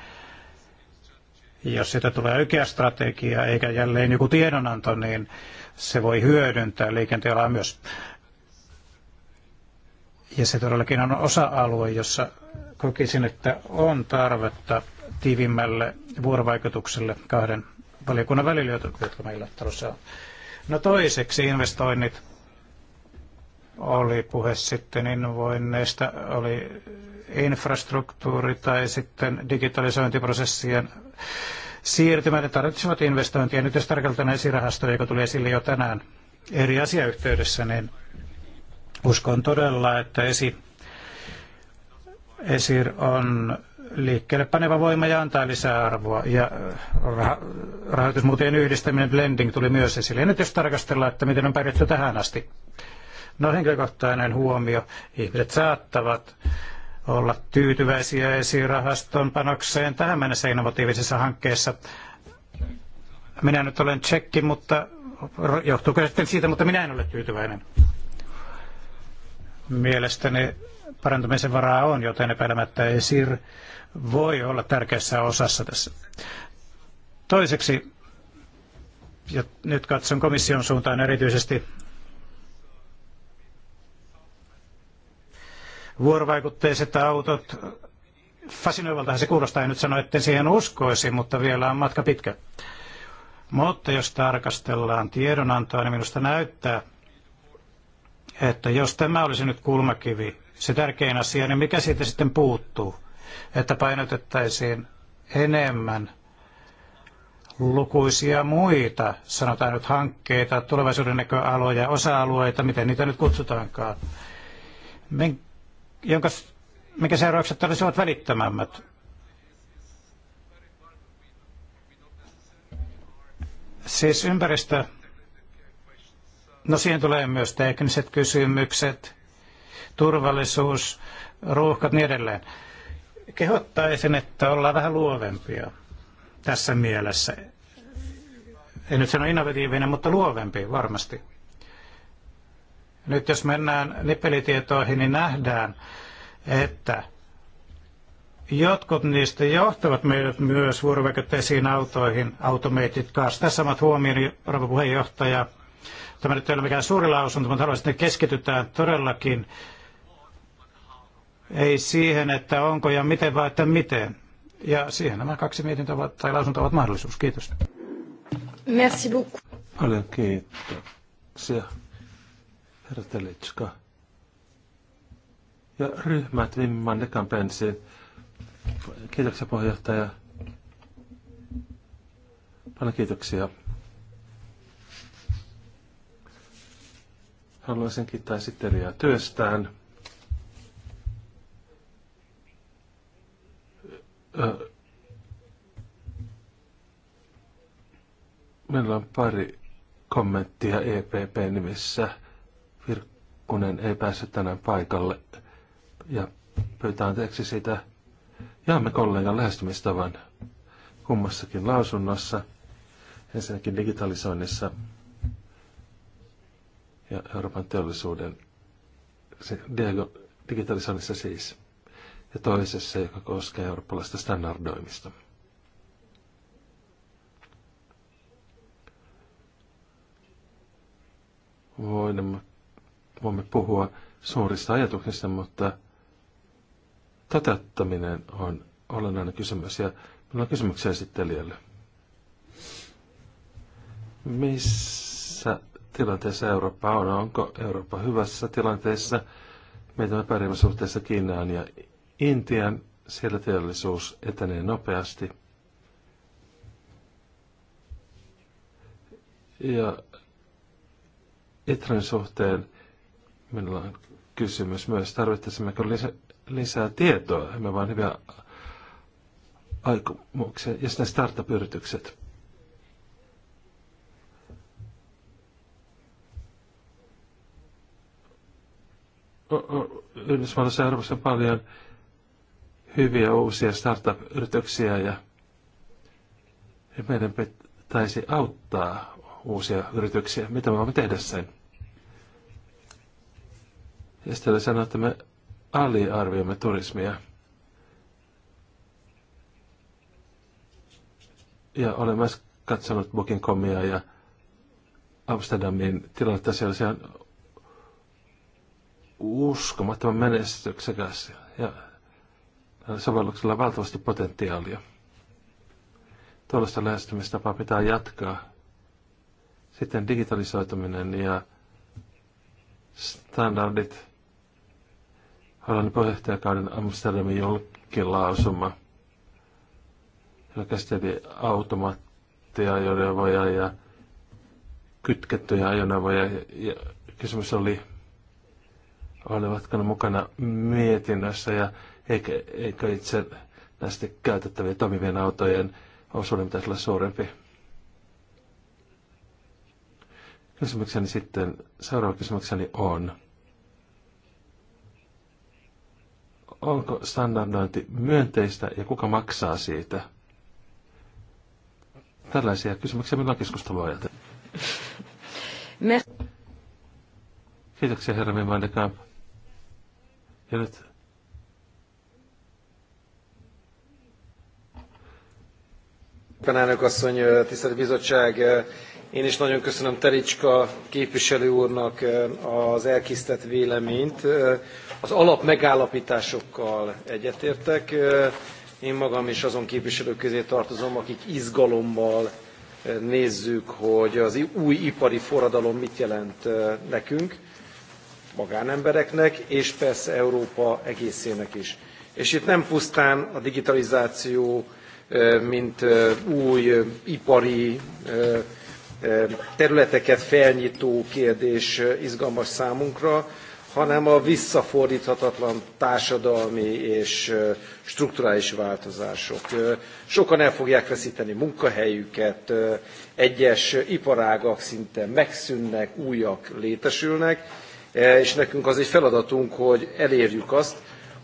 jos siitä tulee oikea strategia eikä jälleen joku tiedonanto, niin se voi hyödyntää liikenteellä myös. Ja se todellakin on osa-alue, jossa kokisin, että on tarvetta tiivimmälle vuorovaikutukselle kahden valiokunnan välillä, jotka meillä talossa on. No toiseksi investoinnit oli puhe sitten invoinneista, oli infrastruktuuri tai sitten digitalisointiprosessien siirtymä. Ne tarvitsevat investointia. Nyt jos tarkaltaan esirahastoja, joka tuli esille jo tänään eri asiayhteydessä, niin – Uskon todella, että esi, ESIR on liikkeelle paneva voima ja antaa lisää arvoa. Ja äh, rah- rahoitusmuutien yhdistäminen, blending tuli myös esille. Ja nyt jos tarkastellaan, että miten on pärjätty tähän asti. No henkilökohtainen huomio. Ihmiset saattavat olla tyytyväisiä esirahaston panokseen tähän mennessä innovatiivisessa hankkeessa. Minä nyt olen tsekki, mutta johtuuko sitten siitä, mutta minä en ole tyytyväinen. Mielestäni parantamisen varaa on, joten epäilemättä ESIR voi olla tärkeässä osassa tässä. Toiseksi, ja nyt katson komission suuntaan erityisesti, vuorovaikutteiset autot, fasinoivaltahan se kuulostaa, en nyt sano, että siihen uskoisi, mutta vielä on matka pitkä. Mutta jos tarkastellaan tiedonantoa, niin minusta näyttää, että jos tämä olisi nyt kulmakivi, se tärkein asia, niin mikä siitä sitten puuttuu? Että painotettaisiin enemmän lukuisia muita, sanotaan nyt hankkeita, tulevaisuuden näköaloja, osa-alueita, miten niitä nyt kutsutaankaan, Min, jonka, minkä seuraukset olisivat välittömämmät. Siis ympäristö No siihen tulee myös tekniset kysymykset, turvallisuus, ruuhkat niin edelleen. Kehottaisin, että ollaan vähän luovempia tässä mielessä. En nyt sano innovatiivinen, mutta luovempi varmasti. Nyt jos mennään nippelitietoihin, niin nähdään, että jotkut niistä johtavat meidät myös vuorovaikutteisiin autoihin, automated cars. Tässä samat huomioon, rouva puheenjohtaja, Tämä nyt ei ole mikään suuri lausunto, mutta haluaisin, että keskitytään todellakin ei siihen, että onko ja miten, vaan että miten. Ja siihen nämä kaksi mietintöä ovat, tai lausuntoa ovat mahdollisuus. Kiitos. Merci beaucoup. Paljon kiitoksia. Herra Telitska. Ja ryhmät Vimman Dekampensiin. Kiitoksia puheenjohtaja. Paljon kiitoksia. Haluaisin kiittää esittelijää työstään. Meillä on pari kommenttia EPP-nimissä. Virkkunen ei päässyt tänään paikalle ja pyytää anteeksi sitä. Jaamme kollegan lähestymistavan kummassakin lausunnossa, ensinnäkin digitalisoinnissa – ja Euroopan teollisuuden se digitalisoinnissa siis, ja toisessa, joka koskee eurooppalaista standardoimista. Voimme, voimme puhua suurista ajatuksista, mutta toteuttaminen on olennainen kysymys. Ja minulla on kysymyksiä esittelijälle. Missä tilanteessa Eurooppa on? Onko Eurooppa hyvässä tilanteessa? Meitä on pärjäämme suhteessa Kiinaan ja Intian. Siellä teollisuus etenee nopeasti. Ja Itran suhteen minulla on kysymys myös, tarvittaisimmeko lisä, lisää tietoa, emme vain hyviä aikomuksia, ja sitten startup-yritykset. Yhdysvalloissa ja Euroopassa on paljon hyviä uusia startup-yrityksiä ja, meidän pitäisi auttaa uusia yrityksiä. Mitä me voimme tehdä sen? Ja sitten sanoi, että me aliarvioimme turismia. Ja olen myös katsonut Booking.comia ja Amsterdamin tilannetta siellä. Se on uskomattoman menestyksekäs ja sovelluksella on valtavasti potentiaalia. Tuollaista lähestymistapaa pitää jatkaa. Sitten digitalisoituminen ja standardit. Hollannin puheenjohtajakauden Amsterdamin julkilausuma, joka käsitteli automaattiajoneuvoja ja kytkettyjä ajoneuvoja. Ja kysymys oli olivatko ne mukana mietinnössä ja eikö, eikö itse näistä käytettäviä toimivien autojen osuuden pitäisi olla suurempi. Kysymykseni sitten, seuraava kysymykseni on, onko standardointi myönteistä ja kuka maksaa siitä? Tällaisia kysymyksiä meillä on keskustelua ajatellut. Kiitoksia herra Mimandekamp. Evet. nyt Elnök asszony, tisztelt bizottság, én is nagyon köszönöm Tericska képviselő úrnak az elkészített véleményt. Az alap megállapításokkal egyetértek. Én magam is azon képviselők közé tartozom, akik izgalommal nézzük, hogy az új ipari forradalom mit jelent nekünk magánembereknek, és persze Európa egészének is. És itt nem pusztán a digitalizáció, mint új ipari területeket felnyitó kérdés izgalmas számunkra, hanem a visszafordíthatatlan társadalmi és strukturális változások. Sokan el fogják veszíteni munkahelyüket, egyes iparágak szinte megszűnnek, újak létesülnek, E, és nekünk az egy feladatunk, hogy elérjük azt,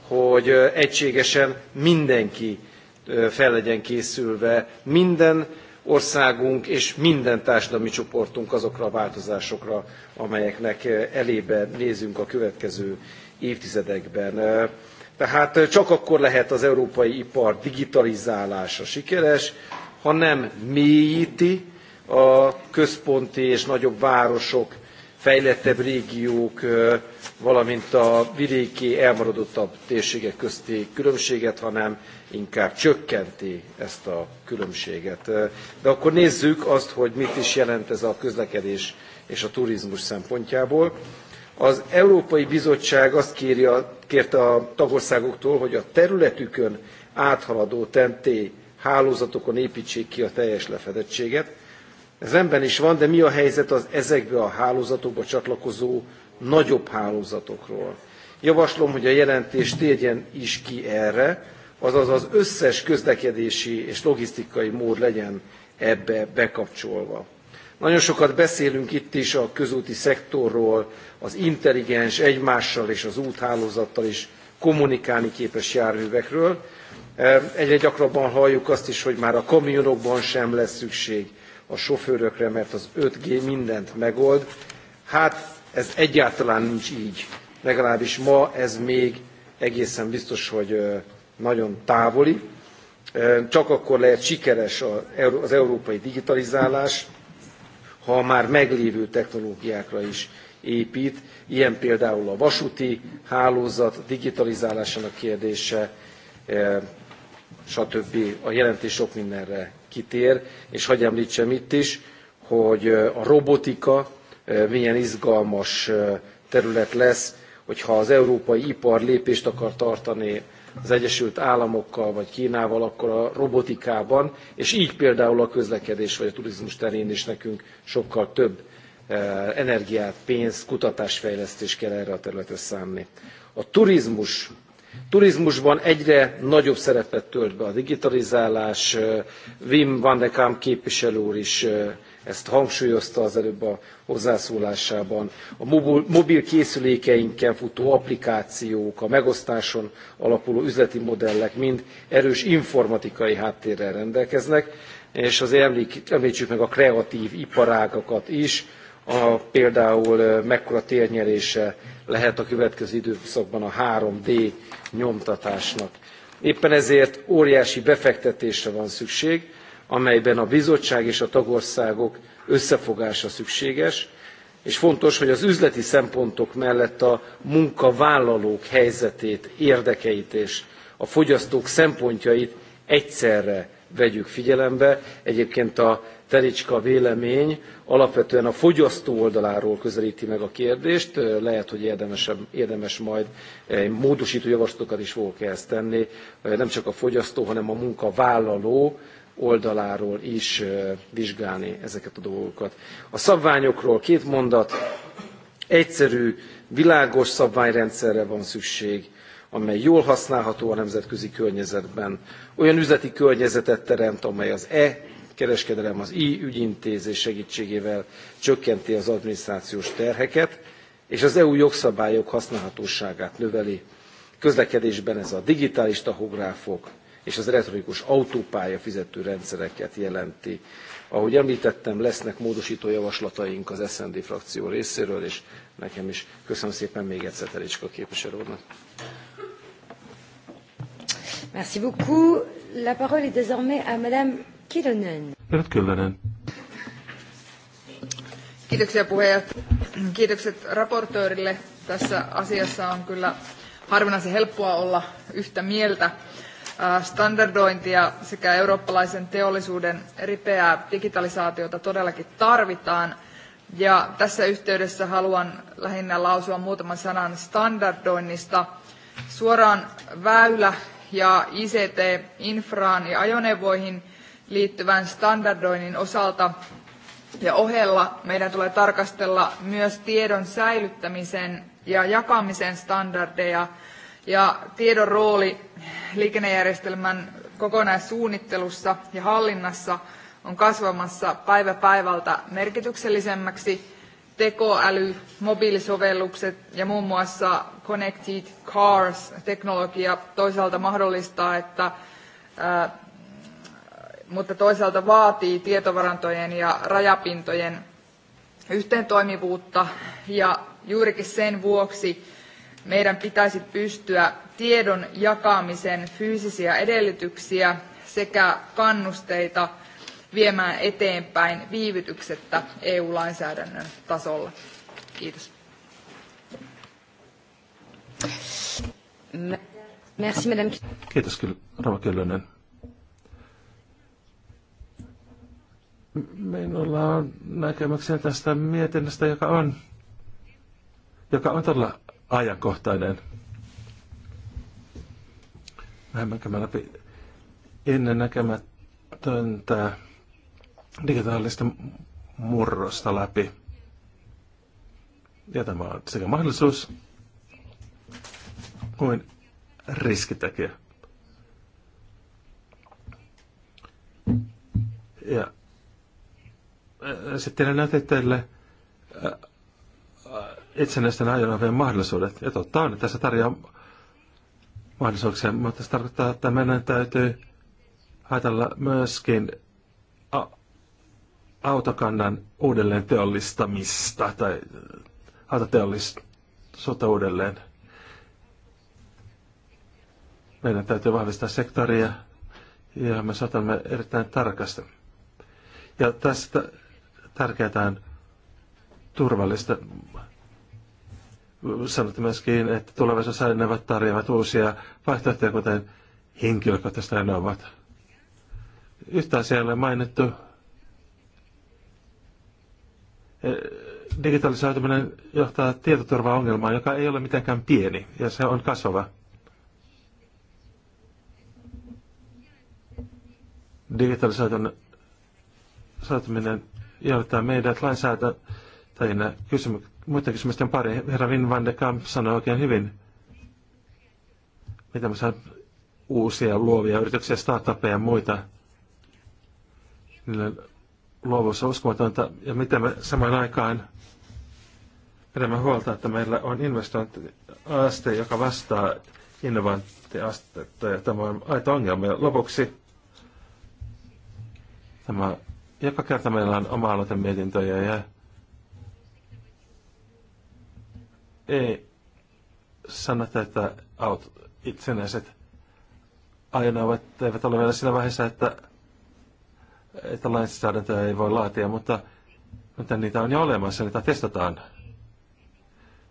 hogy egységesen mindenki fel legyen készülve, minden országunk és minden társadalmi csoportunk azokra a változásokra, amelyeknek elébe nézünk a következő évtizedekben. Tehát csak akkor lehet az európai ipar digitalizálása sikeres, ha nem mélyíti a központi és nagyobb városok fejlettebb régiók, valamint a vidéki elmaradottabb térségek közti különbséget, hanem inkább csökkenti ezt a különbséget. De akkor nézzük azt, hogy mit is jelent ez a közlekedés és a turizmus szempontjából. Az Európai Bizottság azt kírja, kérte a tagországoktól, hogy a területükön áthaladó TNT hálózatokon építsék ki a teljes lefedettséget, Ez rendben is van, de mi a helyzet az ezekbe a hálózatokba csatlakozó nagyobb hálózatokról? Javaslom, hogy a jelentés térjen is ki erre, azaz az összes közlekedési és logisztikai mód legyen ebbe bekapcsolva. Nagyon sokat beszélünk itt is a közúti szektorról, az intelligens, egymással és az úthálózattal is kommunikálni képes járművekről. Egyre gyakrabban halljuk azt is, hogy már a kamionokban sem lesz szükség a sofőrökre, mert az 5G mindent megold. Hát ez egyáltalán nincs így. Legalábbis ma ez még egészen biztos, hogy nagyon távoli. Csak akkor lehet sikeres az európai digitalizálás, ha már meglévő technológiákra is épít, ilyen például a vasúti hálózat digitalizálásának kérdése, stb. A jelentés sok mindenre kitér, és hagyj említsem itt is, hogy a robotika milyen izgalmas terület lesz, hogyha az európai ipar lépést akar tartani az Egyesült Államokkal vagy Kínával, akkor a robotikában, és így például a közlekedés vagy a turizmus terén is nekünk sokkal több energiát, pénzt, kutatásfejlesztést kell erre a területre szánni. A turizmus turizmusban egyre nagyobb szerepet tölt be a digitalizálás. Wim van de Kamp képviselő úr is ezt hangsúlyozta az előbb a hozzászólásában. A mobil készülékeinken futó applikációk, a megosztáson alapuló üzleti modellek mind erős informatikai háttérrel rendelkeznek, és azért említsük meg a kreatív iparágakat is, a, például mekkora térnyerése lehet a következő időszakban a 3D nyomtatásnak. Éppen ezért óriási befektetésre van szükség, amelyben a bizottság és a tagországok összefogása szükséges, és fontos, hogy az üzleti szempontok mellett a munkavállalók helyzetét, érdekeit és a fogyasztók szempontjait egyszerre vegyük figyelembe. Egyébként a Tericska vélemény alapvetően a fogyasztó oldaláról közelíti meg a kérdést, lehet, hogy érdemes, érdemes majd módosító javaslatokat is fogok ehhez tenni, nem csak a fogyasztó, hanem a munkavállaló oldaláról is vizsgálni ezeket a dolgokat. A szabványokról két mondat, egyszerű, világos szabványrendszerre van szükség, amely jól használható a nemzetközi környezetben, olyan üzleti környezetet teremt, amely az e kereskedelem az i ügyintézés segítségével csökkenti az adminisztrációs terheket, és az EU jogszabályok használhatóságát növeli. Közlekedésben ez a digitális tahográfok és az elektronikus autópálya fizető rendszereket jelenti. Ahogy említettem, lesznek módosító javaslataink az SND frakció részéről, és nekem is köszönöm szépen még egyszer Terécska képviselő úrnak. Merci beaucoup. La parole est désormais à Madame Kilönen. Nyt Kyllönen. Kiitoksia puheenjohtaja. Kiitokset raportöörille. Tässä asiassa on kyllä harvinaisen helppoa olla yhtä mieltä. Standardointia sekä eurooppalaisen teollisuuden ripeää digitalisaatiota todellakin tarvitaan. Ja tässä yhteydessä haluan lähinnä lausua muutaman sanan standardoinnista. Suoraan väylä ja ICT-infraan ja ajoneuvoihin – liittyvän standardoinnin osalta ja ohella meidän tulee tarkastella myös tiedon säilyttämisen ja jakamisen standardeja ja tiedon rooli liikennejärjestelmän kokonaissuunnittelussa ja hallinnassa on kasvamassa päivä päivältä merkityksellisemmäksi. Tekoäly, mobiilisovellukset ja muun muassa Connected Cars-teknologia toisaalta mahdollistaa, että mutta toisaalta vaatii tietovarantojen ja rajapintojen yhteentoimivuutta ja juurikin sen vuoksi meidän pitäisi pystyä tiedon jakamisen fyysisiä edellytyksiä sekä kannusteita viemään eteenpäin viivytyksettä EU-lainsäädännön tasolla. Kiitos. Merci, Kiitos, Rova Kyllönen. Minulla on näkemyksiä tästä mietinnöstä, joka on, joka on todella ajankohtainen. Vähemmän läpi ennen näkemätöntä digitaalista murrosta läpi. Ja tämä on sekä mahdollisuus kuin riskitekijä. Ja sitten näette, teille äh, itsenäisten ajoneuvojen mahdollisuudet. Ja totta on, että se tarjoaa mahdollisuuksia, mutta se tarkoittaa, että meidän täytyy ajatella myöskin autokannan uudelleen teollistamista tai äh, autoteollisuutta uudelleen. Meidän täytyy vahvistaa sektoria ja me saatamme erittäin tarkasti. Ja tästä tärkeää on turvallista. Sanoit myöskin, että ovat tarjoavat uusia vaihtoehtoja, kuten ne ovat. Yhtä asiaa ei ole mainittu. E, digitalisoituminen johtaa tietoturvaongelmaan, joka ei ole mitenkään pieni, ja se on kasvava. Digitalisoituminen johtaa meidät lainsäätäjinä kysymyksiä muiden kysymysten pari. Herra Vin van de Kamp sanoi oikein hyvin, mitä me saan uusia luovia yrityksiä, startupeja ja muita. Niille luovuus on uskomatonta. Ja miten me samaan aikaan pidämme huolta, että meillä on investointiaste, joka vastaa innovaattiastetta. Ja tämä on aito ongelma. Ja lopuksi tämä joka kerta meillä on oma aloitemietintöjä ja ei sanota, että aut, itsenäiset ajoneuvot eivät ole vielä siinä vaiheessa, että, että lainsäädäntöä ei voi laatia, mutta, mutta niitä on jo olemassa, niitä testataan.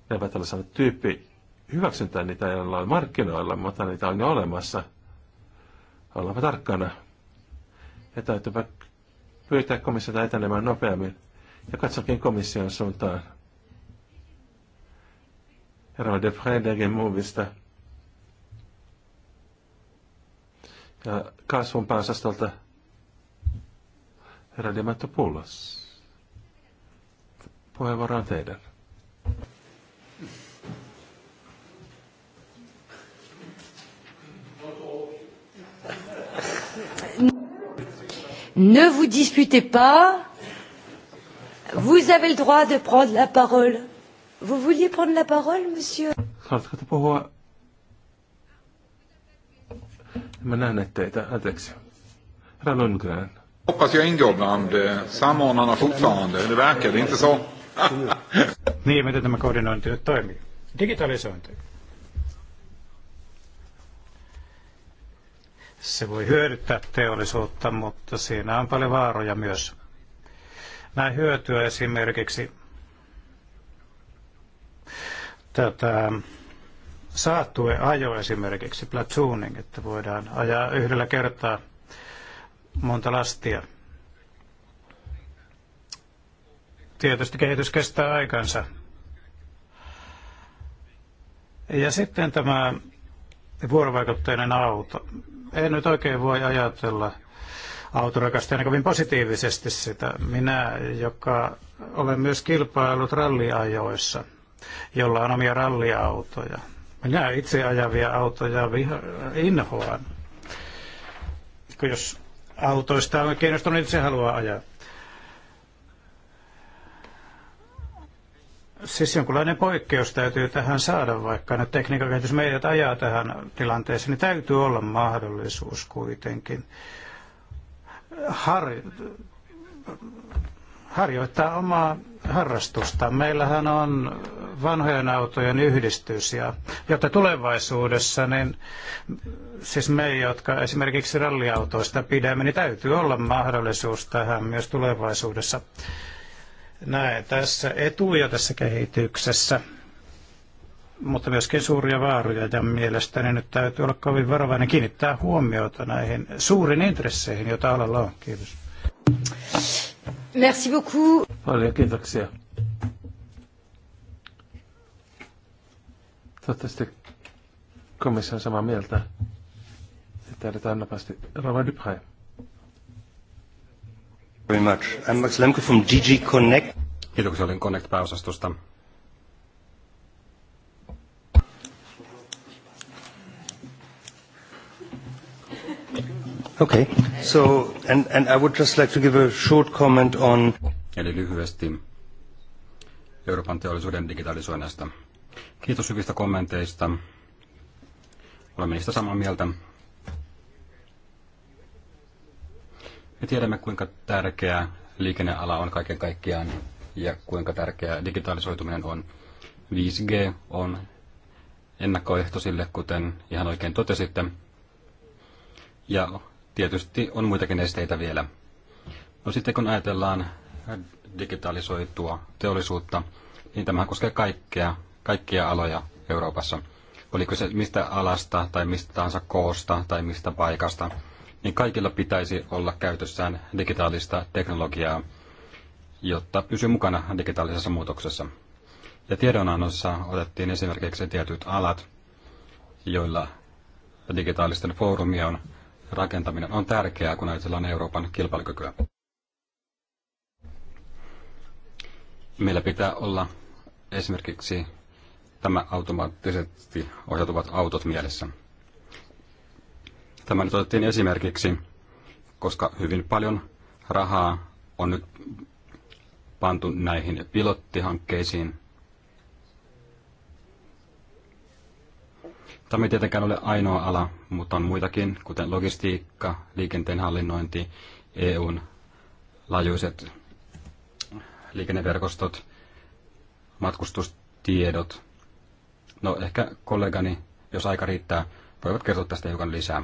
Ne eivät ole saaneet tyyppi hyväksyntää, niitä ei ole markkinoilla, mutta niitä on jo olemassa. Ollaanpa tarkkana. Ja täytyypä pyytää komissiota etenemään nopeammin ja katsokin komission suuntaan. Herra de Freidegen muuvista ja kasvun pääsastolta herra Dematto Pullos. Puheenvuoro on teidän. ne vous disputez pas. Vous avez le droit de prendre la parole. Vous vouliez prendre la parole, monsieur? Hoppas jag Samordnarna fortfarande. Det verkar det inte så. niin, miten tämä koordinointi nyt toimii? Digitalisointi. Se voi hyödyttää teollisuutta, mutta siinä on paljon vaaroja myös. Näin hyötyä esimerkiksi tätä saattue ajo esimerkiksi, platooning, että voidaan ajaa yhdellä kertaa monta lastia. Tietysti kehitys kestää aikansa. Ja sitten tämä vuorovaikutteinen auto en nyt oikein voi ajatella autorakastajana niin kovin positiivisesti sitä. Minä, joka olen myös kilpailut ralliajoissa, jolla on omia ralliautoja. Minä itse ajavia autoja viha, inhoan. jos autoista on kiinnostunut, niin se haluaa ajaa. Siis jonkinlainen poikkeus täytyy tähän saada, vaikka nyt tekniikan kehitys meidät ajaa tähän tilanteeseen, niin täytyy olla mahdollisuus kuitenkin har- harjoittaa omaa harrastusta. Meillähän on vanhojen autojen yhdistys ja jotta tulevaisuudessa, niin siis me, jotka esimerkiksi ralliautoista pidämme, niin täytyy olla mahdollisuus tähän myös tulevaisuudessa näe tässä etuja tässä kehityksessä, mutta myöskin suuria vaaroja ja mielestäni nyt täytyy olla kovin varovainen kiinnittää huomiota näihin suurin intresseihin, joita alalla on. Kiitos. Merci beaucoup. Paljon kiitoksia. Toivottavasti komissio on samaa mieltä. Sitten anna päästi Rova Dupré. Very much. I'm Max Lemke from DG Connect. Kiitoksia, olin Connect-pääosastosta. Okay. So, and, and I would just like to give a short comment on... Eli lyhyesti Euroopan teollisuuden digitalisoinnista. Kiitos hyvistä kommenteista. Olemme niistä samaa mieltä. Me tiedämme, kuinka tärkeä liikenneala on kaiken kaikkiaan ja kuinka tärkeä digitalisoituminen on. 5G on ennakkoehto sille, kuten ihan oikein totesitte. Ja tietysti on muitakin esteitä vielä. No sitten kun ajatellaan digitalisoitua teollisuutta, niin tämä koskee kaikkea, kaikkia aloja Euroopassa. Oliko se mistä alasta tai mistä tahansa koosta tai mistä paikasta – niin kaikilla pitäisi olla käytössään digitaalista teknologiaa, jotta pysyy mukana digitaalisessa muutoksessa. Ja tiedonannossa otettiin esimerkiksi tietyt alat, joilla digitaalisten foorumien rakentaminen on tärkeää, kun ajatellaan Euroopan kilpailukykyä. Meillä pitää olla esimerkiksi tämä automaattisesti ohjautuvat autot mielessä. Tämä nyt otettiin esimerkiksi, koska hyvin paljon rahaa on nyt pantu näihin pilottihankkeisiin. Tämä ei tietenkään ole ainoa ala, mutta on muitakin, kuten logistiikka, liikenteen hallinnointi, EUn laajuiset liikenneverkostot, matkustustiedot. No ehkä kollegani, jos aika riittää, voivat kertoa tästä hiukan lisää.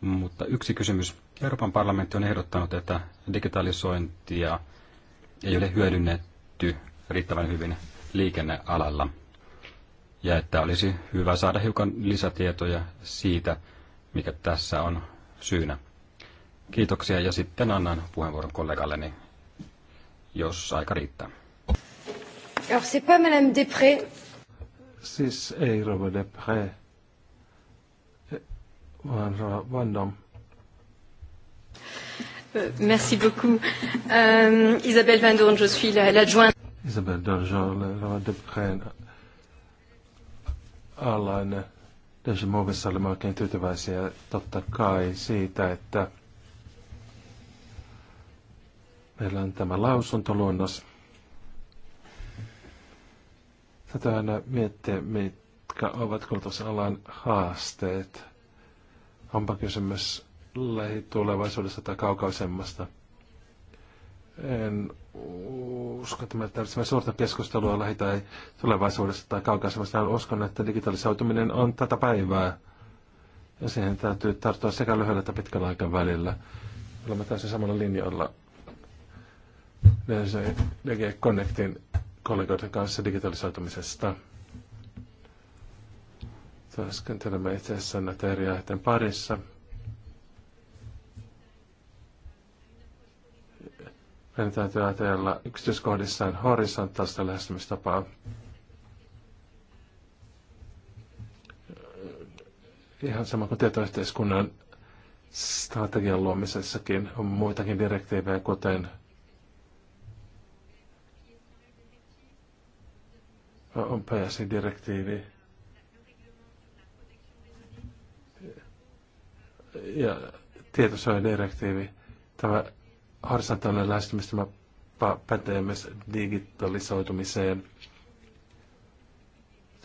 Mutta yksi kysymys. Euroopan parlamentti on ehdottanut, että digitalisointia ei ole hyödynnetty riittävän hyvin liikennealalla. Ja että olisi hyvä saada hiukan lisätietoja siitä, mikä tässä on syynä. Kiitoksia ja sitten annan puheenvuoron kollegalleni, jos aika riittää. Alors, c'est pas Madame Després. Siis ei Rova Després. Van, Van Dam. Euh, merci beaucoup. Euh, Isabelle Van Dorn, je suis l'adjointe. Isabelle Dorn, de Preen alainen. Tässä muovissa olemme oikein tyytyväisiä totta kai siitä, että meillä on tämä lausuntoluonnos. Tätä aina miettiä, mitkä ovat koulutusalan haasteet. Onpa kysymys lähitulevaisuudesta tai kaukaisemmasta. En usko, että me tarvitsemme suurta keskustelua lähi- tai tulevaisuudesta tai kaukaisemmasta. Uskon, että digitalisoituminen on tätä päivää. Ja siihen täytyy tarttua sekä lyhyellä että pitkällä aikavälillä. Olemme täysin samalla linjalla DG Connectin kollegoiden kanssa digitalisoitumisesta. Työskentelemme itse asiassa näitä eri aiheiden parissa. Meidän täytyy ajatella yksityiskohdissaan horisontaalista lähestymistapaa. Ihan sama kuin tietoyhteiskunnan strategian luomisessakin on muitakin direktiivejä, kuten on psi direktiivi ja tietosuojadirektiivi, tämä horisontaalinen lähestymistymä pätee myös digitalisoitumiseen.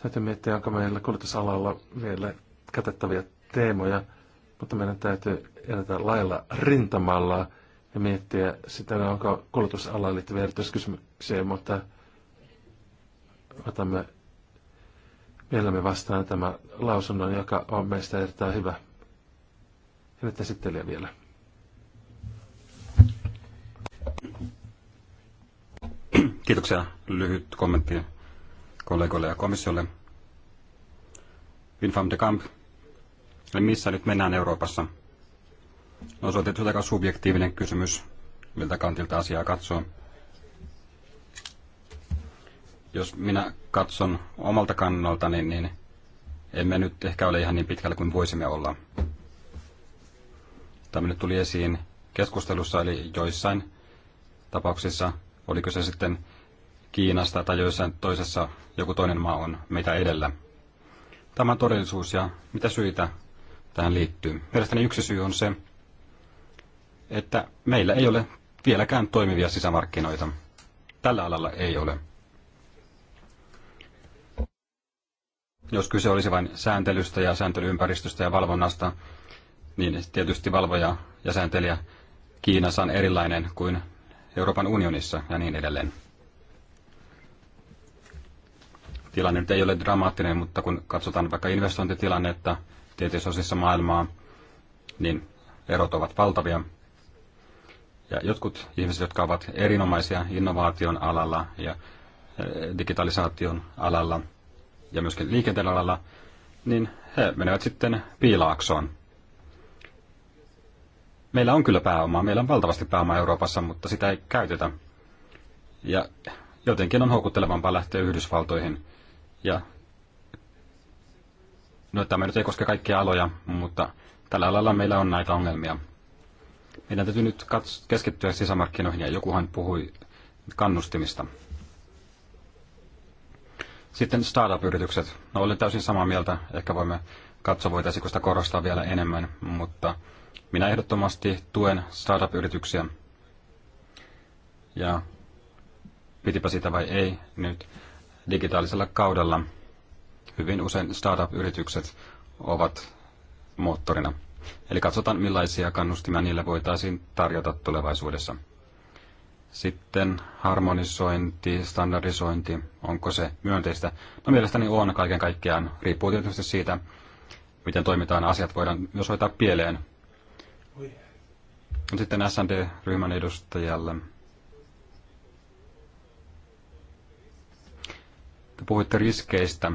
Täytyy miettiä, onko meillä kulutusalalla vielä katettavia teemoja, mutta meidän täytyy edetä lailla rintamalla ja miettiä sitä, onko kulutusalalla liittyviä erityiskysymyksiä, mutta otamme mielemme vastaan tämä lausunnon, joka on meistä erittäin hyvä. Hyvät esittelijä vielä. Kiitoksia. Lyhyt kommentti kollegoille ja komissiolle. Winfam de Camp. Eli missä nyt mennään Euroopassa? No se on tietysti aika subjektiivinen kysymys, miltä kantilta asiaa katsoo. Jos minä katson omalta kannaltani, niin emme nyt ehkä ole ihan niin pitkällä kuin voisimme olla. Tämä nyt tuli esiin keskustelussa, eli joissain tapauksissa, oliko se sitten Kiinasta tai joissain toisessa joku toinen maa on meitä edellä. Tämä on todellisuus ja mitä syitä tähän liittyy? Mielestäni yksi syy on se, että meillä ei ole vieläkään toimivia sisämarkkinoita. Tällä alalla ei ole. Jos kyse olisi vain sääntelystä ja sääntelyympäristöstä ja valvonnasta, niin tietysti valvoja ja sääntelijä Kiinassa on erilainen kuin Euroopan unionissa ja niin edelleen. Tilanne nyt ei ole dramaattinen, mutta kun katsotaan vaikka investointitilannetta tietyissä osissa maailmaa, niin erot ovat valtavia. Ja jotkut ihmiset, jotka ovat erinomaisia innovaation alalla ja eh, digitalisaation alalla ja myöskin liikenteen alalla, niin he menevät sitten piilaaksoon – Meillä on kyllä pääomaa, meillä on valtavasti pääomaa Euroopassa, mutta sitä ei käytetä. Ja jotenkin on houkuttelevampaa lähteä Yhdysvaltoihin. Ja no, tämä nyt ei koske kaikkia aloja, mutta tällä alalla meillä on näitä ongelmia. Meidän täytyy nyt keskittyä sisämarkkinoihin, ja jokuhan puhui kannustimista. Sitten startup-yritykset. No olen täysin samaa mieltä. Ehkä voimme katsoa, voitaisiinko sitä korostaa vielä enemmän, mutta minä ehdottomasti tuen startup-yrityksiä. Ja pitipä sitä vai ei, nyt digitaalisella kaudella hyvin usein startup-yritykset ovat moottorina. Eli katsotaan, millaisia kannustimia niille voitaisiin tarjota tulevaisuudessa. Sitten harmonisointi, standardisointi, onko se myönteistä? No mielestäni on kaiken kaikkiaan, riippuu tietysti siitä, miten toimitaan. Asiat voidaan myös hoitaa pieleen, sitten SND-ryhmän edustajalle. Te puhuitte riskeistä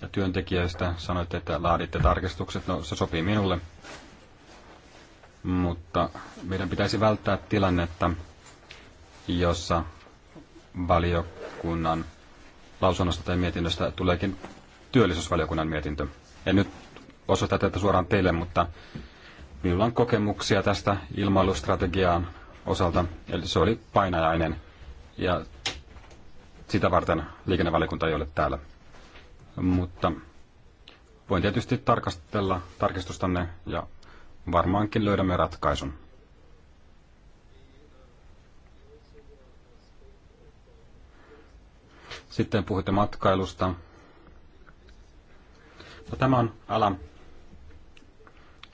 ja työntekijöistä. Sanoitte, että laaditte tarkistukset. No, se sopii minulle. Mutta meidän pitäisi välttää tilannetta, jossa valiokunnan lausunnosta tai mietinnöstä tuleekin työllisyysvaliokunnan mietintö. En nyt osoita tätä suoraan teille, mutta Minulla on kokemuksia tästä ilmailustrategiaan osalta, eli se oli painajainen. Ja sitä varten liikennevaliokunta ei ole täällä. Mutta voin tietysti tarkastella tarkistustanne ja varmaankin löydämme ratkaisun. Sitten puhutte matkailusta. No, tämä on ala,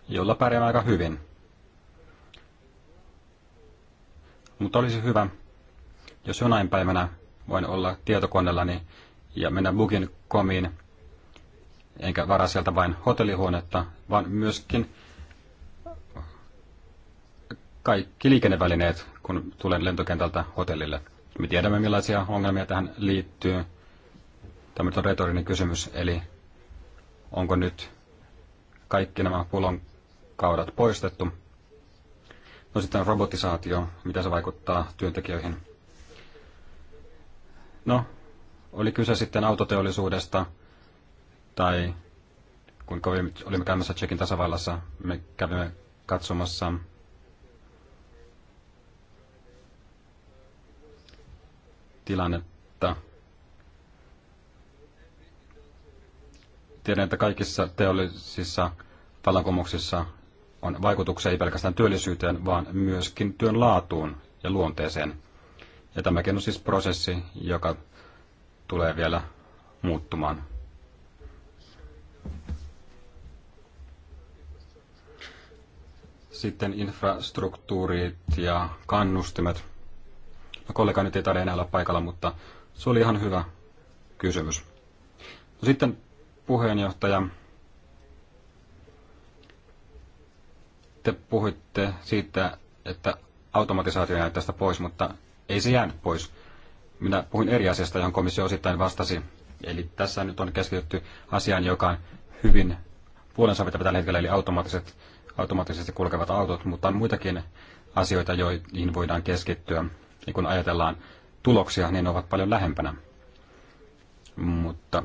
jolla pärjäämme aika hyvin. Mutta olisi hyvä, jos jonain päivänä voin olla tietokoneellani ja mennä Bugin komiin, enkä varaa sieltä vain hotellihuonetta, vaan myöskin kaikki liikennevälineet, kun tulen lentokentältä hotellille. Me tiedämme, millaisia ongelmia tähän liittyy. Tämä on retorinen kysymys, eli onko nyt kaikki nämä pullon kaudat poistettu. No sitten on robotisaatio, mitä se vaikuttaa työntekijöihin. No, oli kyse sitten autoteollisuudesta tai kun kovin olimme käymässä Tsekin tasavallassa, me kävimme katsomassa tilannetta. Tiedän, että kaikissa teollisissa vallankumouksissa on vaikutuksia ei pelkästään työllisyyteen, vaan myöskin työn laatuun ja luonteeseen. Ja tämäkin on siis prosessi, joka tulee vielä muuttumaan. Sitten infrastruktuurit ja kannustimet. No kollega nyt ei tarvitse enää olla paikalla, mutta se oli ihan hyvä kysymys. No sitten puheenjohtaja te puhuitte siitä, että automatisaatio jäi tästä pois, mutta ei se jäänyt pois. Minä puhuin eri asiasta, johon komissio osittain vastasi. Eli tässä nyt on keskitytty asiaan, joka on hyvin puolensa vetävä tällä hetkellä, eli automaattiset, automaattisesti kulkevat autot, mutta on muitakin asioita, joihin voidaan keskittyä. Ja kun ajatellaan tuloksia, niin ne ovat paljon lähempänä. Mutta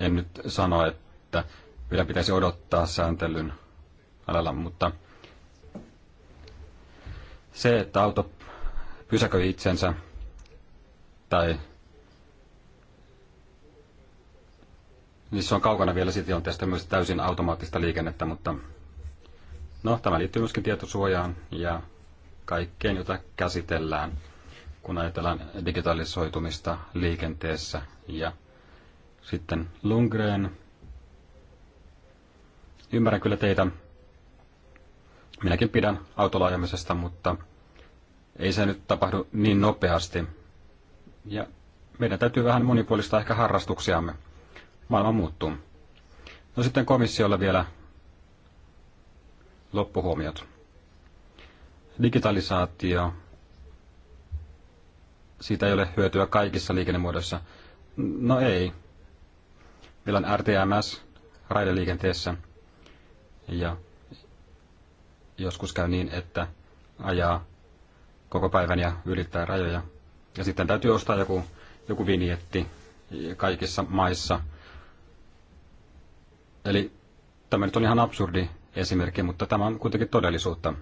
en nyt sano, että vielä pitäisi odottaa sääntelyn alalla, mutta se, että auto pysäköi itsensä tai niin se on kaukana vielä siitä tilanteesta myös täysin automaattista liikennettä, mutta no, tämä liittyy myöskin tietosuojaan ja kaikkeen, jota käsitellään, kun ajatellaan digitalisoitumista liikenteessä. Ja sitten Lundgren, ymmärrän kyllä teitä Minäkin pidän autolaajamisesta, mutta ei se nyt tapahdu niin nopeasti. Ja meidän täytyy vähän monipuolistaa ehkä harrastuksiamme. Maailma muuttuu. No sitten komissiolle vielä loppuhuomiot. Digitalisaatio. Siitä ei ole hyötyä kaikissa liikennemuodoissa. No ei. Meillä on RTMS raideliikenteessä. Ja joskus käy niin, että ajaa koko päivän ja ylittää rajoja. Ja sitten täytyy ostaa joku, joku vinjetti kaikissa maissa. Eli tämä nyt on ihan absurdi esimerkki, mutta tämä on kuitenkin todellisuutta.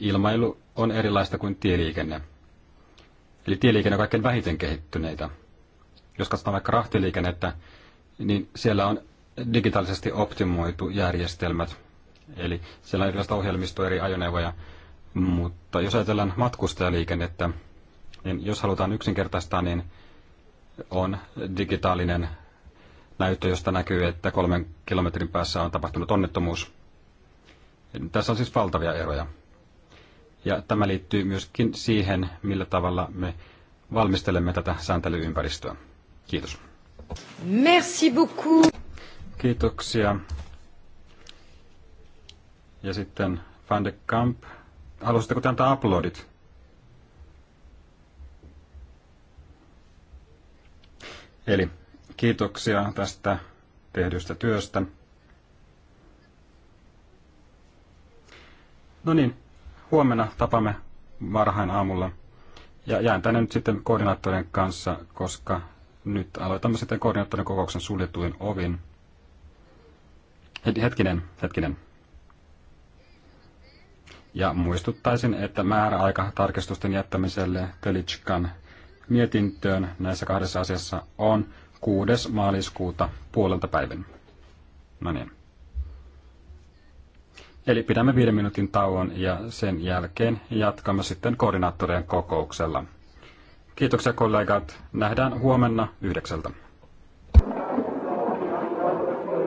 Ilmailu on erilaista kuin tieliikenne. Eli tieliikenne on kaikkein vähiten kehittyneitä. Jos katsotaan vaikka rahtiliikennettä, niin siellä on digitaalisesti optimoitu järjestelmät, Eli siellä on erilaista ohjelmistoa, eri ajoneuvoja. Mutta jos ajatellaan matkustajaliikennettä, niin jos halutaan yksinkertaistaa, niin on digitaalinen näyttö, josta näkyy, että kolmen kilometrin päässä on tapahtunut onnettomuus. Tässä on siis valtavia eroja. Ja tämä liittyy myöskin siihen, millä tavalla me valmistelemme tätä sääntelyympäristöä. Kiitos. Merci beaucoup. Kiitoksia ja sitten Van de Kamp, haluaisitteko te antaa uploadit? Eli kiitoksia tästä tehdystä työstä. No niin, huomenna tapamme varhain aamulla. Ja jään tänne nyt sitten koordinaattorien kanssa, koska nyt aloitamme sitten koordinaattorin kokouksen suljetuin ovin. Hetkinen, hetkinen. Ja muistuttaisin, että määräaika tarkistusten jättämiselle Telitskan mietintöön näissä kahdessa asiassa on 6. maaliskuuta puolelta päivän. No niin. Eli pidämme viiden minuutin tauon ja sen jälkeen jatkamme sitten koordinaattorien kokouksella. Kiitoksia kollegat. Nähdään huomenna yhdeksältä.